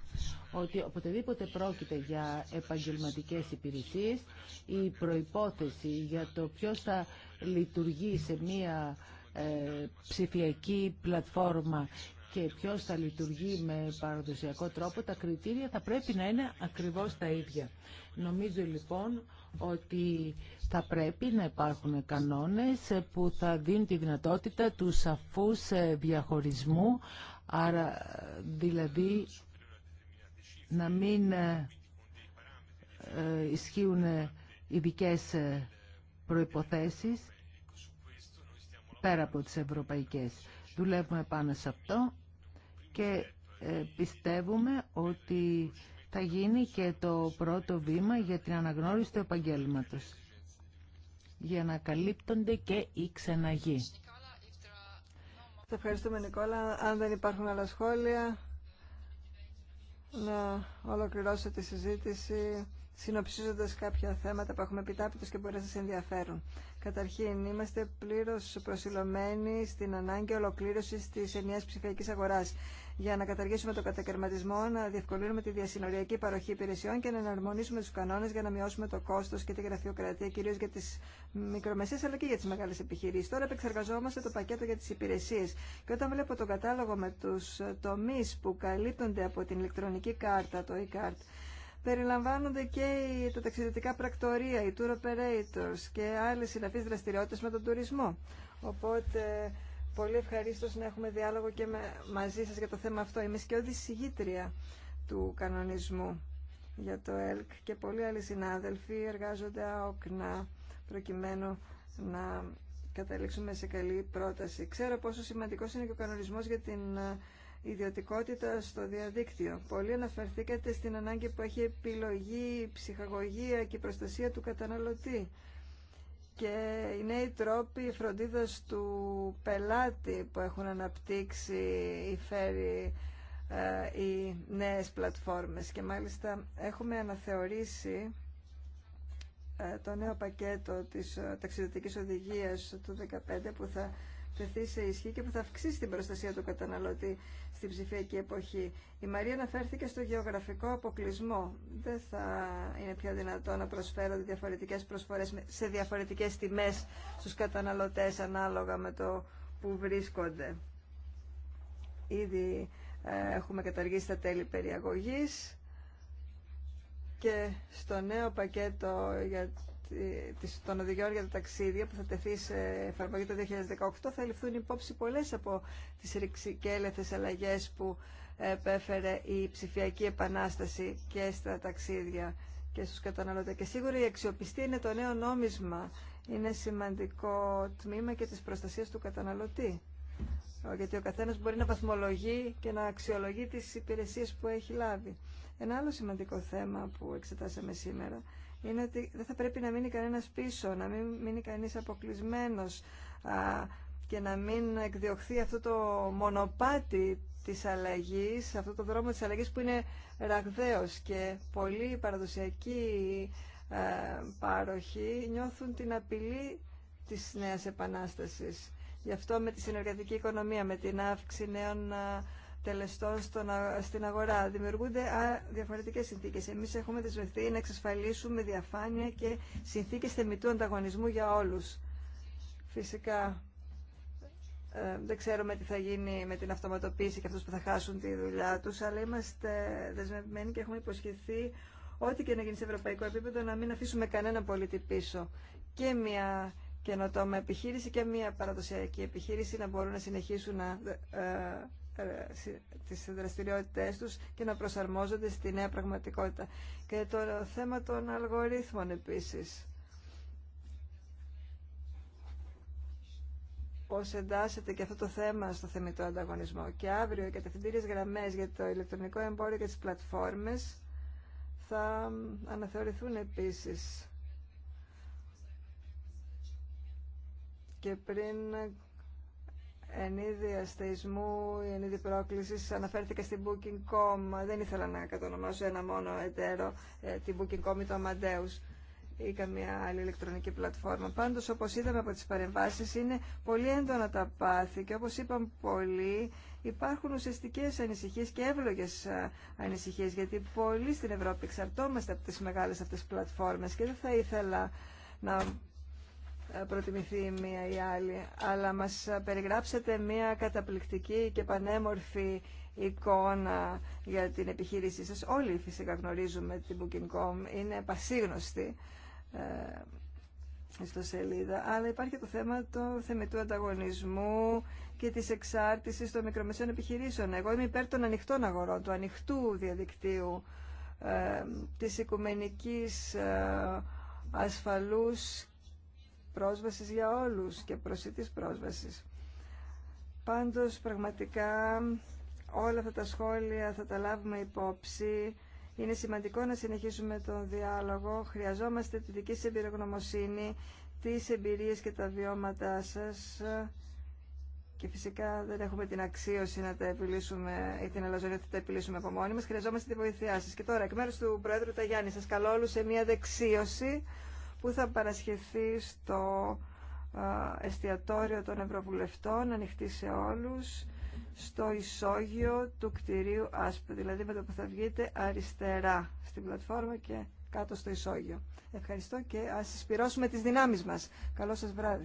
ότι οποτεδήποτε πρόκειται για επαγγελματικές υπηρεσίες η προϋπόθεση για το ποιος θα λειτουργεί σε μία ε, ψηφιακή πλατφόρμα και ποιος θα λειτουργεί με παραδοσιακό τρόπο, τα κριτήρια θα πρέπει να είναι ακριβώς τα ίδια. Νομίζω λοιπόν ότι θα πρέπει να υπάρχουν κανόνες που θα δίνουν τη δυνατότητα του σαφούς ε, διαχωρισμού, άρα δηλαδή να μην ε, ισχύουν ειδικέ προϋποθέσεις πέρα από τις ευρωπαϊκές. Δουλεύουμε πάνω σε αυτό και ε, πιστεύουμε ότι θα γίνει και το πρώτο βήμα για την αναγνώριση του επαγγέλματος για να καλύπτονται και οι ξεναγοί. Σε ευχαριστούμε Νικόλα. Αν δεν υπάρχουν άλλα σχόλια, να ολοκληρώσω τη συζήτηση συνοψίζοντα κάποια θέματα που έχουμε επιτάπητος και μπορεί να σας ενδιαφέρουν. Καταρχήν, είμαστε πλήρω προσιλωμένοι στην ανάγκη ολοκλήρωση τη ενιαία ψηφιακή αγορά. για να καταργήσουμε τον κατακαιρματισμό, να διευκολύνουμε τη διασυνοριακή παροχή υπηρεσιών και να εναρμονίσουμε του κανόνε για να μειώσουμε το κόστο και τη γραφειοκρατία, κυρίω για τι μικρομεσαίες αλλά και για τι μεγάλε επιχειρήσει. Τώρα επεξεργαζόμαστε το πακέτο για τι υπηρεσίε. και όταν βλέπω τον κατάλογο με του τομεί που καλύπτονται από την ηλεκτρονική κάρτα, το e-card, περιλαμβάνονται και τα ταξιδιωτικά πρακτορία, οι tour operators και άλλες συναφείς δραστηριότητες με τον τουρισμό. Οπότε πολύ ευχαρίστω να έχουμε διάλογο και μαζί σας για το θέμα αυτό. Είμαι και συγγήτρια του κανονισμού για το ΕΛΚ και πολλοί άλλοι συνάδελφοι εργάζονται άοκνα προκειμένου να καταλήξουμε σε καλή πρόταση. Ξέρω πόσο σημαντικός είναι και ο κανονισμός για την ε, ιδιωτικότητα στο διαδίκτυο. Πολύ αναφερθήκατε στην ανάγκη που έχει επιλογή, ψυχαγωγία και προστασία του καταναλωτή. Και οι νέοι τρόποι φροντίδας του πελάτη που έχουν αναπτύξει ή φέρει ε, οι νέες πλατφόρμες. Και μάλιστα έχουμε αναθεωρήσει ε, το νέο πακέτο της ε, ταξιδιωτικής οδηγίας του 2015 που θα τεθεί σε ισχύ και που θα αυξήσει την προστασία του καταναλωτή στην ψηφιακή εποχή. Η Μαρία αναφέρθηκε στο γεωγραφικό αποκλεισμό. Δεν θα είναι πιο δυνατό να προσφέρονται διαφορετικές προσφορές σε διαφορετικές τιμές στους καταναλωτές ανάλογα με το που βρίσκονται. Ήδη ε, έχουμε καταργήσει τα τέλη περιαγωγής και στο νέο πακέτο για των οδηγιών για τα ταξίδια που θα τεθεί σε εφαρμογή το 2018 θα ληφθούν υπόψη πολλές από τις ρηξικέλεθες αλλαγές που επέφερε η ψηφιακή επανάσταση και στα ταξίδια και στους καταναλωτές. Και σίγουρα η αξιοπιστία είναι το νέο νόμισμα. Είναι σημαντικό τμήμα και της προστασίας του καταναλωτή. Γιατί ο καθένας μπορεί να βαθμολογεί και να αξιολογεί τις υπηρεσίες που έχει λάβει. Ένα άλλο σημαντικό θέμα που εξετάσαμε σήμερα είναι ότι δεν θα πρέπει να μείνει κανένας πίσω, να μην μείνει κανείς αποκλεισμένος και να μην εκδιωχθεί αυτό το μονοπάτι της αλλαγής, αυτό το δρόμο της αλλαγής που είναι ραγδαίος και πολλοί παραδοσιακοί ε, πάροχοι νιώθουν την απειλή της νέας επανάστασης. Γι' αυτό με τη συνεργατική οικονομία, με την αύξηση νέων τελεστών στην αγορά. Δημιουργούνται διαφορετικέ συνθήκε. Εμεί έχουμε δεσμευτεί να εξασφαλίσουμε διαφάνεια και συνθήκε θεμητού ανταγωνισμού για όλου. Φυσικά ε, δεν ξέρουμε τι θα γίνει με την αυτοματοποίηση και αυτούς που θα χάσουν τη δουλειά τους, αλλά είμαστε δεσμευμένοι και έχουμε υποσχεθεί ό,τι και να γίνει σε ευρωπαϊκό επίπεδο να μην αφήσουμε κανένα πολίτη πίσω. Και μια καινοτόμα επιχείρηση και μια παραδοσιακή επιχείρηση να μπορούν να συνεχίσουν να ε, τις δραστηριότητές τους και να προσαρμόζονται στη νέα πραγματικότητα. Και το θέμα των αλγορίθμων επίσης. Πώς εντάσσεται και αυτό το θέμα στο θεμητό ανταγωνισμό. Και αύριο οι κατευθυντήριες γραμμές για το ηλεκτρονικό εμπόριο και τις πλατφόρμες θα αναθεωρηθούν επίσης. Και πριν εν είδη αστεισμού ή εν είδη πρόκλησης αναφέρθηκα στην Booking.com. Δεν ήθελα να κατονομάσω ένα μόνο εταίρο, ε, την Booking.com ή το Amadeus ή καμία άλλη ηλεκτρονική πλατφόρμα. Πάντως, όπως είδαμε από τι παρεμβάσεις, είναι πολύ έντονα τα πάθη και όπως είπαν πολλοί, υπάρχουν ουσιαστικέ ανησυχίες και εύλογες ε, ανησυχίε, γιατί πολλοί στην Ευρώπη εξαρτώμαστε από τις μεγάλες αυτές πλατφόρμες και δεν θα ήθελα να προτιμηθεί η μία ή η αλλη αλλά μας περιγράψατε μία καταπληκτική και πανέμορφη εικόνα για την επιχείρησή σας. Όλοι φυσικά γνωρίζουμε την Booking.com, είναι πασίγνωστη ε, στο σελίδα, αλλά υπάρχει το θέμα του θεμετού ανταγωνισμού και της εξάρτησης των μικρομεσαίων επιχειρήσεων. Εγώ είμαι υπέρ των ανοιχτών αγορών, του ανοιχτού διαδικτύου, ε, της οικουμενικής ε, ασφαλούς πρόσβασης για όλους και προσιτής πρόσβασης. Πάντως πραγματικά όλα αυτά τα σχόλια θα τα λάβουμε υπόψη. Είναι σημαντικό να συνεχίσουμε τον διάλογο. Χρειαζόμαστε τη δική σας εμπειρογνωμοσύνη, τις εμπειρίες και τα βιώματά σας. Και φυσικά δεν έχουμε την αξίωση να τα επιλύσουμε ή την ελαζονία να τα επιλύσουμε από μόνοι μας. Χρειαζόμαστε τη βοήθειά σας. Και τώρα, εκ μέρους του Πρόεδρου Ταγιάννη, σας καλώ όλους σε μια δεξίωση που θα παρασχεθεί στο εστιατόριο των Ευρωβουλευτών, ανοιχτή σε όλους, στο ισόγειο του κτηρίου ΑΣΠΕ, δηλαδή με το που θα βγείτε αριστερά στην πλατφόρμα και κάτω στο ισόγειο. Ευχαριστώ και ας εισπυρώσουμε τις δυνάμεις μας. Καλό σας βράδυ.